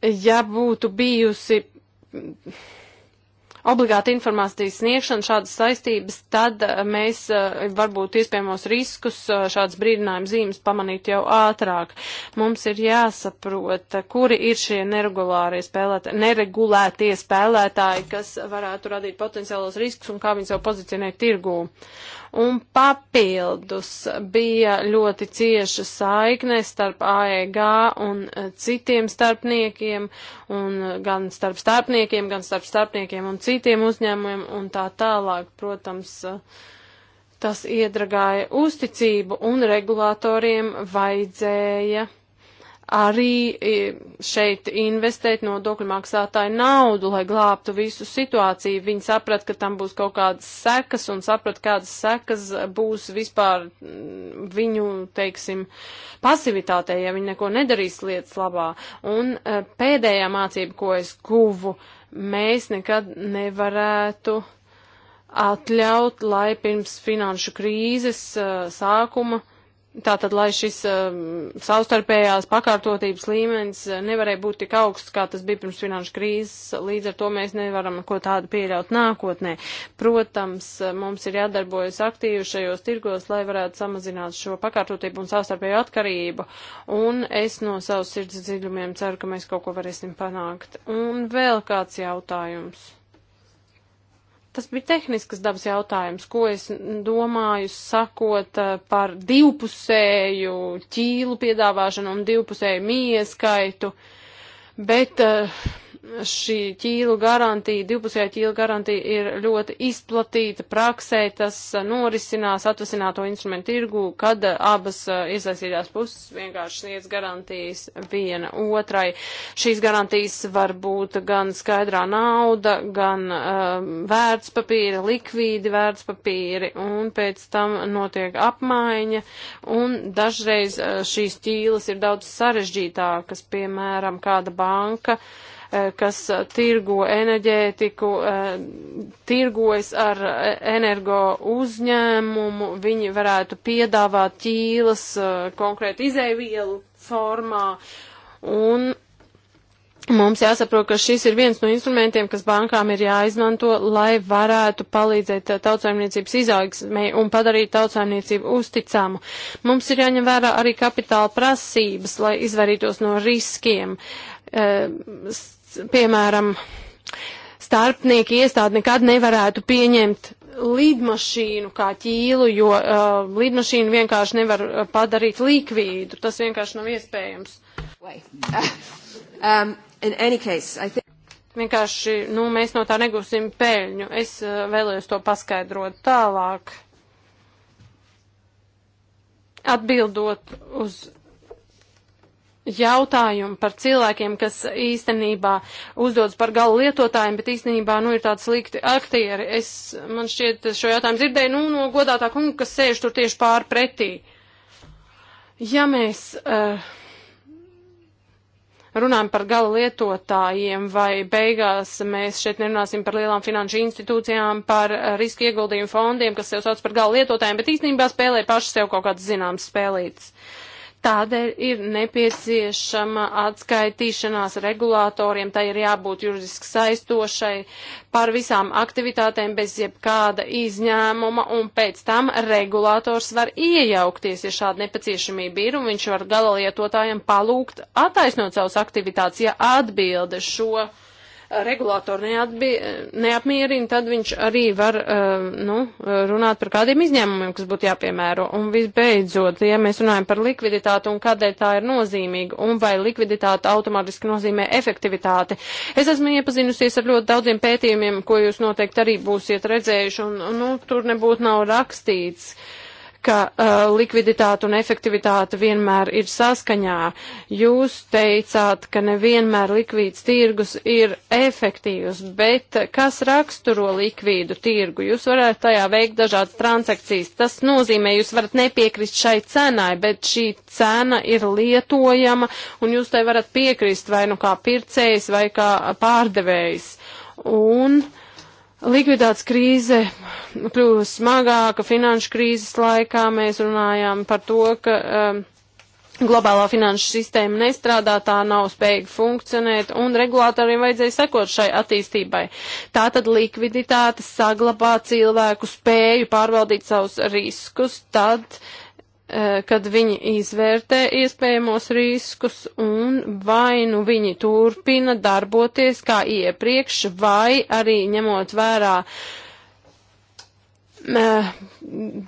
Speaker 1: ja būtu bijusi obligāta informācijas sniegšana, šādas saistības, tad eh, mēs eh, varbūt iespējamos riskus, eh, šādas brīdinājuma zīmes pamanīt jau ātrāk. Mums ir jāsaprot, kuri ir šie spēlētāji, neregulētie spēlētāji, kas varētu radīt potenciālos riskus un kā viņi sev pozicionē tirgū un papildus bija ļoti cieša saikne starp AEG un eh, citiem starpniekiem, un eh, gan starp starpniekiem, gan starp starpniekiem un citiem uzņēmumiem un tā tālāk, protams. Eh, tas iedragāja uzticību un regulātoriem vajadzēja arī e, šeit investēt nodokļu maksātāju naudu, lai glābtu visu situāciju. Viņi saprat, ka tam būs kaut kādas sekas un saprat, kādas sekas būs vispār mm, viņu, teiksim, pasivitātei, ja viņi neko nedarīs lietas labā. Un e, pēdējā mācība, ko es guvu, mēs nekad nevarētu atļaut, lai pirms finanšu krīzes e, sākuma Tātad, lai šis um, savstarpējās pakārtotības līmenis uh, nevarēja būt tik augsts, kā tas bija pirms finanšu krīzes, līdz ar to mēs nevaram ko tādu pieļaut nākotnē. Protams, uh, mums ir jādarbojas aktīvi šajos tirgos, lai varētu samazināt šo pakārtotību un savstarpēju atkarību, un es no savas sirds dziļumiem ceru, ka mēs kaut ko varēsim panākt. Un vēl kāds jautājums. Tas bija tehnisks dabas jautājums, ko es domāju sakot eh, par divpusēju ķīlu piedāvāšanu un divpusēju mieskaitu, bet uh, šī ķīlu garantija, divpusējā ķīlu garantija ir ļoti izplatīta praksē, tas uh, norisinās atvasināto instrumentu tirgu, kad uh, abas uh, iesaistītās puses vienkārši sniedz garantijas viena otrai. Šīs garantijas var būt gan skaidrā nauda, gan um, vērtspapīri, likvīdi vērtspapīri, un pēc tam notiek apmaiņa, un dažreiz šīs ķīlas ir daudz sarežģītākas, piemēram, kāda banka, uh, Eh, kas eh, tirgo enerģētiku, eh, tirgojas ar energo uzņēmumu, viņi varētu piedāvāt ķīlas konkrēti izēvielu formā. Un Mums jāsaprot, ka šis ir viens no instrumentiem, kas bankām ir jāizmanto, lai varētu palīdzēt tautsājumniecības izaugsmēji un padarīt tautsājumniecību uzticamu. Mums ir jāņem vērā arī kapitāla prasības, lai izvarītos no riskiem. E, piemēram, starpnieki iestādi nekad nevarētu pieņemt lidmašīnu kā ķīlu, jo uh, lidmašīnu vienkārši nevar uh, padarīt likvīdu. Tas vienkārši nav iespējams. Um, case, think... Vienkārši, nu, mēs no tā negūsim peļņu. Es uh, vēlējos to paskaidrot tālāk. Atbildot uz jautājumu par cilvēkiem, kas īstenībā uzdodas par galu lietotājiem, bet īstenībā, nu, ir tādi slikti aktieri. Es, man šķiet, šo jautājumu dzirdēju, nu, no godātā kunga, kas sēž tur tieši pārpretī. Ja mēs uh, runājam par galu lietotājiem, vai beigās mēs šeit nerunāsim par lielām finanšu institūcijām, par eh, riska ieguldījumu fondiem, kas sev sauc par galu lietotājiem, bet īstenībā spēlē paši sev kaut kādas zināmas spēlītas. Tādēļ ir nepieciešama atskaitīšanās regulātoriem, tai ir jābūt juridiski saistošai par visām aktivitātēm bez jebkāda izņēmuma, un pēc tam regulātors var iejaukties, ja šāda nepieciešamība ir, un viņš var galalietotājiem palūgt attaisnot savus aktivitātes, ja atbilde šo regulātoru neatbi, neapmierina, tad viņš arī var eh, nu, runāt par kādiem izņēmumiem, kas būtu jāpiemēro. Un visbeidzot, ja mēs runājam par likviditāti un kādēļ tā ir nozīmīga un vai likviditāte automātiski nozīmē efektivitāti. Es esmu iepazinusies ar ļoti daudziem pētījumiem, ko jūs noteikti arī būsiet redzējuši, un nu, tur nebūtu nav rakstīts. Uh, ka uh, likviditāte un efektivitāte vienmēr ir saskaņā. Jūs teicāt, ka nevienmēr likvīds tirgus ir efektīvs, bet kas raksturo likvīdu tirgu? Jūs varat tajā veikt dažādas transakcijas. Tas nozīmē, jūs varat nepiekrist šai cenai, bet šī cena ir lietojama un jūs tai varat piekrist vai nu kā pircējs vai kā pārdevējs. Un uh, Likviditātes krīze kļuva smagāka finanšu krīzes laikā. Mēs runājām par to, ka um, globālā finanšu sistēma nestrādā, tā nav spējīga funkcionēt, un regulātoriem vajadzēja sekot šai attīstībai. Tātad likviditāte saglabā cilvēku spēju pārvaldīt savus riskus, tad uh, Eh, kad viņi izvērtē iespējamos riskus un vai nu viņi turpina darboties kā iepriekš, vai arī ņemot vērā eh,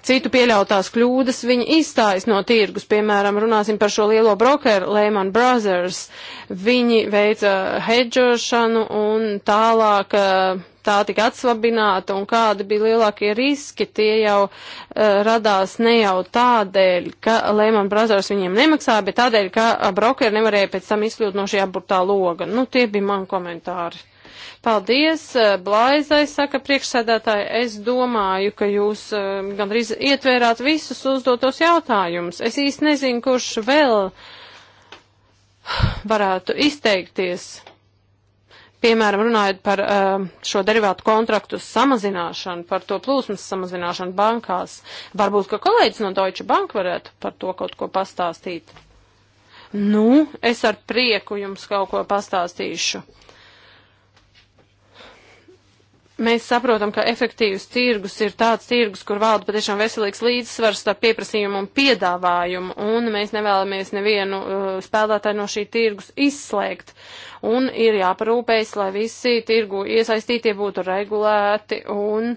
Speaker 1: citu pieļautās kļūdas viņi izstājas no tirgus. Piemēram, runāsim par šo lielo brokeru Lehman Brothers. Viņi veica hedžošanu un tālāk uh, tā tika atslabināta un kādi bija lielākie riski, tie jau uh, radās ne jau tādēļ, ka Lehman Brothers viņiem nemaksāja, bet tādēļ, ka eh, brokeri nevarēja pēc tam izkļūt no šī apburtā loga. Nu, tie bija mani komentāri. Paldies, eh, Blaizai, saka priekšsēdētāji, es domāju, ka jūs uh, gandrīz ietvērāt visus uzdotos jautājumus. Es īsti nezinu, kurš vēl varētu izteikties. Piemēram, runājot par uh, šo derivātu kontraktu samazināšanu, par to plūsmas samazināšanu bankās. Varbūt, ka kolēģis no Deutsche Bank varētu par to kaut ko pastāstīt. Nu, es ar prieku jums kaut ko pastāstīšu. Mēs saprotam, ka efektīvs tirgus ir tāds tirgus, kur valda patiešām veselīgs līdzsvars starp pieprasījumu un piedāvājumu, un mēs nevēlamies nevienu uh, spēlētāju no šī tirgus izslēgt. Un ir jāparūpējas, lai visi tirgu iesaistītie būtu regulēti, un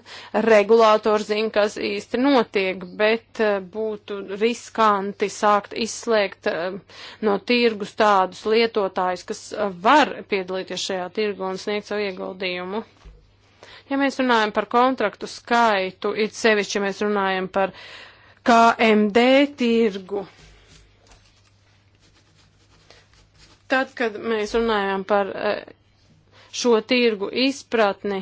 Speaker 1: regulātori zina, kas īsti notiek, bet uh, būtu riskanti sākt izslēgt uh, no tirgus tādus lietotājus, kas uh, var piedalīties šajā tirgu un sniegt savu ieguldījumu. Ja mēs runājam par kontraktu skaitu, it sevišķi, ja mēs runājam par KMD tirgu, tad, kad mēs runājam par eh, šo tirgu izpratni,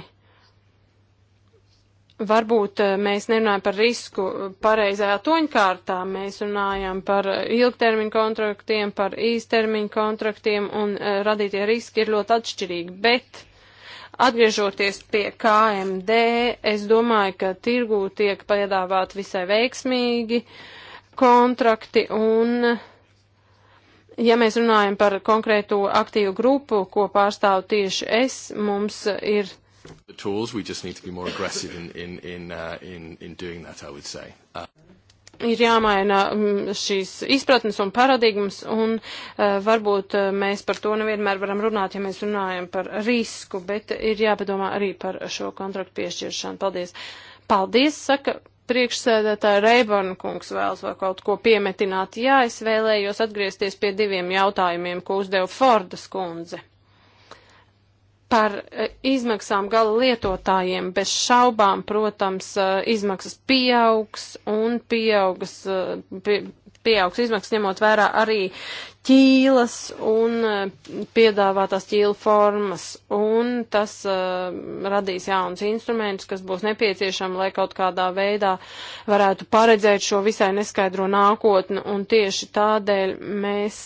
Speaker 1: varbūt eh, mēs nerunājam par risku eh, pareizajā toņkārtā, mēs runājam par ilgtermiņu kontraktiem, par īstermiņu kontraktiem, un radītie riski ir ļoti atšķirīgi, bet Atgriežoties pie KMD, es domāju, ka tirgū tiek piedāvāt visai veiksmīgi kontrakti un ja mēs runājam par konkrēto aktīvu grupu, ko pārstāvu tieši es, mums ir.
Speaker 2: Tools, in, in, in, uh,
Speaker 1: ir jāmaina mm, šīs izpratnes un paradigmas, un uh, varbūt uh, mēs par to nevienmēr varam runāt, ja mēs runājam par risku, bet ir jāpadomā arī par šo kontraktu piešķiršanu. Paldies! Paldies, saka priekšsēdētāja Reibana kungs vēlas vēl kaut ko piemetināt. Jā, es vēlējos atgriezties pie diviem jautājumiem, ko uzdeva Fordas kundze. Par e, izmaksām gala lietotājiem bez šaubām, protams, e, izmaksas pieaugs un pieaugas, e, pie, pieaugs izmaksas ņemot vērā arī ķīlas un piedāvātās ķīla formas, un tas uh, radīs jaunus instrumentus, kas būs nepieciešami, lai kaut kādā veidā varētu paredzēt šo visai neskaidro nākotni, un tieši tādēļ mēs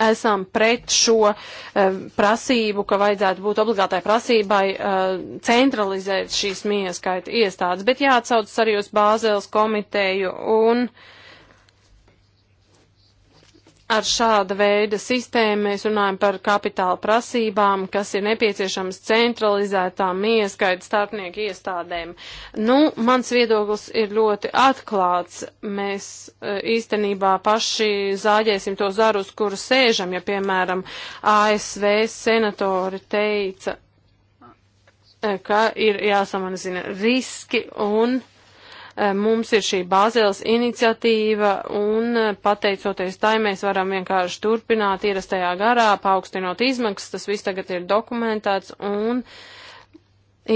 Speaker 1: esam pret šo eh, prasību, ka vajadzētu būt obligātai prasībai eh, centralizēt šīs mieskaita iestādes, bet jāatsaucas arī uz Bāzēles komiteju un uh, ar šāda veida sistēmu mēs runājam par kapitāla prasībām, kas ir nepieciešams centralizētām ieskaita starpnieku iestādēm. Nu, mans viedoklis ir ļoti atklāts. Mēs e, īstenībā paši zāģēsim to zarus, kur sēžam, ja, piemēram, ASV senatori teica, e, ka ir jāsamanazina riski un. Uh, Eh, mums ir šī Bāzēles iniciatīva un eh, pateicoties tai mēs varam vienkārši turpināt ierastajā garā, paaugstinot izmaksas, tas viss tagad ir dokumentēts un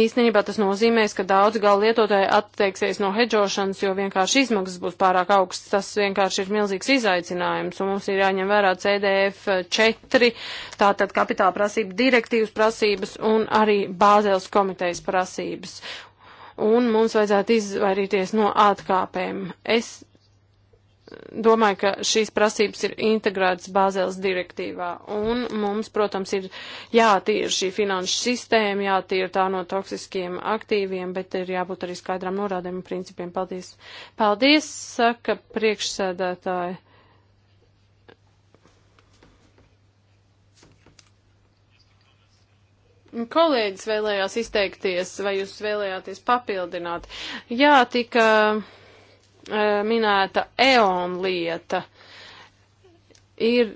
Speaker 1: īstenībā tas nozīmēs, ka daudz galu lietotāji atteiksies no hedžošanas, jo vienkārši izmaksas būs pārāk augstas. Tas vienkārši ir milzīgs izaicinājums, un mums ir jāņem vērā CDF 4, tātad kapitāla prasība direktīvas prasības un arī Bāzēles komitejas prasības un mums vajadzētu izvairīties no atkāpēm. Es domāju, ka šīs prasības ir integrētas Bāzēles direktīvā. Un mums, protams, ir jātīra šī finanšu sistēma, jātīra tā no toksiskiem aktīviem, bet ir jābūt arī skaidrām norādēm un principiem. Paldies! Paldies, saka priekšsēdētāji. Kolēģis vēlējās izteikties, vai jūs vēlējāties papildināt? Jā, tika eh, minēta eon lieta. Ir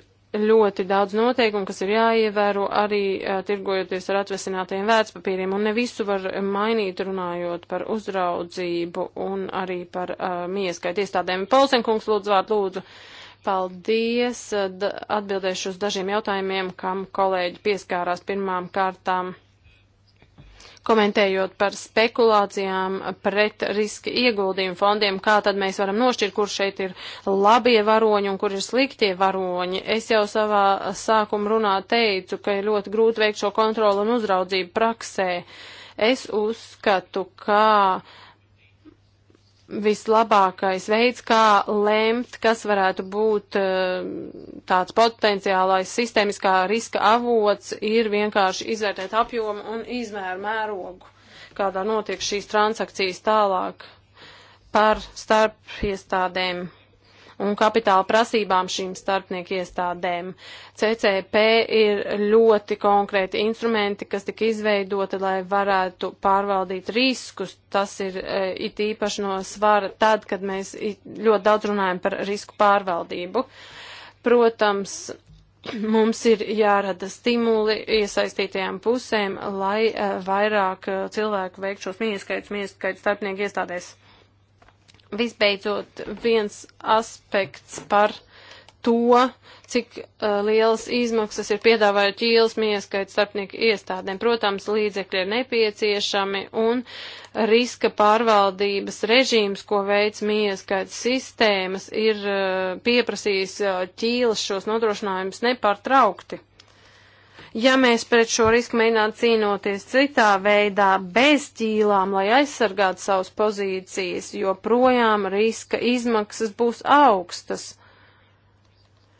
Speaker 1: ļoti daudz noteikumu, kas ir jāievēro arī uh, tirgojoties ar atvesinātajiem vērtspapīriem, un ne visu var mainīt runājot par uzraudzību un arī par uh, eh, mieskaitu iestādēm. Polsenkungs lūdzu vārdu lūdzu. Uh, Paldies! Atbildēšu uz dažiem jautājumiem, kam kolēģi pieskārās pirmām kārtām komentējot par spekulācijām pret riska ieguldījumu fondiem, kā tad mēs varam nošķirt, kur šeit ir labie varoņi un kur ir sliktie varoņi. Es jau savā sākuma runā teicu, ka ir ļoti grūti veikt šo kontrolu un uzraudzību praksē. Es uzskatu, ka uh, vislabākais veids, kā lēmt, kas varētu būt eh, tāds potenciālais sistēmiskā riska avots, ir vienkārši izvērtēt apjomu un izmēru mērogu, kādā notiek šīs transakcijas tālāk par starp iestādēm un kapitāla prasībām šīm starpnieku iestādēm. CCP ir ļoti konkrēti instrumenti, kas tika izveidoti, lai varētu pārvaldīt riskus. Tas ir e, it īpaši no svara tad, kad mēs ļoti daudz runājam par risku pārvaldību. Protams, mums ir jārada stimuli iesaistītajām pusēm, lai e, vairāk e, cilvēku veiktu šos mīniskaitus, mīniskaitus starpnieku iestādēs. Visbeidzot, viens aspekts par to, cik uh, lielas izmaksas ir piedāvājot ķīles mieskait starpnieku iestādēm. Protams, līdzekļi ir nepieciešami un riska pārvaldības režīms, ko veids mieskait sistēmas, ir uh, pieprasījis uh, ķīles šos nodrošinājumus nepārtraukti. Ja mēs pret šo risku mēģinātu cīnoties citā veidā, bez ķīlām, lai aizsargātu savas pozīcijas, jo projām riska izmaksas būs augstas.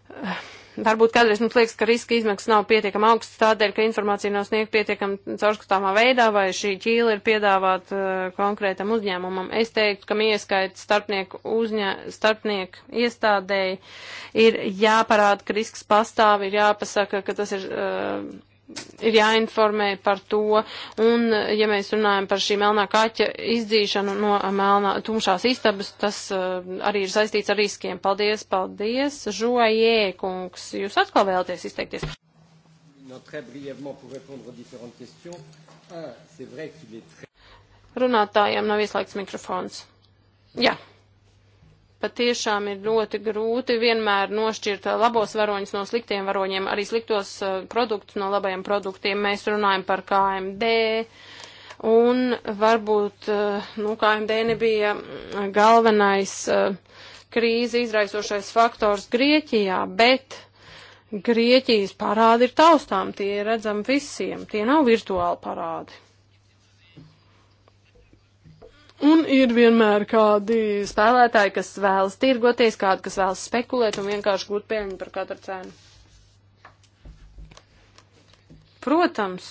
Speaker 1: Uh Varbūt kādreiz mums liekas, ka riska izmaksas nav pietiekami augstas tādēļ, ka informācija nav sniegta pietiekami caurskatāmā veidā vai šī ķīla ir piedāvāta uh, konkrētam uzņēmumam. Es teiktu, ka ieskaita starpnieku, uzņē, starpnieku iestādēji ir jāparāda, ka risks pastāv, ir jāpasaka, ka tas ir uh, ir jāinformē par to, un ja mēs runājam par šī melnā kaķa izdzīšanu no melnā tumšās istabas, tas uh, arī ir saistīts ar riskiem. Paldies, paldies, Žojē, kungs, jūs atkal vēlaties izteikties. Ah, Runātājiem nav ieslēgts mikrofons. Jā. Yeah patiešām ir ļoti grūti vienmēr nošķirt labos varoņus no sliktiem varoņiem, arī sliktos uh, produktus no labajiem produktiem. Mēs runājam par KMD. Un varbūt, uh, nu, KMD nebija galvenais uh, krīzi izraisošais faktors Grieķijā, bet Grieķijas parādi ir taustām, tie ir redzami visiem, tie nav virtuāli parādi. Un ir vienmēr kādi spēlētāji, kas vēlas tirgoties, kādi, kas vēlas spekulēt un vienkārši gūt pieņu par katru cenu. Protams,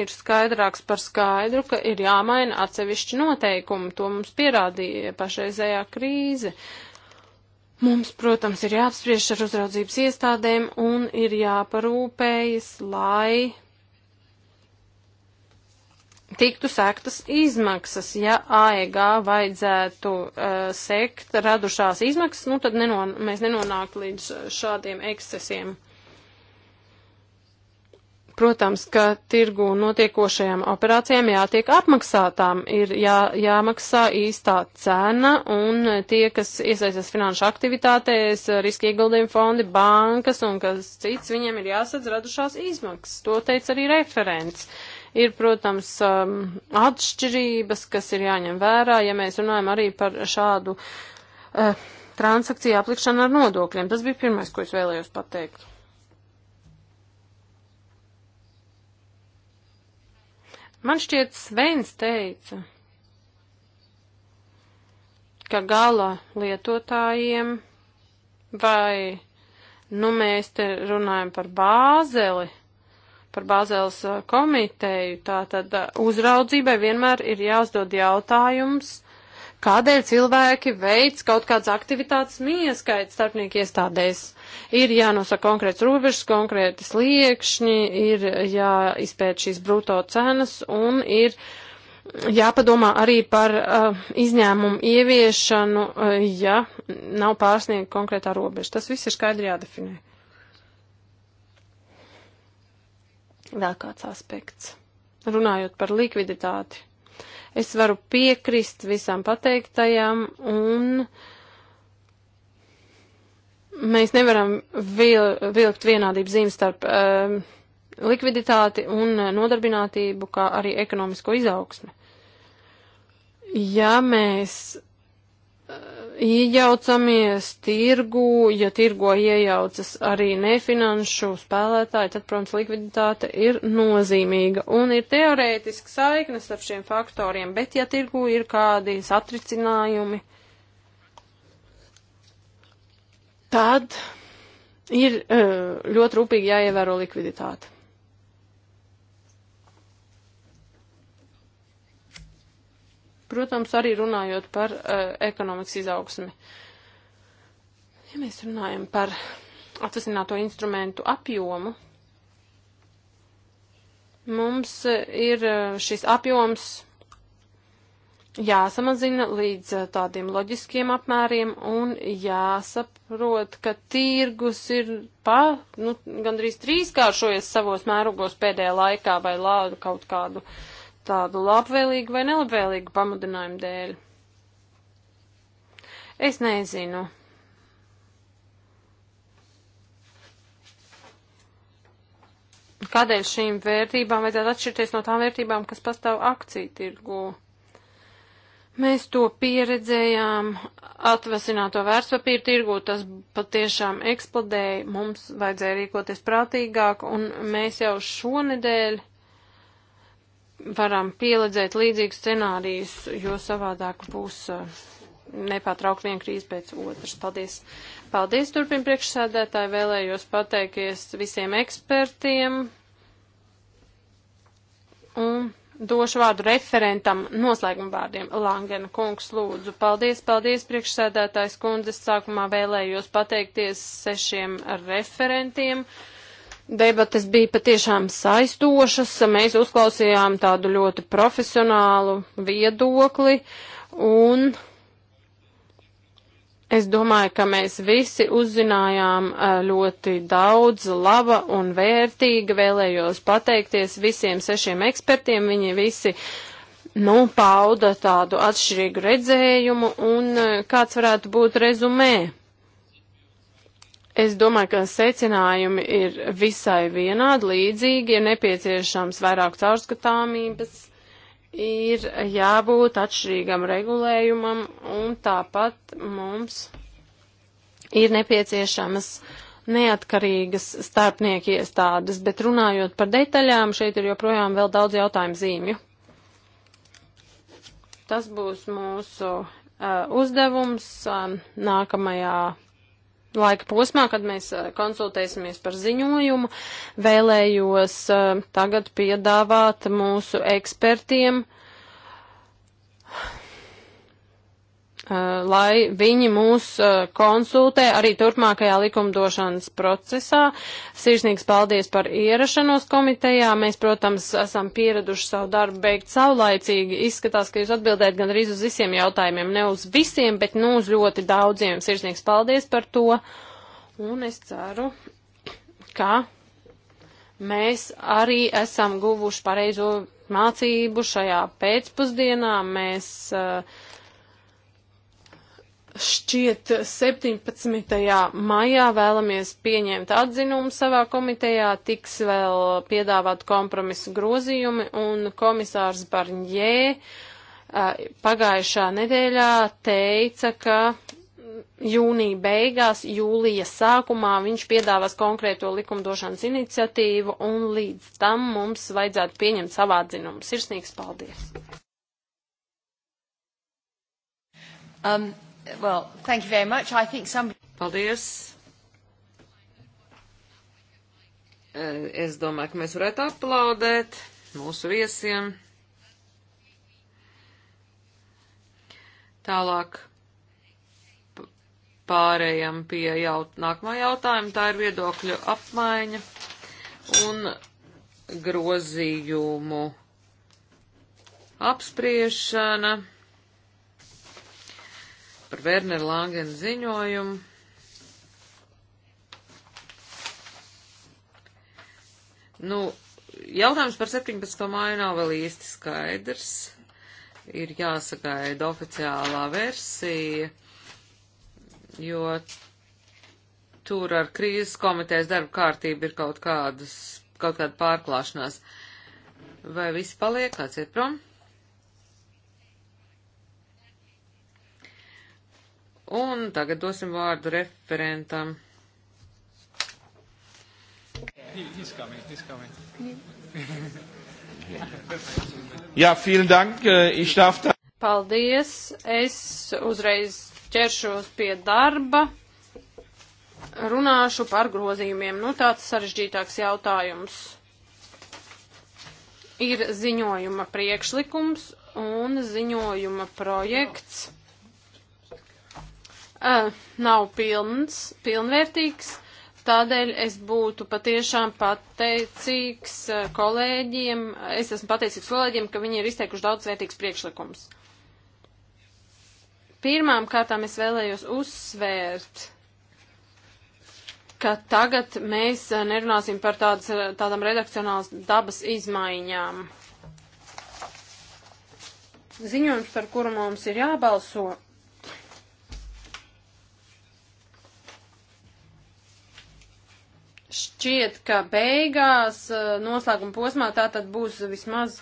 Speaker 1: ir skaidrāks par skaidru, ka ir jāmaina atsevišķi noteikumi, to mums pierādīja pašreizējā krīze. Mums, protams, ir jāapspriež ar uzraudzības iestādēm un ir jāparūpējas, lai tiktu sektas izmaksas. Ja AEG vajadzētu uh, sekt radušās izmaksas, nu tad nenon, mēs nenonāktu līdz uh, šādiem ekscesiem. Protams, ka tirgu notiekošajām operācijām jātiek apmaksātām, ir jā, jāmaksā īstā cena, un tie, kas iesaistās finanšu aktivitātēs, riski ieguldījumi fondi, bankas un kas cits, viņiem ir jāsadz radušās izmaksas. To teica arī referents. Uh, Ir, protams, um, atšķirības, kas ir jāņem vērā, ja mēs runājam arī par šādu uh, transakciju aplikšanu ar nodokļiem. Tas bija pirmais, ko es vēlējos pateikt. Man šķiet, Svens teica, ka gala lietotājiem vai, nu, mēs te runājam par bāzeli, par Bāzēlas komiteju, tātad uzraudzībai vienmēr ir jāuzdod jautājums, kādēļ cilvēki veids kaut kādas aktivitātes mieskaits starpnieku iestādēs. Ir jānosaka konkrēts robežas, konkrēti sliekšņi, ir jāizpēt šīs brūto cenas un ir jāpadomā arī par uh, izņēmumu ieviešanu, uh, ja nav pārsniegta konkrētā robeža. Tas viss ir skaidri jādefinē. Vēl kāds aspekts. Runājot par likviditāti. Es varu piekrist visām pateiktajām un mēs nevaram vil, vilkt vienādību zīmes starp um, likviditāti un nodarbinātību, kā arī ekonomisko izaugsmi. Ja mēs iejaucamies tirgu, ja tirgo iejaucas arī nefinanšu spēlētāji, tad, protams, likviditāte ir nozīmīga un ir teorētiski saiknes ar šiem faktoriem, bet ja tirgu ir kādi satricinājumi, tad ir eh, ļoti rūpīgi jāievēro likviditāte. protams, arī runājot par uh, ekonomikas izaugsmi. Ja mēs runājam par atvasināto instrumentu apjomu, mums eh, ir eh, šis apjoms jāsamazina līdz tādiem loģiskiem apmēriem un jāsaprot, ka tirgus ir pa, nu, gandrīz trīskāršojies savos mērogos pēdējā laikā vai lādu kaut kādu uh, tādu labvēlīgu vai nelabvēlīgu pamudinājumu dēļ. Es nezinu. Kādēļ šīm vērtībām vajadzētu atšķirties no tām vērtībām, kas pastāv akciju tirgu? Mēs to pieredzējām atvasināto vērtspapīru tirgu, tas patiešām eksplodēja, mums vajadzēja rīkoties prātīgāk, un mēs jau šonedēļ varam pieledzēt līdzīgus scenārijus, jo savādāk būs uh, nepārtraukt viena krīze pēc otras. Paldies! Paldies, turpin priekšsēdētāji, vēlējos pateikties visiem ekspertiem un došu vārdu referentam noslēguma vārdiem. Langena kungs, lūdzu, paldies, paldies, priekšsēdētājs kundzes. Sākumā vēlējos pateikties sešiem referentiem. Uh, Debates bija patiešām saistošas, mēs uzklausījām tādu ļoti profesionālu viedokli un es domāju, ka mēs visi uzzinājām eh, ļoti daudz laba un vērtīga. Vēlējos pateikties visiem sešiem ekspertiem, viņi visi nu, pauda tādu atšķirīgu redzējumu un eh, kāds varētu būt rezumē. Es domāju, ka secinājumi ir visai vienādi, līdzīgi, ir nepieciešams vairāk caurskatāmības, ir jābūt atšķirīgam regulējumam un tāpat mums ir nepieciešamas neatkarīgas starpnieku iestādes, bet runājot par detaļām, šeit ir joprojām vēl daudz jautājumu zīmju. Tas būs mūsu uh, uzdevums uh, nākamajā laika posmā, kad mēs eh, konsultēsimies par ziņojumu, vēlējos eh, tagad piedāvāt mūsu ekspertiem Uh, lai viņi mūs uh, konsultē arī turpmākajā likumdošanas procesā. Sirsnīgs paldies par ierašanos komitejā. Mēs, protams, esam pieraduši savu darbu beigt saulaicīgi. Izskatās, ka jūs atbildējat gan arī uz visiem jautājumiem, ne uz visiem, bet nu uz ļoti daudziem. Sirsnīgs paldies par to. Un es ceru, ka mēs arī esam guvuši pareizo mācību šajā pēcpusdienā. Mēs uh, šķiet 17. maijā vēlamies pieņemt atzinumu savā komitejā, tiks vēl piedāvāt kompromisu grozījumi un komisārs Barņē pagājušā nedēļā teica, ka jūnija beigās, jūlija sākumā viņš piedāvās konkrēto likumdošanas iniciatīvu un līdz tam mums vajadzētu pieņemt savā dzinumu. Sirsnīgs paldies!
Speaker 3: Um, Well, thank you very much. I think some... Paldies. Es domāju, ka mēs varētu aplaudēt mūsu viesiem. Tālāk pārējām pie jaut nākamā jautājuma. Tā ir viedokļu apmaiņa un grozījumu apspriešana par Werneru Langena ziņojumu. Nu, jautājums par 17. māju nav vēl īsti skaidrs. Ir jāsagaida oficiālā versija, jo tur ar krīzes komitejas darba kārtību ir kaut kādas, kaut kāda pārklāšanās. Vai visi paliek, kāds ir prom? Un tagad dosim vārdu referentam.
Speaker 1: He's coming, he's coming.
Speaker 3: Jā, vielen dank, äh, ich darf da.
Speaker 1: Paldies, es uzreiz ķeršos pie darba. Runāšu par grozījumiem. Nu, tāds sarežģītāks jautājums. Ir ziņojuma priekšlikums un ziņojuma projekts uh, nav pilns, pilnvērtīgs. Tādēļ es būtu patiešām pateicīgs ah, kolēģiem, es esmu pateicīgs kolēģiem, ka viņi ir izteikuši daudz vērtīgs priekšlikums. Pirmām kārtām es vēlējos uzsvērt, ka tagad mēs ah, nerunāsim par tādas, eh, tādām redakcionālas dabas izmaiņām. Ziņojums, par kuru mums ir jābalso, šķiet, ka beigās eh, noslēguma posmā tā tad būs vismaz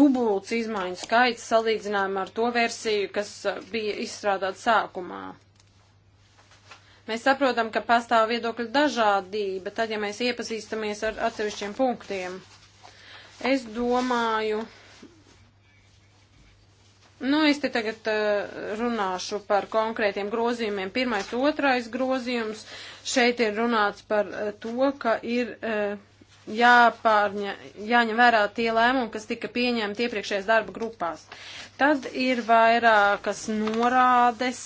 Speaker 1: dubults izmaiņu skaits salīdzinājumā ar to versiju, kas eh, bija izstrādāta sākumā. Mēs saprotam, ka pastāv viedokļu dažādība, tad, ja mēs iepazīstamies ar atsevišķiem punktiem. Es domāju, Nu, es te tagad uh, runāšu par konkrētiem grozījumiem. Pirmais, otrais grozījums. Šeit ir runāts par uh, to, ka ir uh, jāpārņa, jāņem vērā tie lēmumi, kas tika pieņemti iepriekšējās darba grupās. Tad ir vairākas norādes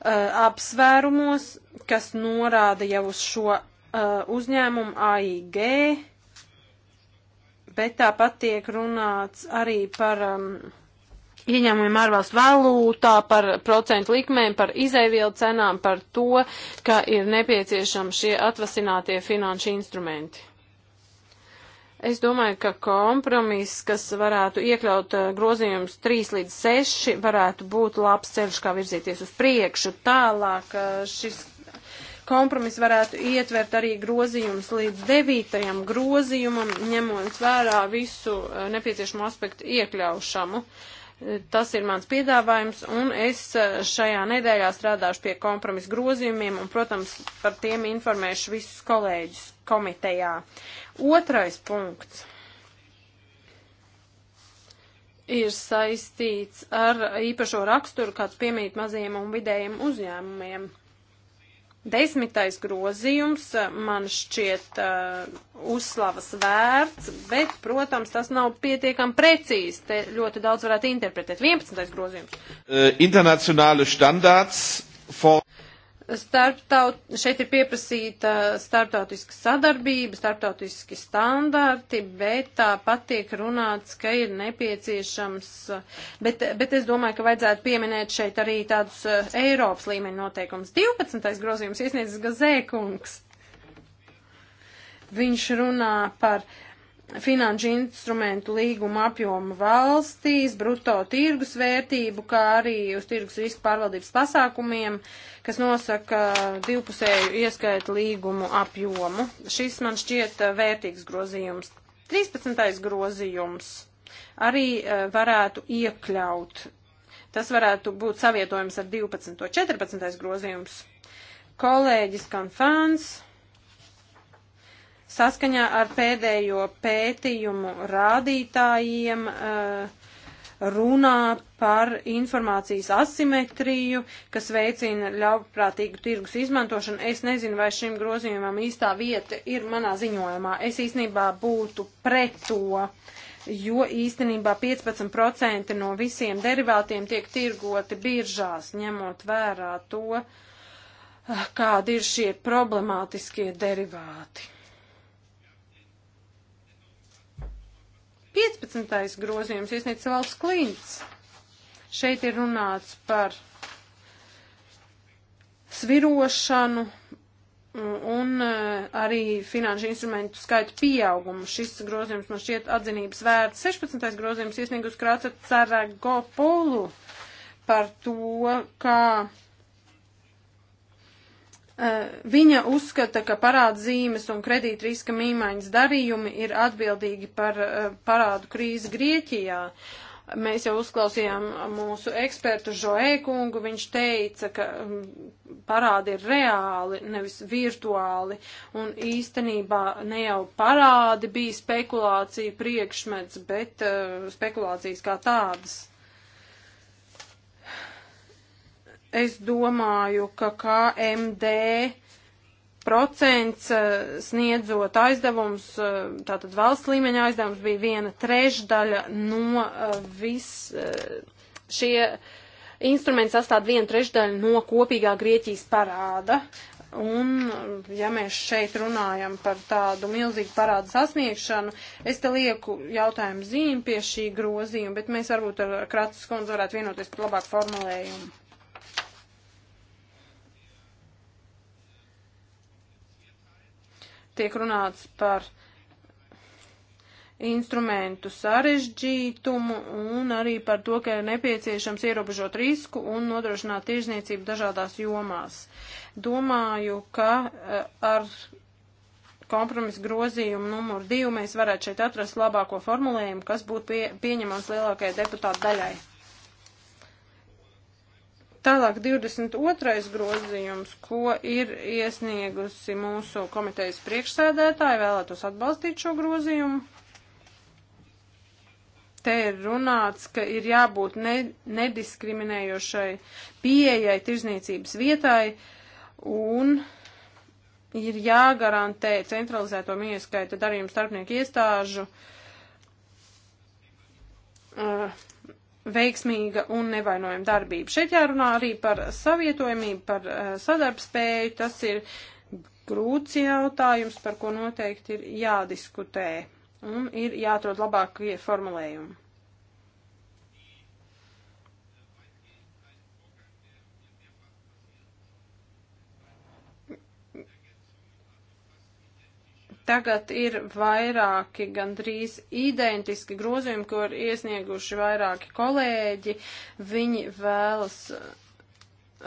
Speaker 1: apsvērumos, kas norāda jau uz šo uzņēmumu AIG bet tāpat tiek runāts arī par um, ieņēmumiem ārvalstu valūtā, par procentu likmēm, par izēvielu cenām, par to, ka ir nepieciešami šie atvasinātie finanšu instrumenti. Es domāju, ka kompromiss, kas varētu iekļaut uh, grozījumus 3 līdz 6, varētu būt labs ceļš, kā virzīties uz priekšu. Tālāk uh, šis kompromis varētu ietvert arī grozījumus līdz devītajam grozījumam, ņemot vērā visu eh, nepieciešamo aspektu iekļaušanu. Eh, tas ir mans piedāvājums, un es eh, šajā nedēļā strādāšu pie kompromisa grozījumiem, un, protams, par tiem informēšu visus kolēģus komitejā. Otrais punkts ir saistīts ar īpašo raksturu, kāds piemīt mazajiem un vidējiem uzņēmumiem. Desmitais grozījums eh, man šķiet uh, uzslavas vērts, bet, protams, tas nav pietiekami precīzi. Te ļoti daudz varētu interpretēt. 11. grozījums. Uh,
Speaker 3: äh, internacionāli standārts for
Speaker 1: starptaut, šeit ir pieprasīta starptautiska sadarbība, starptautiski standarti, bet tāpat tiek runāts, ka ir nepieciešams, bet, bet es domāju, ka vajadzētu pieminēt šeit arī tādus e, Eiropas līmeņa noteikumus. 12. grozījums iesniedzis Gazēkungs. Viņš runā par uh, finanšu instrumentu līguma apjoma valstīs, bruto tirgus vērtību, kā arī uz tirgus riska pārvaldības pasākumiem, kas nosaka divpusēju ieskaitu līgumu apjomu. Šis man šķiet eh, vērtīgs grozījums. 13. grozījums arī eh, varētu iekļaut. Tas varētu būt savietojums ar 12. 14. grozījums. Kolēģis Kanfāns Saskaņā ar pēdējo pētījumu rādītājiem eh, runā par informācijas asimetriju, kas veicina ļaunprātīgu tirgus izmantošanu. Es nezinu, vai šim grozījumam īstā vieta ir manā ziņojumā. Es īstenībā būtu pret to jo īstenībā 15% no visiem derivātiem tiek tirgoti biržās, ņemot vērā to, eh, kādi ir šie problemātiskie derivāti. 15. grozījums iesniedz valsts klints. Šeit ir runāts par svirošanu un e, arī finanšu instrumentu skaitu pieaugumu. Šis grozījums man šķiet atzinības vērts. 16. grozījums iesniegus krāca Ceragopulu par to, kā. Ka Eh, viņa uzskata, ka parādzīmes un kredītriska mīmaiņas darījumi ir atbildīgi par eh, parādu krīzi Grieķijā. Mēs jau uzklausījām mūsu ekspertu Žoēkungu, viņš teica, ka mm, parādi ir reāli, nevis virtuāli, un īstenībā ne jau parādi bija spekulācija priekšmets, bet uh, spekulācijas kā tādas. Es domāju, ka KMD procents eh, sniedzot aizdevums, eh, tātad valsts līmeņa aizdevums bija viena trešdaļa no eh, vis šie instrumenti sastāv vienu trešdaļu no kopīgā Grieķijas parāda. Un, ja mēs šeit runājam par tādu milzīgu parādu sasniegšanu, es te lieku jautājumu zīmi pie šī grozījuma, bet mēs varbūt ar Kratas kundzi varētu vienoties par labāku formulējumu. tiek runāts par instrumentu sarežģītumu un arī par to, ka ir nepieciešams ierobežot risku un nodrošināt tirzniecību dažādās jomās. Domāju, ka e, ar kompromisu grozījumu numuru divu mēs varētu šeit atrast labāko formulējumu, kas būtu pie, pieņemams lielākajai deputātu daļai. Tālāk 22. grozījums, ko ir iesniegusi mūsu komitejas priekšsēdētāja, vēlētos atbalstīt šo grozījumu. Te ir runāts, ka ir jābūt ne, nediskriminējošai pieejai tirzniecības vietai un ir jāgarantē centralizēto mieskaita darījumu starpnieku iestāžu uh, veiksmīga un nevainojama darbība. Šeit jārunā arī par savietojamību, par uh, sadarbspēju. Tas ir grūts jautājums, par ko noteikti ir jādiskutē un ir jāatrod labākie formulējumi. Tagad ir vairāki gandrīz identiski grozījumi, ko ir iesnieguši vairāki kolēģi. Viņi vēlas, uh,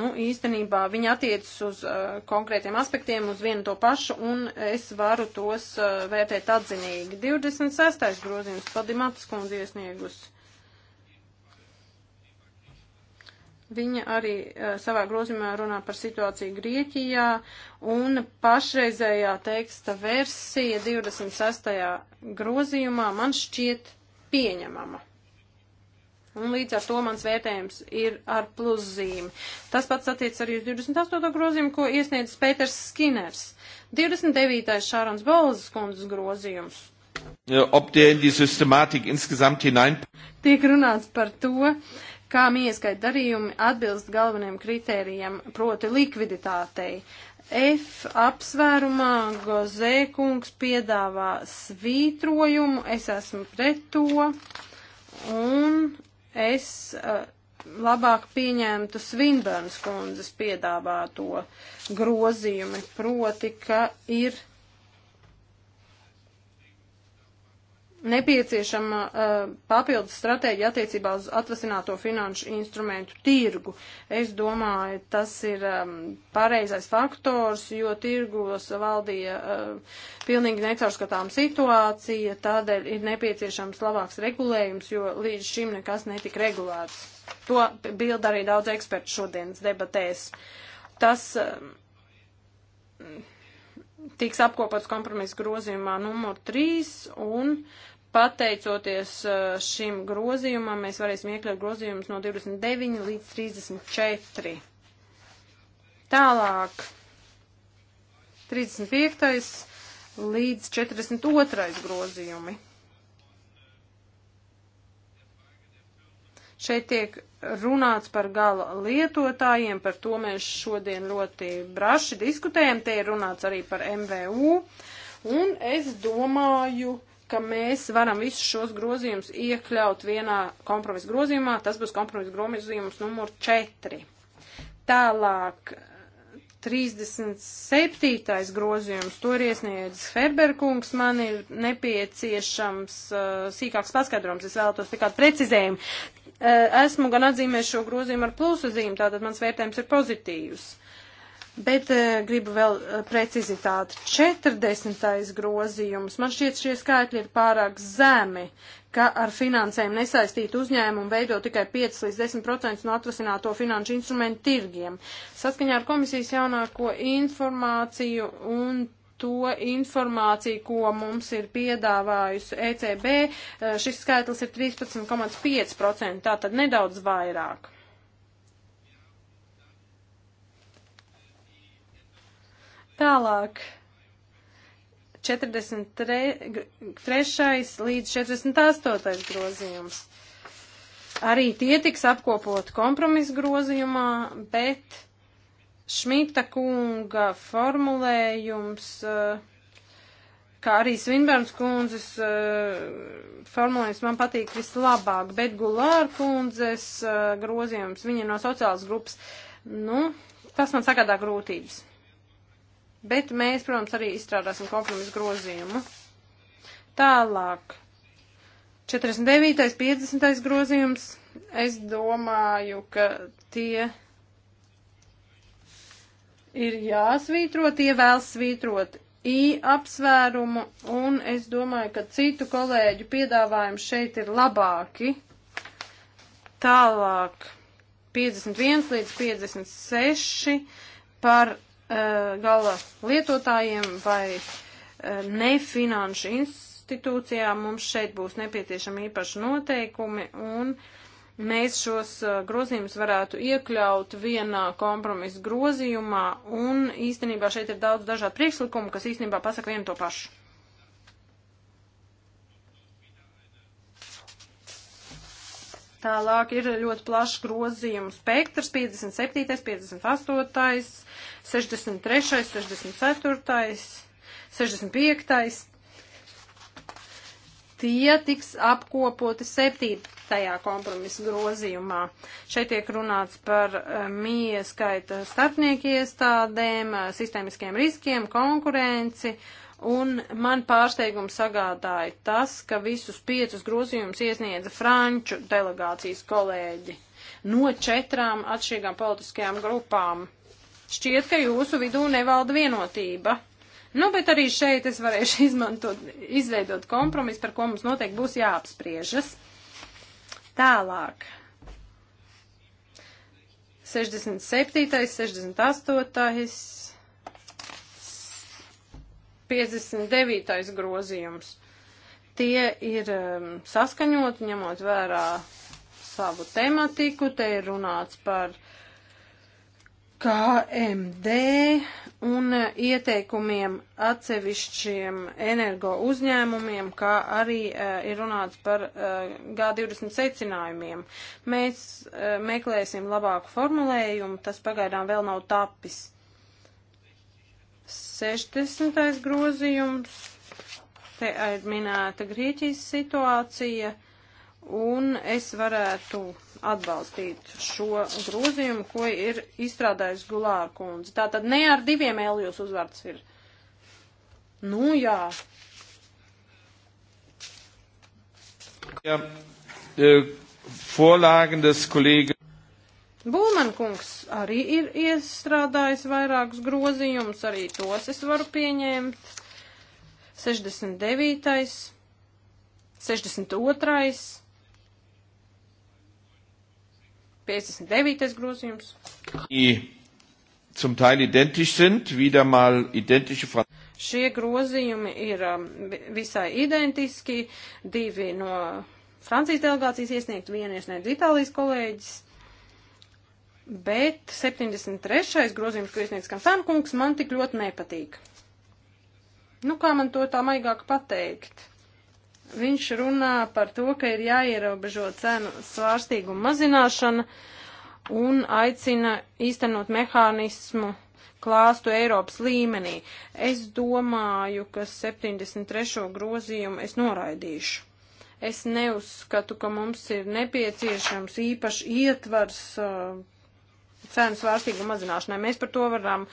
Speaker 1: nu, īstenībā viņi attiecas uz uh, konkrētiem aspektiem, uz vienu to pašu, un es varu tos uh, vērtēt atzinīgi. 26. grozījums, Padimatas kundze iesniegusi. Viņa arī uh, savā grozījumā runā par situāciju Grieķijā un pašreizējā teksta versija 26. grozījumā man šķiet pieņemama. Un līdz ar to mans vērtējums ir ar pluszīmi. Tas pats attiec arī uz 28. grozījumu, ko iesniedz Pēters Skiners. 29. Šārons Bolzas kundzes grozījums. Ob der in die Systematik insgesamt hinein. Tiek runāts par to, uh, kā mieskaita darījumi atbilst galveniem kritērijiem, proti likviditātei. F apsvērumā Gozē kungs piedāvā svītrojumu, es esmu pret to, un es uh, labāk pieņemtu Svinbērns kundzes piedāvāto grozījumi, proti, ka ir nepieciešama uh, papildus stratēģija attiecībā uz atvasināto finanšu instrumentu tirgu. Es domāju, tas ir um, pareizais faktors, jo tirgos valdīja uh, pilnīgi necaurskatām situācija, tādēļ ir nepieciešams labāks regulējums, jo līdz šim nekas netika regulēts. To bild arī daudz ekspertu šodienas debatēs. Tas, um, tiks apkopots kompromisa grozījumā numur 3 un pateicoties uh, šim grozījumam mēs varēsim iekļaut grozījumus no 29 līdz 34. Tālāk 35. līdz 42. grozījumi. Šeit tiek runāts par gala lietotājiem, par to mēs šodien ļoti braši diskutējam, te ir runāts arī par MVU, un es domāju, ka mēs varam visus šos grozījumus iekļaut vienā kompromisa grozījumā, tas būs kompromisa grozījums numur 4. Tālāk 37. grozījums, to ir iesniedzis Ferberkungs, man ir nepieciešams uh, sīkāks paskaidrojums, es vēlētos tikai precizējumu esmu gan atzīmējis šo grozījumu ar plusu zīmu, tātad mans vērtējums ir pozitīvs. Bet uh, gribu vēl uh, precizitāti. 40. grozījums. Man šķiet, šie skaitļi ir pārāk zemi, ka ar finansēm nesaistītu uzņēmumu veido tikai 5 līdz 10% no atrasināto finanšu instrumentu tirgiem. Saskaņā ar komisijas jaunāko informāciju un to informāciju, ko mums ir piedāvājusi ECB, eh, šis skaitlis ir 13,5%, tātad nedaudz vairāk. Tālāk. 43. līdz 48. grozījums. Arī tie tiks apkopot kompromisu grozījumā, bet Šmita kunga formulējums, eh, kā arī Svinbērns kundzes eh, formulējums man patīk vislabāk, bet Gulāra kundzes eh, grozījums, viņa no sociālas grupas, nu, tas man sagādā grūtības. Bet mēs, protams, arī izstrādāsim kompromisu grozījumu. Tālāk. 49. 50. grozījums. Es domāju, ka tie ir jāsvītrot, tie vēl svītrot I apsvērumu, un es domāju, ka citu kolēģu piedāvājumi šeit ir labāki. Tālāk 51 līdz 56 par uh, gala lietotājiem vai uh, nefinanšu institūcijām mums šeit būs nepieciešami īpaši noteikumi un uh, mēs šos uh, grozījumus varētu iekļaut vienā kompromisa grozījumā, un īstenībā šeit ir daudz dažādu priekšlikumu, kas īstenībā pasaka vienu to pašu. Tālāk ir ļoti plašs grozījumu spektrs - 57., 58., 63., 64., 65 tie tiks apkopoti septītajā kompromisa grozījumā. Šeit tiek runāts par eh, mieskaita starpnieku iestādēm, eh, sistēmiskiem riskiem, konkurenci. Un man pārsteigumu sagādāja tas, ka visus piecus grozījumus iesniedza franču delegācijas kolēģi no četrām atšķirīgām politiskajām grupām. Šķiet, ka jūsu vidū nevalda vienotība. Nu, bet arī šeit es varēšu izmantot, izveidot kompromisu, par ko mums noteikti būs jāapspriežas. Tālāk. 67., 68., 59. grozījums. Tie ir um, saskaņoti, ņemot vērā savu tematiku. Te ir runāts par uh, KMD un ieteikumiem atsevišķiem energo uzņēmumiem, kā arī uh, ir runāts par uh, G20 secinājumiem. Mēs uh, meklēsim labāku formulējumu, tas pagaidām vēl nav tapis. 60. grozījums, te ir minēta Grieķijas situācija, un es varētu atbalstīt šo grozījumu, ko ir izstrādājis Gulāra kundze. Tātad ne ar diviem L jūs uzvārds ir. Nu jā.
Speaker 3: Ja, eh, Vorlagen des kolēģi.
Speaker 1: Būmankungs arī ir iestrādājis vairākus grozījumus, arī tos es varu pieņemt. 69. 62. 59. grozījums.
Speaker 3: Zum Teil identisch sind, wieder mal identische Fragen.
Speaker 1: Šie grozījumi ir um, visai identiski, divi no Francijas delegācijas iesniegt, viena iesniedz Itālijas kolēģis, bet 73. grozījums, ko iesniedz Kansankungs, man tik ļoti nepatīk. Nu, kā man to tā maigāk pateikt? Viņš runā par to, ka ir jāierobežo cenu svārstīgumu mazināšana un aicina īstenot mehānismu klāstu Eiropas līmenī. Es domāju, ka 73. grozījumu es noraidīšu. Es neuzskatu, ka mums ir nepieciešams īpaši ietvars uh, cenu svārstīgu mazināšanai. Mēs par to varam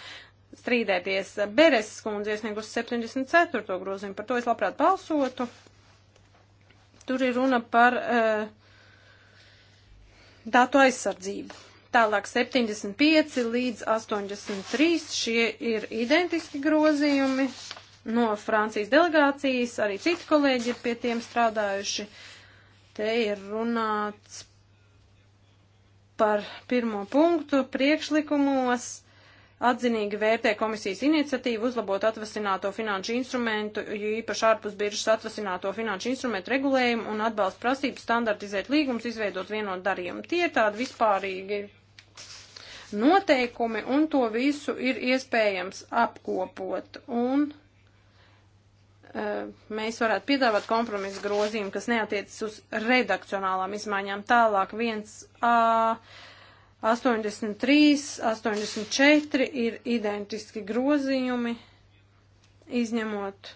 Speaker 1: strīdēties. Beres skundze iesniegus 74. grozījumu. Par to es labprāt balsotu. Tur ir runa par uh, datu aizsardzību. Tālāk 75 līdz 83 šie ir identiski grozījumi no Francijas delegācijas, arī citi kolēģi ir pie tiem strādājuši. Te ir runāts par pirmo punktu priekšlikumos atzinīgi vērtē komisijas iniciatīvu uzlabot atvasināto finanšu instrumentu, jo īpaši ārpus biržas atvasināto finanšu instrumentu regulējumu un atbalstu prasību standartizēt līgumus, izveidot vienotu darījumu. Tie ir tādi vispārīgi noteikumi, un to visu ir iespējams apkopot. Un eh, mēs varētu piedāvāt kompromisu grozījumu, kas neatiecas uz redakcionālām izmaiņām. Tālāk viens. Uh, 83, 84 ir identiski grozījumi, izņemot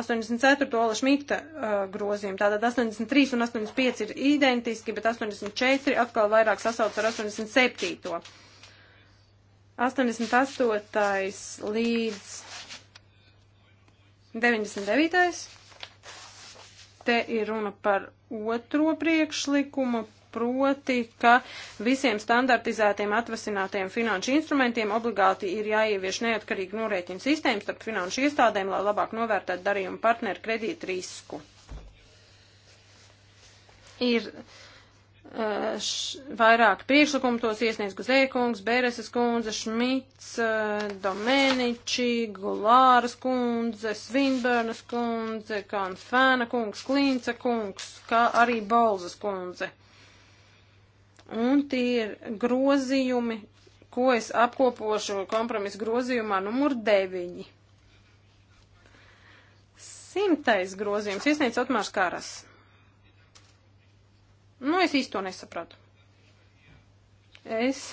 Speaker 1: 84. Ola Šmita uh, grozījumu. Tātad 83 un 85 ir identiski, bet 84 atkal vairāk sasauc ar 87. 88. līdz 99. Te ir runa par otro priekšlikumu proti, ka visiem standartizētiem atvasinātiem finanšu instrumentiem obligāti ir jāievieš neatkarīgi norēķina sistēmas starp finanšu iestādēm, lai labāk novērtētu darījumu partneru kredītu risku. Ir eh, š, vairāk priekšlikumu tos iesniedz Guzēkungs, Bereses kundze, Šmits, eh, Domeniči, Gulāras kundze, Svinbērnas kundze, Kanfēna kungs, Klīnca kungs, kā arī Bolzas kundze. Un tie ir grozījumi, ko es apkopošu kompromisu grozījumā numur 9. Simtais grozījums iesniedz Otmārs Kāras. Nu, es īsti to nesapratu. Es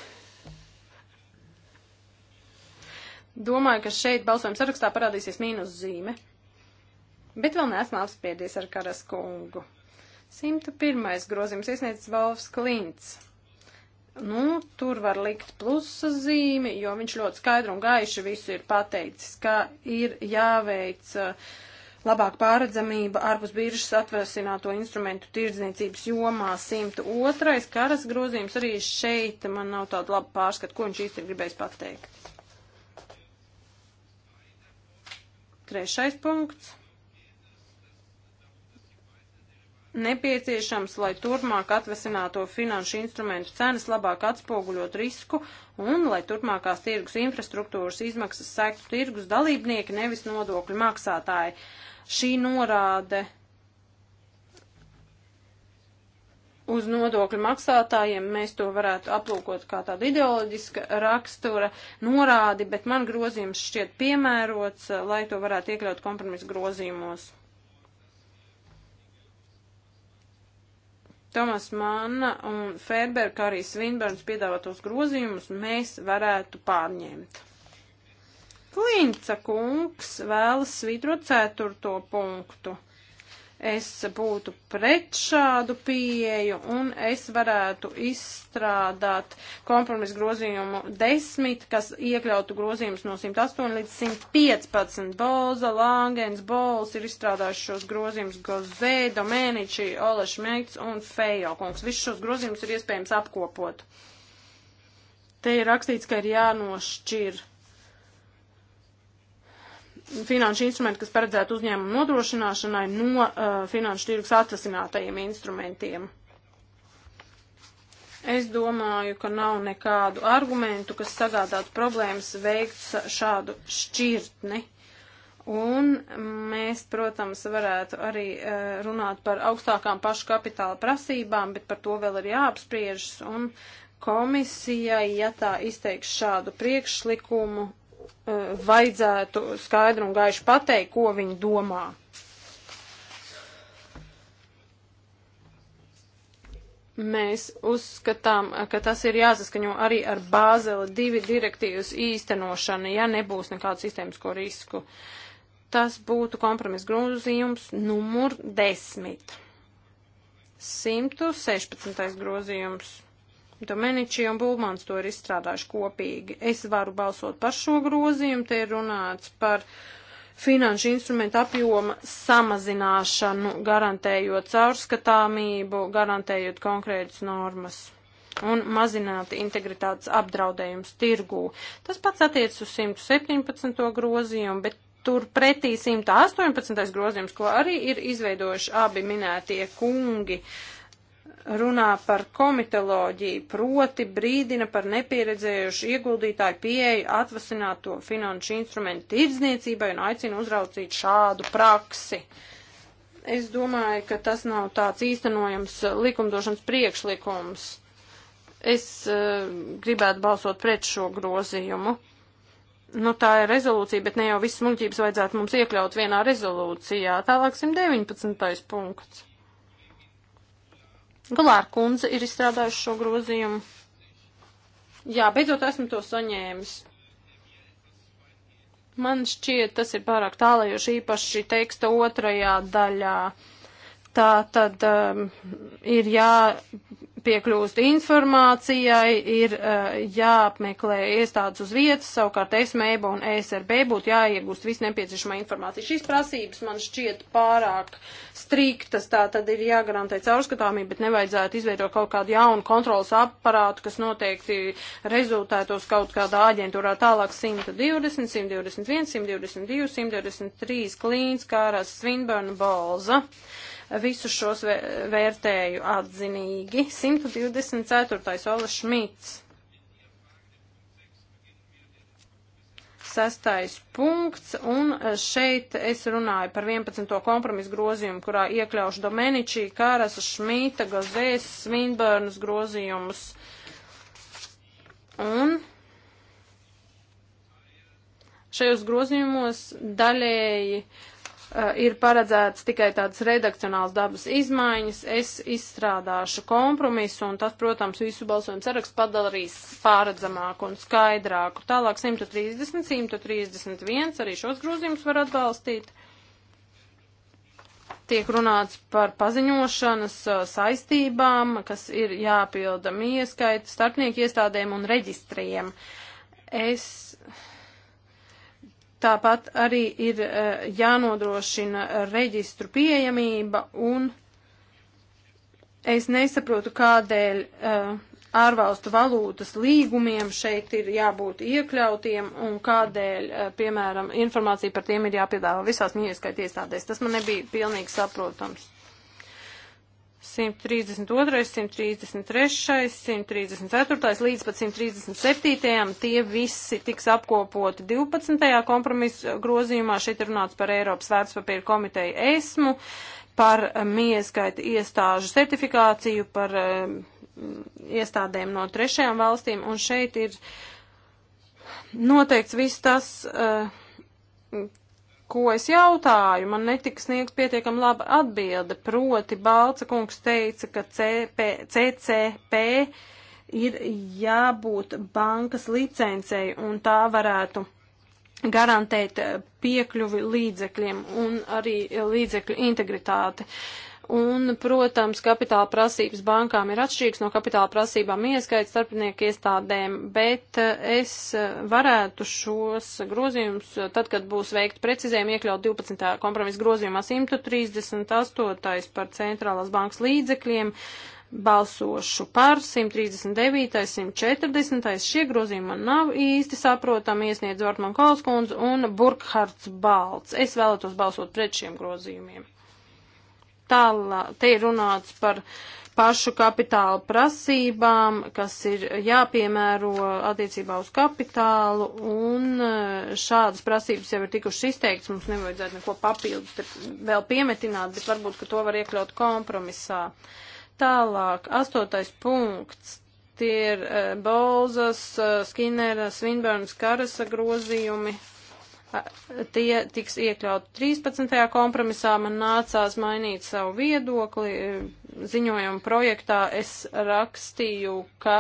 Speaker 1: domāju, ka šeit balsojuma sarakstā parādīsies mīnus zīme, bet vēl neesmu apspiedies ar Karas kungu. 101. grozījums iesniedzis Valfs Klints. Nu, tur var likt plusa zīmi, jo viņš ļoti skaidri un gaiši visu ir pateicis, ka ir jāveic eh, labāk pāredzamība ārpus biržas atvesināto instrumentu tirdzniecības jomā 102. karas grozījums arī šeit man nav tāda laba pārskata, ko viņš īsti ir gribējis pateikt. Trešais punkts. nepieciešams, lai turpmāk atvesināto finanšu instrumentu cenas labāk atspoguļot risku un lai turpmākās tirgus infrastruktūras izmaksas sektu tirgus dalībnieki, nevis nodokļu maksātāji. Šī norāde uz nodokļu maksātājiem, mēs to varētu aplūkot kā tādu ideoloģiska rakstura norādi, bet man grozījums šķiet piemērots, lai to varētu iekļaut kompromisu grozījumos. Tomas Manna un Ferber, kā arī Svinbērns piedāvātos grozījumus mēs varētu pārņemt. Klinca kungs vēlas svītrot ceturto punktu es būtu pret šādu pieeju un es varētu izstrādāt kompromisu grozījumu 10, kas iekļautu grozījumus no 108 līdz 115. Bolza, Langens, Bols ir izstrādājuši šos grozījumus Gozē, Domēniči, Olešmeits un Fejokungs. Visus šos grozījumus ir iespējams apkopot. Te ir rakstīts, ka ir jānošķir finanšu instrumenti, kas paredzētu uzņēmumu nodrošināšanai no uh, finanšu tirgus atrasinātajiem instrumentiem. Es domāju, ka nav nekādu argumentu, kas sagādātu problēmas veikt šādu šķirtni. Un mēs, protams, varētu arī uh, runāt par augstākām pašu kapitāla prasībām, bet par to vēl ir jāapspriežas. Un komisijai, ja tā izteiks šādu priekšlikumu, E, vajadzētu skaidru un gaišu pateikt, ko viņi domā. Mēs uzskatām, ka tas ir jāsaskaņo arī ar Bāzela divi direktīvas īstenošanu, ja nebūs nekādu sistēmisko risku. Tas būtu kompromis grozījums numur 10. 116. grozījums. Domeniči un Bulmans to ir izstrādājuši kopīgi. Es varu balsot par šo grozījumu, te ir runāts par finanšu instrumentu apjoma samazināšanu, garantējot caurskatāmību, garantējot konkrētas normas un mazināt integritātes apdraudējums tirgū. Tas pats attiec uz 117. grozījumu, bet tur pretī 118. grozījums, ko arī ir izveidojuši abi minētie kungi. Uh, runā par komitoloģiju, proti brīdina par nepieredzējušu ieguldītāju pieeju atvasināto finanšu instrumentu tirdzniecībai un aicina uzraucīt šādu praksi. Es domāju, ka tas nav tāds īstenojams likumdošanas priekšlikums. Es uh, gribētu balsot pret šo grozījumu. Nu, tā ir rezolūcija, bet ne jau visas muļķības vajadzētu mums iekļaut vienā rezolūcijā. Tālāk 119. punkts. Galāra kundze ir izstrādājusi šo grozījumu. Jā, beidzot esmu to saņēmis. Man šķiet, tas ir pārāk tālajuši īpaši teksta otrajā daļā. Tā tad um, ir jā, piekļūst informācijai, ir uh, jāapmeklē iestādes uz vietas, savukārt ESMEBA un ESRB būtu jāiegūst viss nepieciešamā informācija. Šīs prasības man šķiet pārāk striktas, tā tad ir jāgarantē caurskatāmība, bet nevajadzētu izveidot kaut kādu jaunu kontrolas aparātu, kas noteikti rezultētos kaut kādā aģentūrā tālāk 120, 121, 122, 123 klīns, kāras Svinburna Bolza. Uh, Visus šos vērtēju atzinīgi. 124. Ola Šmits. Sastais punkts, un šeit es runāju par 11. kompromisu grozījumu, kurā iekļaušu Domeničī, Kāras, Šmīta, Gazēs, Svinbērnas grozījumus. Un šajos grozījumos daļēji uh, Eh, ir paredzēts tikai tādas redakcionāls dabas izmaiņas, es izstrādāšu kompromisu, un tas, protams, visu balsojumu sarakstu padarīs pāredzamāku un skaidrāku. Tālāk 130, 131, arī šos grozījumus var atbalstīt. Tiek runāts par paziņošanas eh, saistībām, kas ir jāpilda mieskaita starpnieku iestādēm un reģistriem. Es Tāpat arī ir eh, jānodrošina reģistru pieejamība un es nesaprotu, kādēļ eh, ārvalstu valūtas līgumiem šeit ir jābūt iekļautiem un kādēļ, eh, piemēram, informācija par tiem ir jāpiedāvā visās mīļieskait iestādēs. Tas man nebija pilnīgi saprotams. 132, 133, 134 līdz pat 137. Tie visi tiks apkopoti 12. kompromisa grozījumā. Šeit ir runāts par Eiropas vērtspapīra komiteju ESMU, par mieskaita iestāžu certifikāciju, par um, iestādēm no trešajām valstīm. Un šeit ir noteikts viss tas. Uh, ko es jautāju, man netika sniegts pietiekam laba atbilde, proti Balca kungs teica, ka CP, CCP ir jābūt bankas licencei un tā varētu garantēt piekļuvi līdzekļiem un arī līdzekļu integritāti. Uh, Un, protams, kapitāla prasības bankām ir atšķirīgs no kapitāla prasībām ieskaits starpnieku iestādēm, bet eh, es eh, varētu šos grozījumus, eh, tad, kad būs veikt precizējumi, iekļaut 12. kompromisa grozījumā 138. par centrālās bankas līdzekļiem, balsošu par 139. 140. Šie grozījumi man nav īsti saprotami, iesniedz Vortman Kalskundze un Burkhards Balts. Es vēlētos balsot pret šiem grozījumiem. Tālāk, te ir runāts par pašu kapitāla prasībām, kas ir jāpiemēro attiecībā uz kapitālu, un eh, šādas prasības jau ir tikušas izteikts, mums nevajadzētu neko papildus vēl piemetināt, bet varbūt, ka to var iekļaut kompromisā. Tālāk, astotais punkts, tie ir eh, Bolzas, eh, Skinnera, Svinbērnas karasa grozījumi, tie tiks iekļaut 13. kompromisā, man nācās mainīt savu viedokli. E, ziņojumu projektā es rakstīju, ka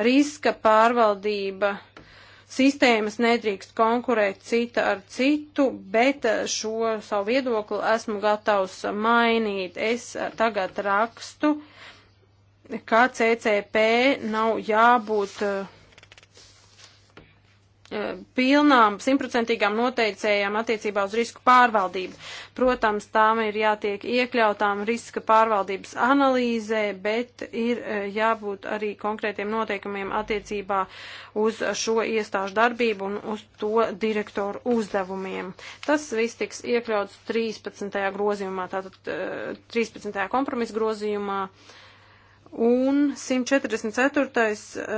Speaker 1: riska pārvaldība sistēmas nedrīkst konkurēt cita ar citu, bet e, šo savu viedokli esmu gatavs mainīt. Es e, tagad rakstu, ka CCP nav jābūt uh, E, pilnām, simtprocentīgām noteicējām attiecībā uz risku pārvaldību. Protams, tām ir jātiek iekļautām riska pārvaldības analīzē, bet ir e, jābūt arī konkrētiem noteikumiem attiecībā uz šo iestāžu darbību un uz to direktoru uzdevumiem. Tas viss tiks iekļauts 13. grozījumā, tātad 13. E, kompromisa grozījumā. Uh, Un 144.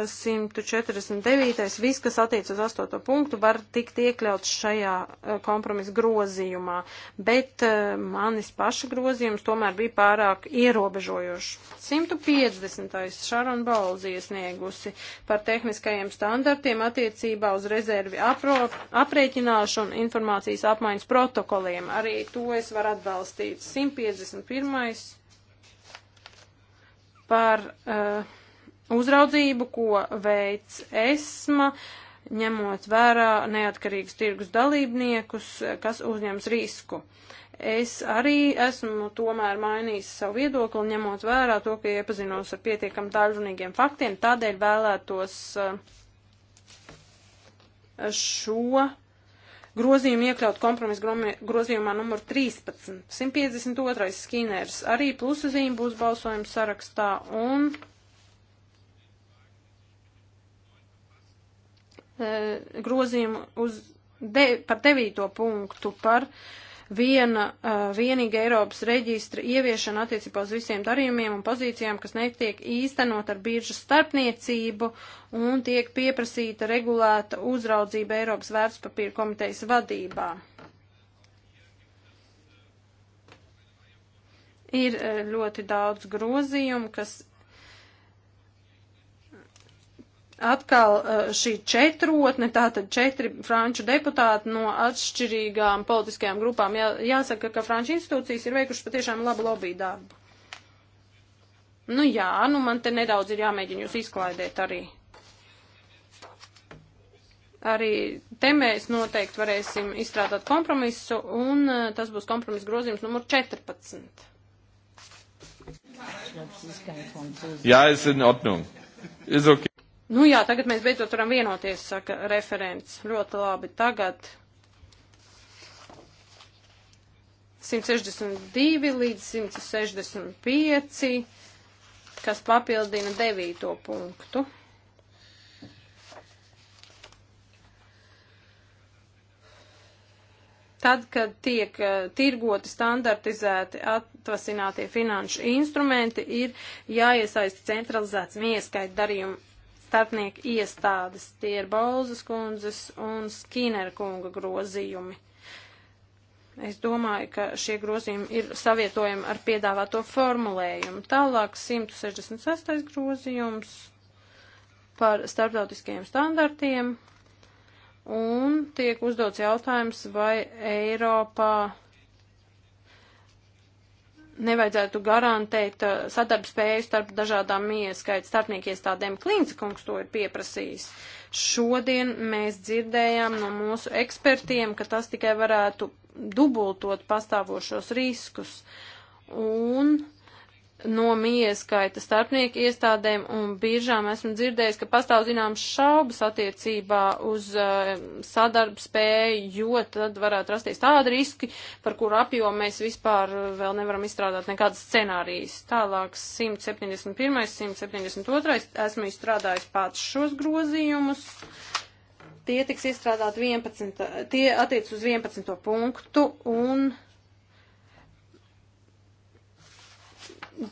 Speaker 1: 149. viss, kas attiec uz 8. punktu, var tikt iekļauts šajā eh, kompromisa grozījumā, bet eh, manis paša grozījums tomēr bija pārāk ierobežojošs. 150. Šarona Balz iesniegusi par tehniskajiem standartiem attiecībā uz rezervi apro, aprēķināšanu informācijas apmaiņas protokoliem. Arī to es varu atbalstīt. 151 par uh, uzraudzību, ko veids ESMA, ņemot vērā neatkarīgus tirgus dalībniekus, kas uzņems risku. Es arī esmu tomēr mainījis savu viedokli, ņemot vērā to, ka iepazinos ar pietiekam daļrunīgiem faktiem, tādēļ vēlētos uh, šo grozījumu iekļaut kompromisu grozījumā numur 13. 152. skinērs arī plusazīme būs balsojums sarakstā un eh, grozījumu uz de, par devīto punktu par uh, viena, uh, vienīga Eiropas reģistra ieviešana attiecībā uz visiem darījumiem un pozīcijām, kas netiek īstenot ar biržas starpniecību un tiek pieprasīta regulēta uzraudzība Eiropas vērtspapīra komitejas vadībā. Ir uh, ļoti daudz grozījumu, kas atkal eh, šī četrotne, tātad četri franču deputāti no atšķirīgām politiskajām grupām. Jā, jāsaka, ka franču institūcijas ir veikušas patiešām labu lobby darbu. Nu jā, nu man te nedaudz ir jāmēģina jūs izklaidēt arī. Arī te mēs noteikti varēsim izstrādāt kompromisu, un eh, tas būs kompromiss grozījums numur 14. Ja, ist in Ordnung. Ist okay. Nu jā, tagad mēs beidzot varam vienoties, saka referents. Ļoti labi. Tagad 162 līdz 165, kas papildina 9. punktu. tad, kad tiek uh, tirgoti standartizēti atvasinātie finanšu instrumenti, ir jāiesaista centralizēts mieskaita darījuma starpnieku iestādes. Tie ir Bauzas kundzes un Skīnera kunga grozījumi. Es domāju, ka šie grozījumi ir savietojami ar piedāvāto formulējumu. Tālāk 168. grozījums par starptautiskajiem standartiem un tiek uzdots jautājums, vai Eiropā nevajadzētu garantēt uh, sadarbspēju starp dažādām ieskaitu starpnieku iestādēm. Klīnca kungs to ir pieprasījis. Šodien mēs dzirdējām no mūsu ekspertiem, ka tas tikai varētu dubultot pastāvošos riskus. Un no mieskaita starpnieku iestādēm un biržām esmu dzirdējis, ka pastāv zināms šaubas attiecībā uz uh, eh, sadarbu spēju, jo tad varētu rasties tādi riski, par kuru apjomu mēs vispār eh, vēl nevaram izstrādāt nekādas scenārijas. Tālāk 171. 172. esmu izstrādājis pats šos grozījumus. Tie tiks izstrādāt 11, tie attiec uz 11. punktu un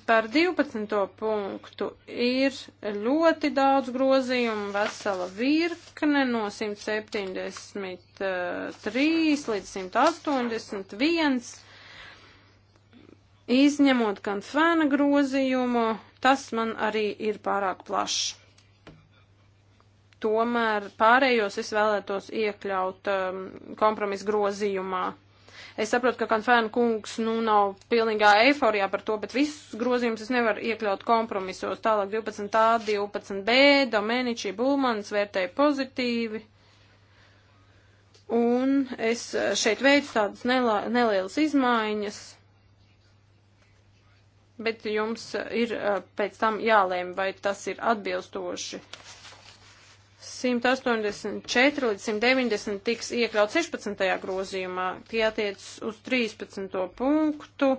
Speaker 1: Par 12. punktu ir ļoti daudz grozījumu, vesela virkne no 173 līdz 181, izņemot gan fēna grozījumu, tas man arī ir pārāk plašs tomēr pārējos es vēlētos iekļaut um, kompromisu grozījumā. Es saprotu, ka Kanfēna kungs nu nav pilnīgā eiforijā par to, bet visus grozījumus es nevaru iekļaut kompromisos. Tālāk 12a, 12b, Domeniči, Bulmans vērtēja pozitīvi. Un es šeit veicu tādas nelielas izmaiņas bet jums ir eh, pēc tam jālēm, vai tas ir atbilstoši 184 līdz 190 tiks iekļaut 16. grozījumā. Tie attiecas uz 13. punktu,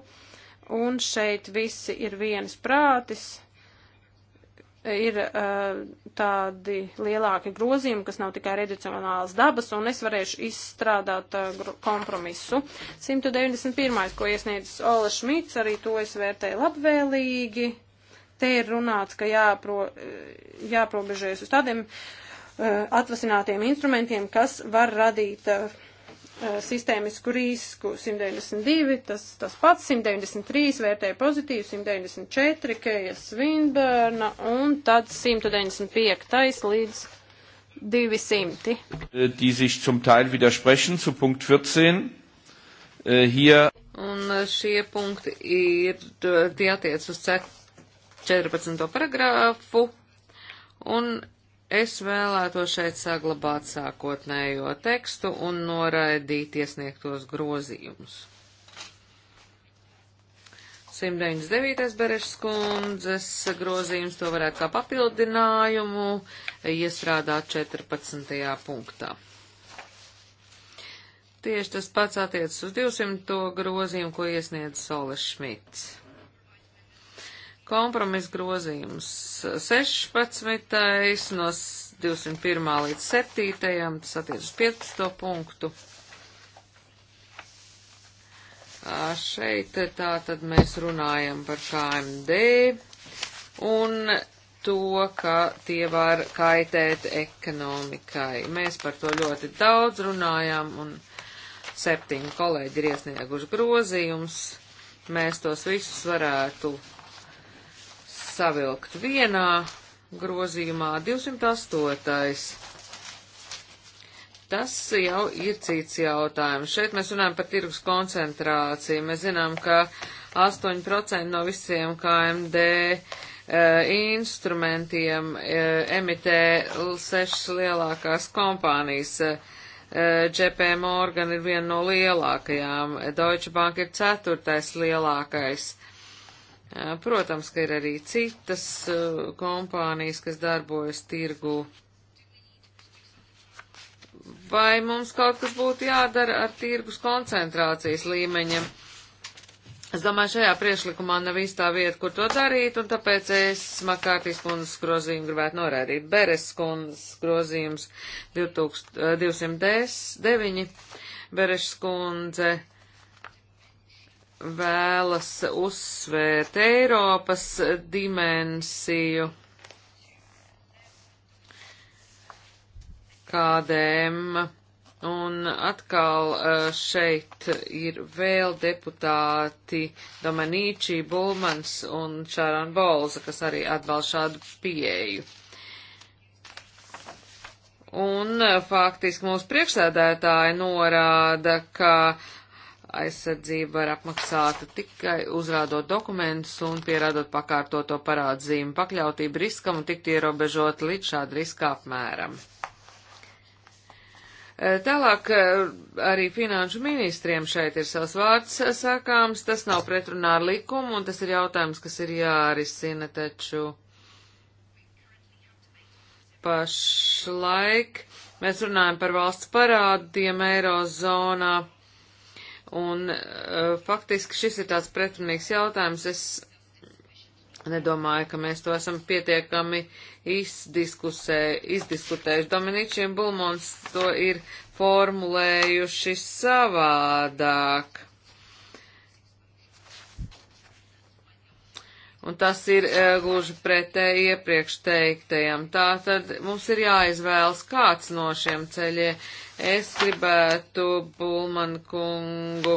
Speaker 1: un šeit visi ir vienas prātis. Ir uh, tādi lielāki grozījumi, kas nav tikai redakcionālas dabas, un es varēšu izstrādāt uh, kompromisu. 191. ko iesniedzis Ola Šmits, arī to es vērtēju labvēlīgi. Te ir runāts, ka jāpro, eh, jāprobežojas uz tādiem uh, Eh, atvasinātiem instrumentiem, kas var radīt eh, eh, sistēmisku risku 192, tas, tas pats 193 vērtēja pozitīvi, 194 Keja Svinbērna un tad 195 līdz 200.
Speaker 2: Äh, die sich zum Teil widersprechen zu Punkt 14. Äh, hier.
Speaker 3: Un äh, šie punkti ir, tie attiec uz 14. paragrāfu un Es vēlētos šeit saglabāt sākotnējo tekstu un noraidīt iesniegtos grozījumus. 199. Berešs kundzes grozījums to varētu kā papildinājumu iestrādāt 14. punktā. Tieši tas pats attiecas uz 200. grozījumu, ko iesniedz Solis Šmits. Kompromis grozījums 16. no 201. līdz 7. tas attiec uz 15. punktu. Šeit tā tad mēs runājam par KMD un to, ka tie var kaitēt ekonomikai. Mēs par to ļoti daudz runājam un septiņi kolēģi ir iesnieguši grozījumus. Mēs tos visus varētu savilkt vienā grozījumā 208. Tas jau ir cits jautājums. Šeit mēs runājam par tirgus koncentrāciju. Mēs zinām, ka 8% no visiem KMD eh, instrumentiem eh, emitē sešas lielākās kompānijas. Eh, JP Morgan ir viena no lielākajām, Deutsche Bank ir ceturtais lielākais. Eh, protams, ka ir arī citas eh, kompānijas, kas darbojas tirgu. Vai mums kaut kas būtu jādara ar tirgus koncentrācijas līmeņiem? Es domāju, šajā priešlikumā nav īstā vieta, kur to darīt, un tāpēc es Makārtīs kundzes grozījumu gribētu norādīt. Beres kundzes grozījums 2209, eh, Beres kundze vēlas uzsvērt Eiropas dimensiju, kādēm, un atkal eh, šeit ir vēl deputāti Domanīčī, Bulmans un Čāran Bolza, kas arī atbalst šādu pieeju. Un eh, faktiski mūsu priekšsēdētāji norāda, ka uh, aizsardzību var apmaksāt tikai uzrādot dokumentus un pierādot pakārtoto parādzīmu pakļautību riskam un tikt ierobežot līdz šāda riska apmēram. E, Tālāk e, arī finanšu ministriem šeit ir savs vārds sākāms, tas nav pretrunā ar likumu un tas ir jautājums, kas ir jārisina, taču pašlaik mēs runājam par valsts parādiem Eirozonā Un uh, faktiski šis ir tāds pretrunīgs jautājums. Es nedomāju, ka mēs to esam pietiekami izdiskutējuši. Dominičiem Bulmons to ir formulējuši savādāk. Un tas ir uh, gluži pretēji iepriekš teiktajam. Tā tad mums ir jāizvēlas kāds no šiem ceļiem Es gribētu Bulman kungu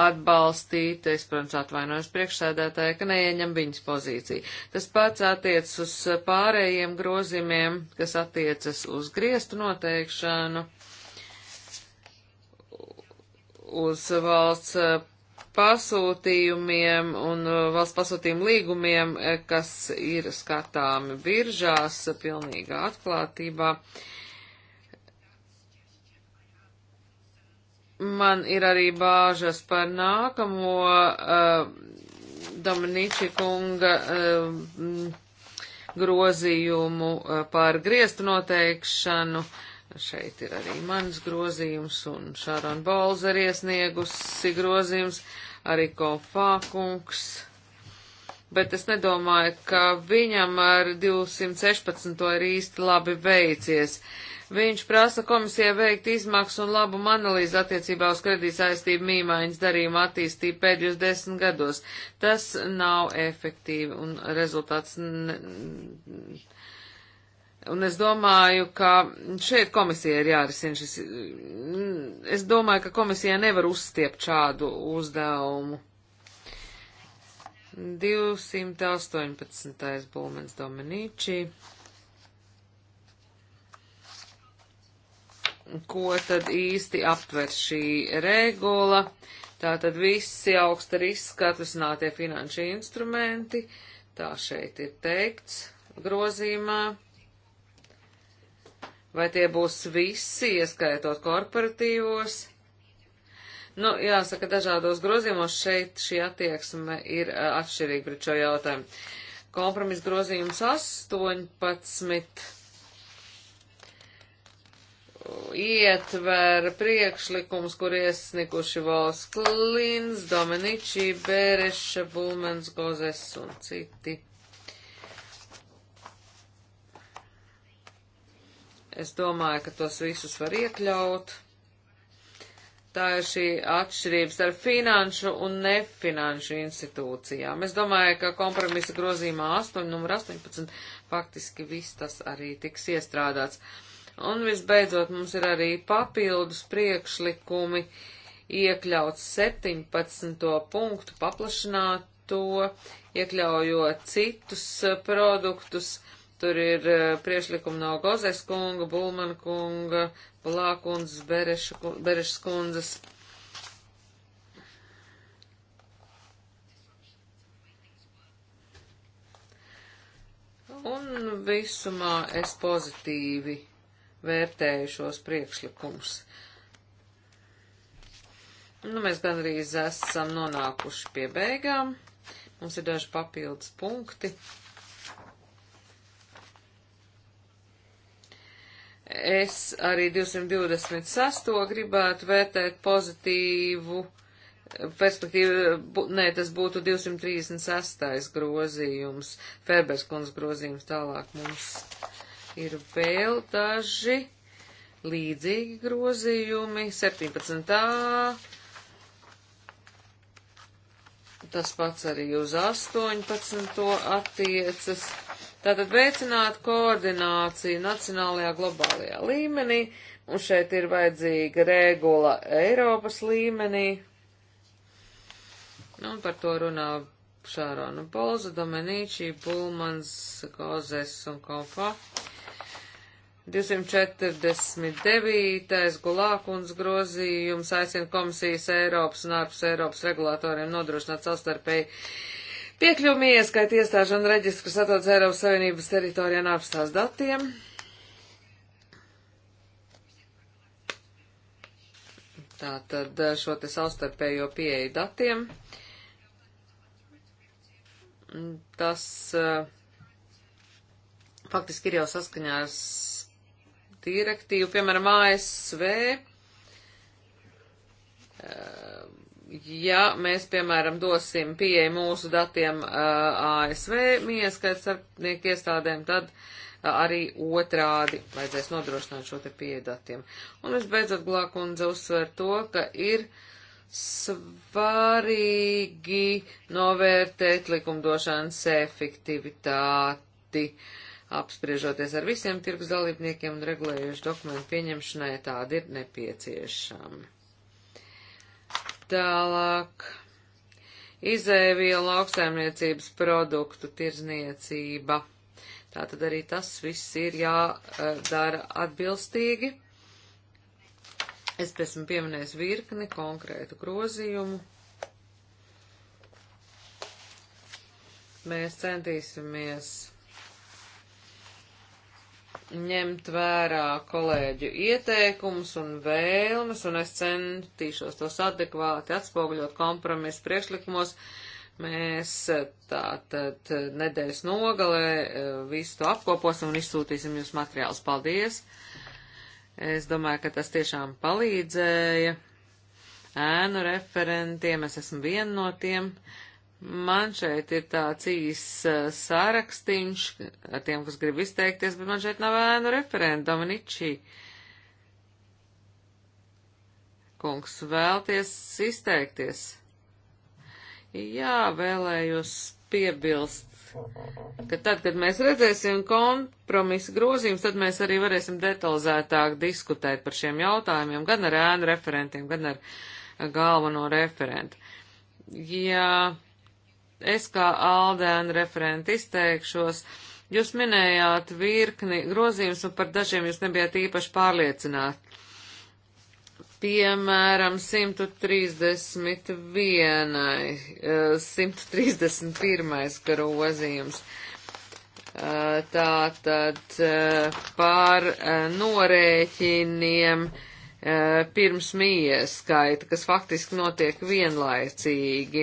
Speaker 3: atbalstīt, es, protams, atvainojos priekšsēdētāju, ka neieņem viņas pozīciju. Tas pats attiec uz pārējiem grozījumiem, kas attiecas uz griestu noteikšanu, uz valsts pasūtījumiem un valsts pasūtījumu līgumiem, kas ir skatāmi biržās pilnīgā atklātībā. Uh, Man ir arī bāžas par nākamo uh, eh, Dominiči kunga uh, grozījumu uh, par griestu noteikšanu. Šeit ir arī mans grozījums un Šārona Bolza ir iesniegusi grozījums, arī Kofā kungs bet es nedomāju, ka viņam ar 216 ir īsti labi veicies. Viņš prasa komisijai veikt izmaksu un labumu analīzi attiecībā uz kredītsaistību mīmaiņas darījumu attīstību pēdējos desmit gados. Tas nav efektīvi un rezultāts. Ne... Un es domāju, ka šeit komisija ir jārisina šis. Es domāju, ka komisija nevar uzstiept šādu uzdevumu. 218. Bulmens Dominīčī. Ko tad īsti aptver šī regula? Tātad visi augsta riska atvisinātie finanšu instrumenti, tā šeit ir teikts grozīmā. Vai tie būs visi, ieskaitot korporatīvos? Nu, jāsaka, dažādos grozījumos šeit šī attieksme ir atšķirīga pret šo jautājumu. Kompromis grozījums 18 ietver priekšlikums, kur iesnikuši Vals Klins, Dominiči, Bēreša, Bulmens, Gozes un citi. Es domāju, ka tos visus var iekļaut tā ir šī atšķirība starp finanšu un nefinanšu institūcijām. Es domāju, ka kompromisa grozīmā 8, numur 18, faktiski viss tas arī tiks iestrādāts. Un visbeidzot, mums ir arī papildus priekšlikumi iekļaut 17. punktu, paplašināt to, iekļaujot citus eh, produktus. Tur ir eh, priešlikumi no Gozes kunga, Bulman kunga, Plākundzes, Berešas kundzes. Un visumā es pozitīvi vērtēju šos priekšlikumus. Nu, mēs gan arī esam nonākuši pie beigām. Mums ir daži papildus punkti. Es arī 226. gribētu vērtēt pozitīvu perspektīvu, nē, tas būtu 236. grozījums, Ferberskundas grozījums tālāk mums ir vēl daži līdzīgi grozījumi, 17. Tas pats arī uz 18. attiecas. Tātad veicināt koordināciju nacionālajā globālajā līmenī, un šeit ir vajadzīga regula Eiropas līmenī. Nu, un par to runā Šārona Polza, Domenīčī, Pulmans, Kozes un Kofa. 249. Gulākuns grozījums aicina komisijas Eiropas un ārpus Eiropas regulātoriem nodrošināt savstarpēji Piekļuvumi ieskait iestāšana reģistrs, kas atrodas Eiropas Savienības teritorijā un apstās datiem. Tātad eh, šo te savstarpējo pieeju datiem. Mm, tas eh, faktiski ir jau saskaņā ar direktīvu, piemēram, ASV eh, ja mēs, piemēram, dosim pieeja mūsu datiem uh, ASV mieskaits starpnieku iestādēm, tad uh, arī otrādi vajadzēs nodrošināt šo te pieeja datiem. Un visbeidzot, Glākundze uzsver to, ka ir svarīgi novērtēt likumdošanas efektivitāti, apspriežoties ar visiem tirgus dalībniekiem un regulējuši dokumentu pieņemšanai, tādi ir nepieciešami. Tālāk. Izēvielu lauksaimniecības produktu tirzniecība. Tātad arī tas viss ir jādara atbilstīgi. Es esmu pieminējis virkni konkrētu grozījumu. Mēs centīsimies ņemt vērā kolēģu ieteikumus un vēlmes, un es centīšos tos adekvāti atspoguļot kompromisu priekšlikumos. Mēs eh, tātad eh, nedēļas nogalē eh, visu to apkoposim un izsūtīsim jums materiālus. Paldies! Es domāju, ka tas tiešām palīdzēja ēnu referentiem. Es esmu viena no tiem. Uh, Man šeit ir tāds īs sārakstiņš ar tiem, kas grib izteikties, bet man šeit nav ēnu referenta Dominičī. Kungs vēlties izteikties. Jā, vēlējos piebilst, ka tad, kad mēs redzēsim kompromisu grozījums, tad mēs arī varēsim detalizētāk diskutēt par šiem jautājumiem, gan ar ēnu referentiem, gan ar galveno referentu. Jā. Ja es kā Aldēna referenti izteikšos. Jūs minējāt virkni grozījums, un par dažiem jūs nebijāt īpaši pārliecināti. Piemēram, 131, 131 eh, grozījums. Eh, Tā tad eh, par norēķiniem pirms mīja skaita, kas faktiski notiek vienlaicīgi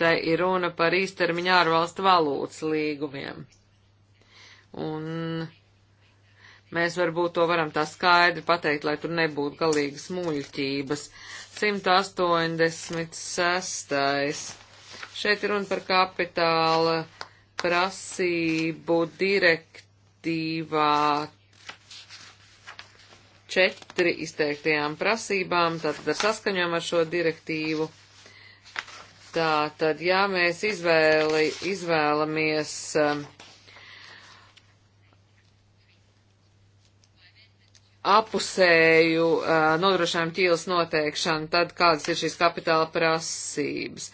Speaker 3: te ir runa par īstermiņā ārvalstu valūtas līgumiem. Un mēs varbūt to varam tā skaidri pateikt, lai tur nebūtu galīgas muļķības. 186. Šeit ir runa par kapitāla prasību direktīvā četri izteiktajām prasībām, tātad ar saskaņojumu ar šo direktīvu Tā tad, ja mēs izvēli, izvēlamies um, apusēju uh, nodrošinājumu ķīles noteikšanu, tad kādas ir šīs kapitāla prasības?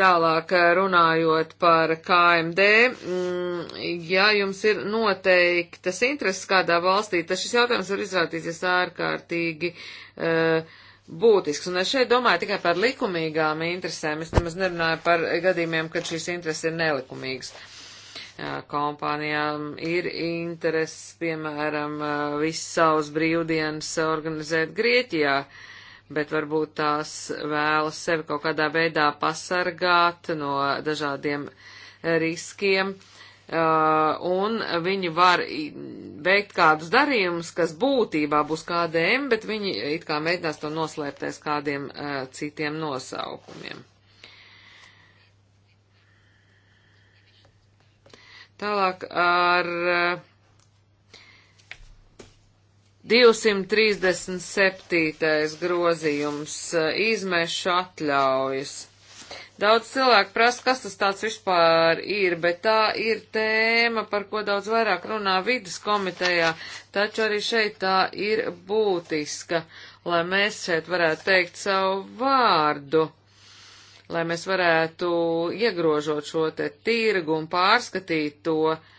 Speaker 3: Tālāk eh, runājot par KMD, mm, ja jums ir noteiktas intereses kādā valstī, tad šis jautājums var izrādīties ārkārtīgi uh, būtisks. Un es šeit domāju tikai par likumīgām interesēm. Es nemaz nerunāju par gadījumiem, kad šīs intereses ir nelikumīgas. Uh, kompānijām ir intereses, piemēram, uh, visus savus brīvdienas organizēt Grieķijā. Uh, bet varbūt tās vēlas sevi kaut kādā veidā pasargāt no dažādiem riskiem. Uh, un viņi var veikt kādus darījumus, kas būtībā būs KDM, bet viņi it kā mēģinās to noslēpt aiz kādiem uh, citiem nosaukumiem. Tālāk ar uh, 237. grozījums eh, izmešu atļaujas. Daudz cilvēku prasa, kas tas tāds vispār ir, bet tā ir tēma, par ko daudz vairāk runā vidas komitejā, taču arī šeit tā ir būtiska, lai mēs šeit varētu teikt savu vārdu, lai mēs varētu iegrožot šo te tirgu un pārskatīt to, uh,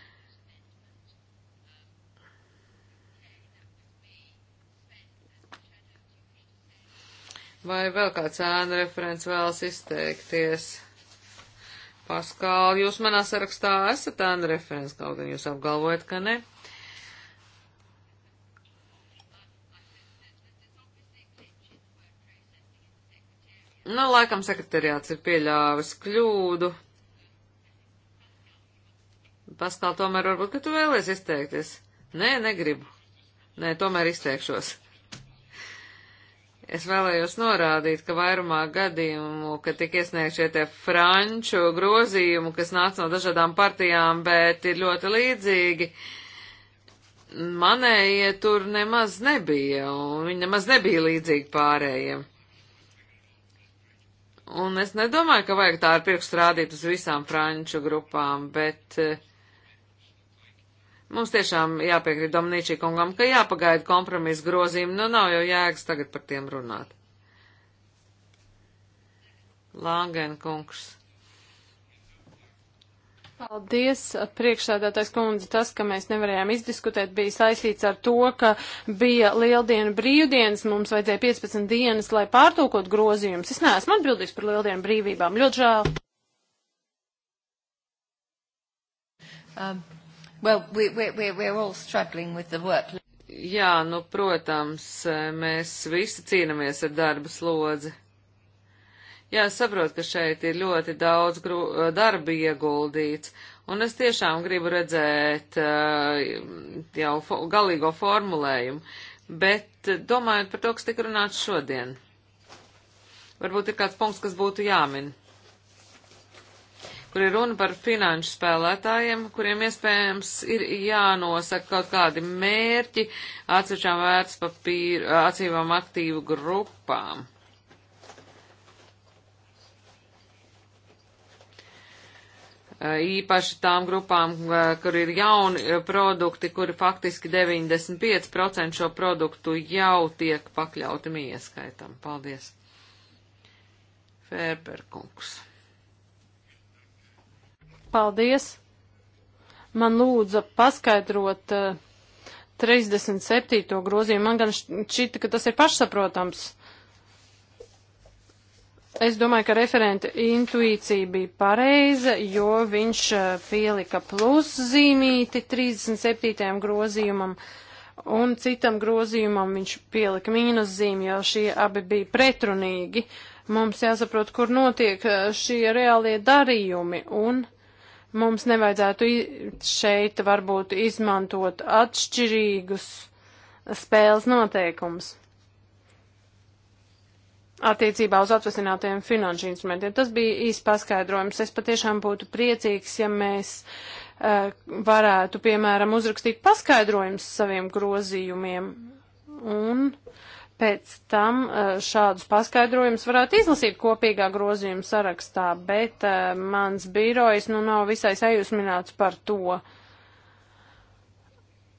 Speaker 3: Vai vēl kāds ēna referents vēlas izteikties? Paskāli, jūs manā sarakstā esat ēna referents, kaut gan jūs apgalvojat, ka ne. Nu, laikam sekretariāts ir pieļāvis kļūdu. Paskāli, tomēr varbūt, ka tu vēlies izteikties. Nē, negribu. Nē, tomēr izteikšos. Es vēlējos norādīt, ka vairumā gadījumu, kad tika iesniegti šie te franču grozījumu, kas nāca no dažādām partijām, bet ir ļoti līdzīgi, manējie tur nemaz nebija, un viņi nemaz nebija līdzīgi pārējiem. Un es nedomāju, ka vajag tā ar pirkstu rādīt uz visām franču grupām, bet uh, Mums tiešām jāpiekrīt Dominīčī kungam, ka jāpagaida kompromisa grozījumi, nu nav jau jēgas tagad par tiem runāt. Langen kungs.
Speaker 1: Paldies, priekšsādātais kundze. Tas, ka mēs nevarējām izdiskutēt, bija saistīts ar to, ka bija lieldienu brīvdienas, mums vajadzēja 15 dienas, lai pārtūkot grozījumus. Es neesmu atbildīgs par lieldienu brīvībām. Ļoti žēl.
Speaker 3: Um, Well, we, we, we, we're all struggling with the work. Jā, nu, protams, eh, mēs visi cīnāmies ar darba slodzi. Jā, saprot, ka šeit ir ļoti daudz eh, darba ieguldīts, un es tiešām gribu redzēt eh, jau galīgo formulējumu, bet domājot par to, kas tika runāts šodien, varbūt ir kāds punkts, kas būtu jāmin kur ir runa par finanšu spēlētājiem, kuriem iespējams ir jānosaka kaut kādi mērķi atsevišķām vērtspapīru, atsevišķām aktīvu grupām. īpaši tām grupām, eh, kur ir jauni eh, produkti, kuri faktiski 95% šo produktu jau tiek pakļauti mieskaitam. Paldies. Fērperkungs.
Speaker 1: Paldies! Man lūdza paskaidrot uh, eh, 37. grozījumu. Man gan šķita, ka tas ir pašsaprotams. Es domāju, ka referenta intuīcija bija pareiza, jo viņš eh, pielika plus zīmīti 37. grozījumam un citam grozījumam viņš pielika mīnus zīmi, jo šie abi bija pretrunīgi. Mums jāsaprot, kur notiek eh, šie reālie darījumi un Mums nevajadzētu šeit varbūt izmantot atšķirīgus spēles noteikumus attiecībā uz atvasinātajiem finanšu instrumentiem. Tas bija īsts paskaidrojums. Es patiešām būtu priecīgs, ja mēs uh, varētu, piemēram, uzrakstīt paskaidrojumus saviem grozījumiem. Un uh, pēc tam eh, šādus paskaidrojumus varētu izlasīt kopīgā grozījuma sarakstā, bet eh, mans birojs nu nav visai sajūsmināts par to.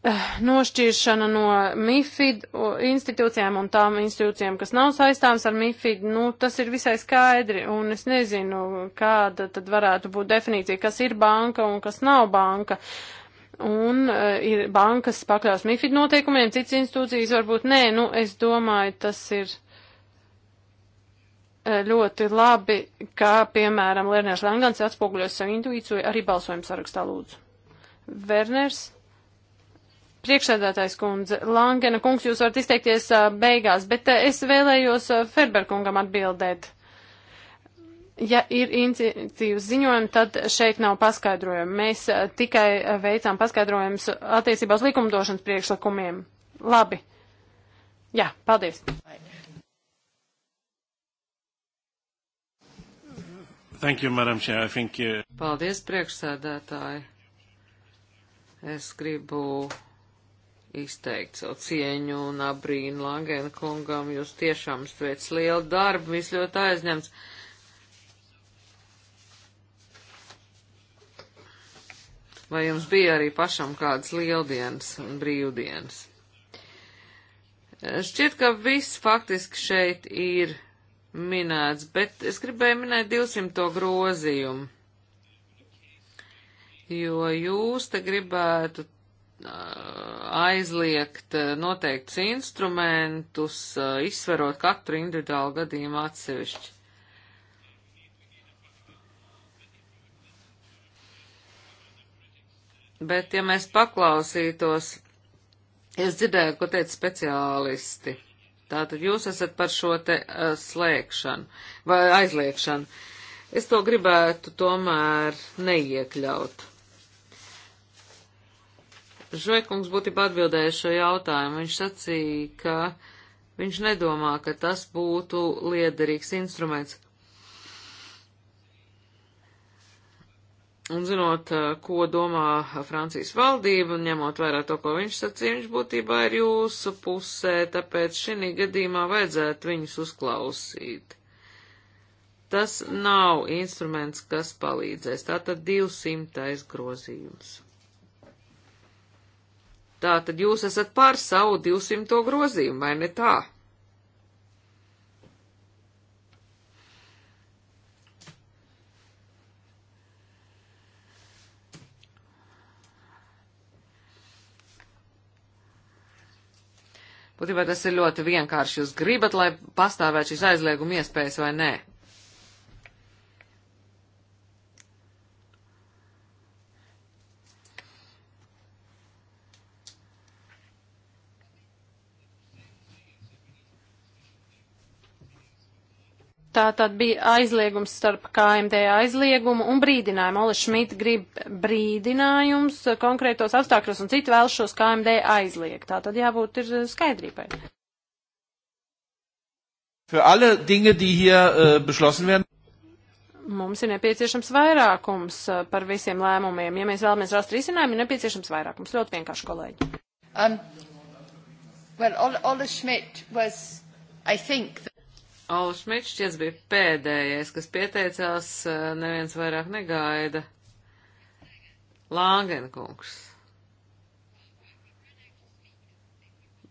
Speaker 1: Eh, nošķiršana no MIFID institūcijām un tām institūcijām, kas nav saistāms ar MIFID, nu, tas ir visai skaidri, un es nezinu, kāda tad varētu būt definīcija, kas ir banka un kas nav banka. Uh, un uh, ir bankas pakļaus MIFID noteikumiem, citas institūcijas varbūt nē, nu es domāju, tas ir uh, ļoti labi, kā piemēram Lerners Langans atspoguļos savu intuīciju arī balsojuma sarakstā lūdzu. Werners, priekšsēdētājs kundze, Langena kungs, jūs varat izteikties uh, beigās, bet uh, es vēlējos uh, Ferberkungam atbildēt. Ja ir iniciatīvas ziņojumi, tad šeit nav paskaidrojumi. Mēs eh, tikai eh, veicām paskaidrojumus attiecībā uz likumdošanas priekšlikumiem. Labi. Jā, paldies.
Speaker 3: Thank you, Madam Chair. I think you... Uh, paldies, priekšsēdētāji. Es gribu izteikt savu cieņu un abrīnu Langēna kungam. Jūs tiešām veic lielu darbu, viss ļoti aizņemts. Vai jums bija arī pašam kādas lieldienas un brīvdienas? Šķiet, ka viss faktiski šeit ir minēts, bet es gribēju minēt 200. grozījumu, jo jūs te gribētu aizliegt noteikts instrumentus, izsverot katru individuālu gadījumu atsevišķi. Bet, ja mēs paklausītos, es dzirdēju, ko teica speciālisti. Tātad jūs esat par šo te uh, slēgšanu vai aizliekšanu. Es to gribētu tomēr neiekļaut. Žvekungs būtībā atbildēja šo jautājumu. Viņš sacīja, ka viņš nedomā, ka tas būtu liederīgs instruments. Un zinot, eh, ko domā Francijas valdība, un ņemot vērā to, ko viņš sacīja, viņš būtībā ir jūsu pusē, tāpēc šī gadījumā vajadzētu viņus uzklausīt. Tas nav instruments, kas palīdzēs. Tātad 200. grozījums. Tātad jūs esat pār savu 200. grozījumu, vai ne tā? Būtībā tas ir ļoti vienkārši. Jūs gribat, lai pastāvētu šīs aizlieguma iespējas vai nē?
Speaker 1: Tā tad bija aizliegums starp KMD aizliegumu un brīdinājumu. Ole Šmit grib brīdinājums konkrētos apstākļos un citi vēl šos KMD aizliegt. Tā tad jābūt ir skaidrībai.
Speaker 3: Für alle Dinge, die hier uh, beschlossen werden.
Speaker 1: Mums ir nepieciešams vairākums äh, par visiem lēmumiem. Ja mēs vēlamies rast risinājumu, ir nepieciešams vairākums. Ļoti vienkārši, kolēģi. Um,
Speaker 2: well, Ole, Ole Schmidt was, I think, the...
Speaker 3: Olšmits šķiet bija pēdējais, kas pieteicās, eh, neviens vairāk negaida. Lāngenkungs.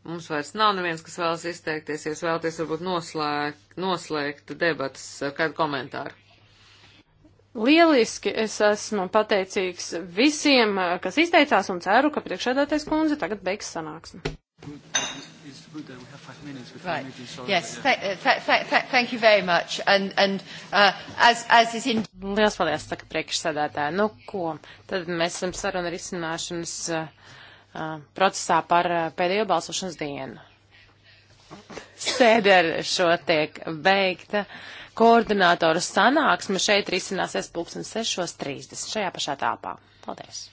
Speaker 3: Mums vairs nav neviens, kas vēlas izteikties, ja vēlties varbūt noslēgt, noslēgt debatas ar kādu komentāru.
Speaker 1: Lieliski es esmu pateicīgs visiem, eh, kas izteicās un ceru, ka priekšēdātais kundze
Speaker 2: tagad beigs sanāksmi
Speaker 3: good. It's good that we have five minutes before right. the meeting. Sorry. Yes, th
Speaker 2: th th thank you very much. And, and uh, as, as is in... Liels paldies, saka priekšsēdētāja. Nu, ko? Tad mēs esam saruna risināšanas uh, procesā par uh, pēdējo balsošanas dienu. Sēde ar šo tiek beigta. Koordinātoru sanāksme šeit risināsies 16.30 šajā pašā tāpā. Paldies!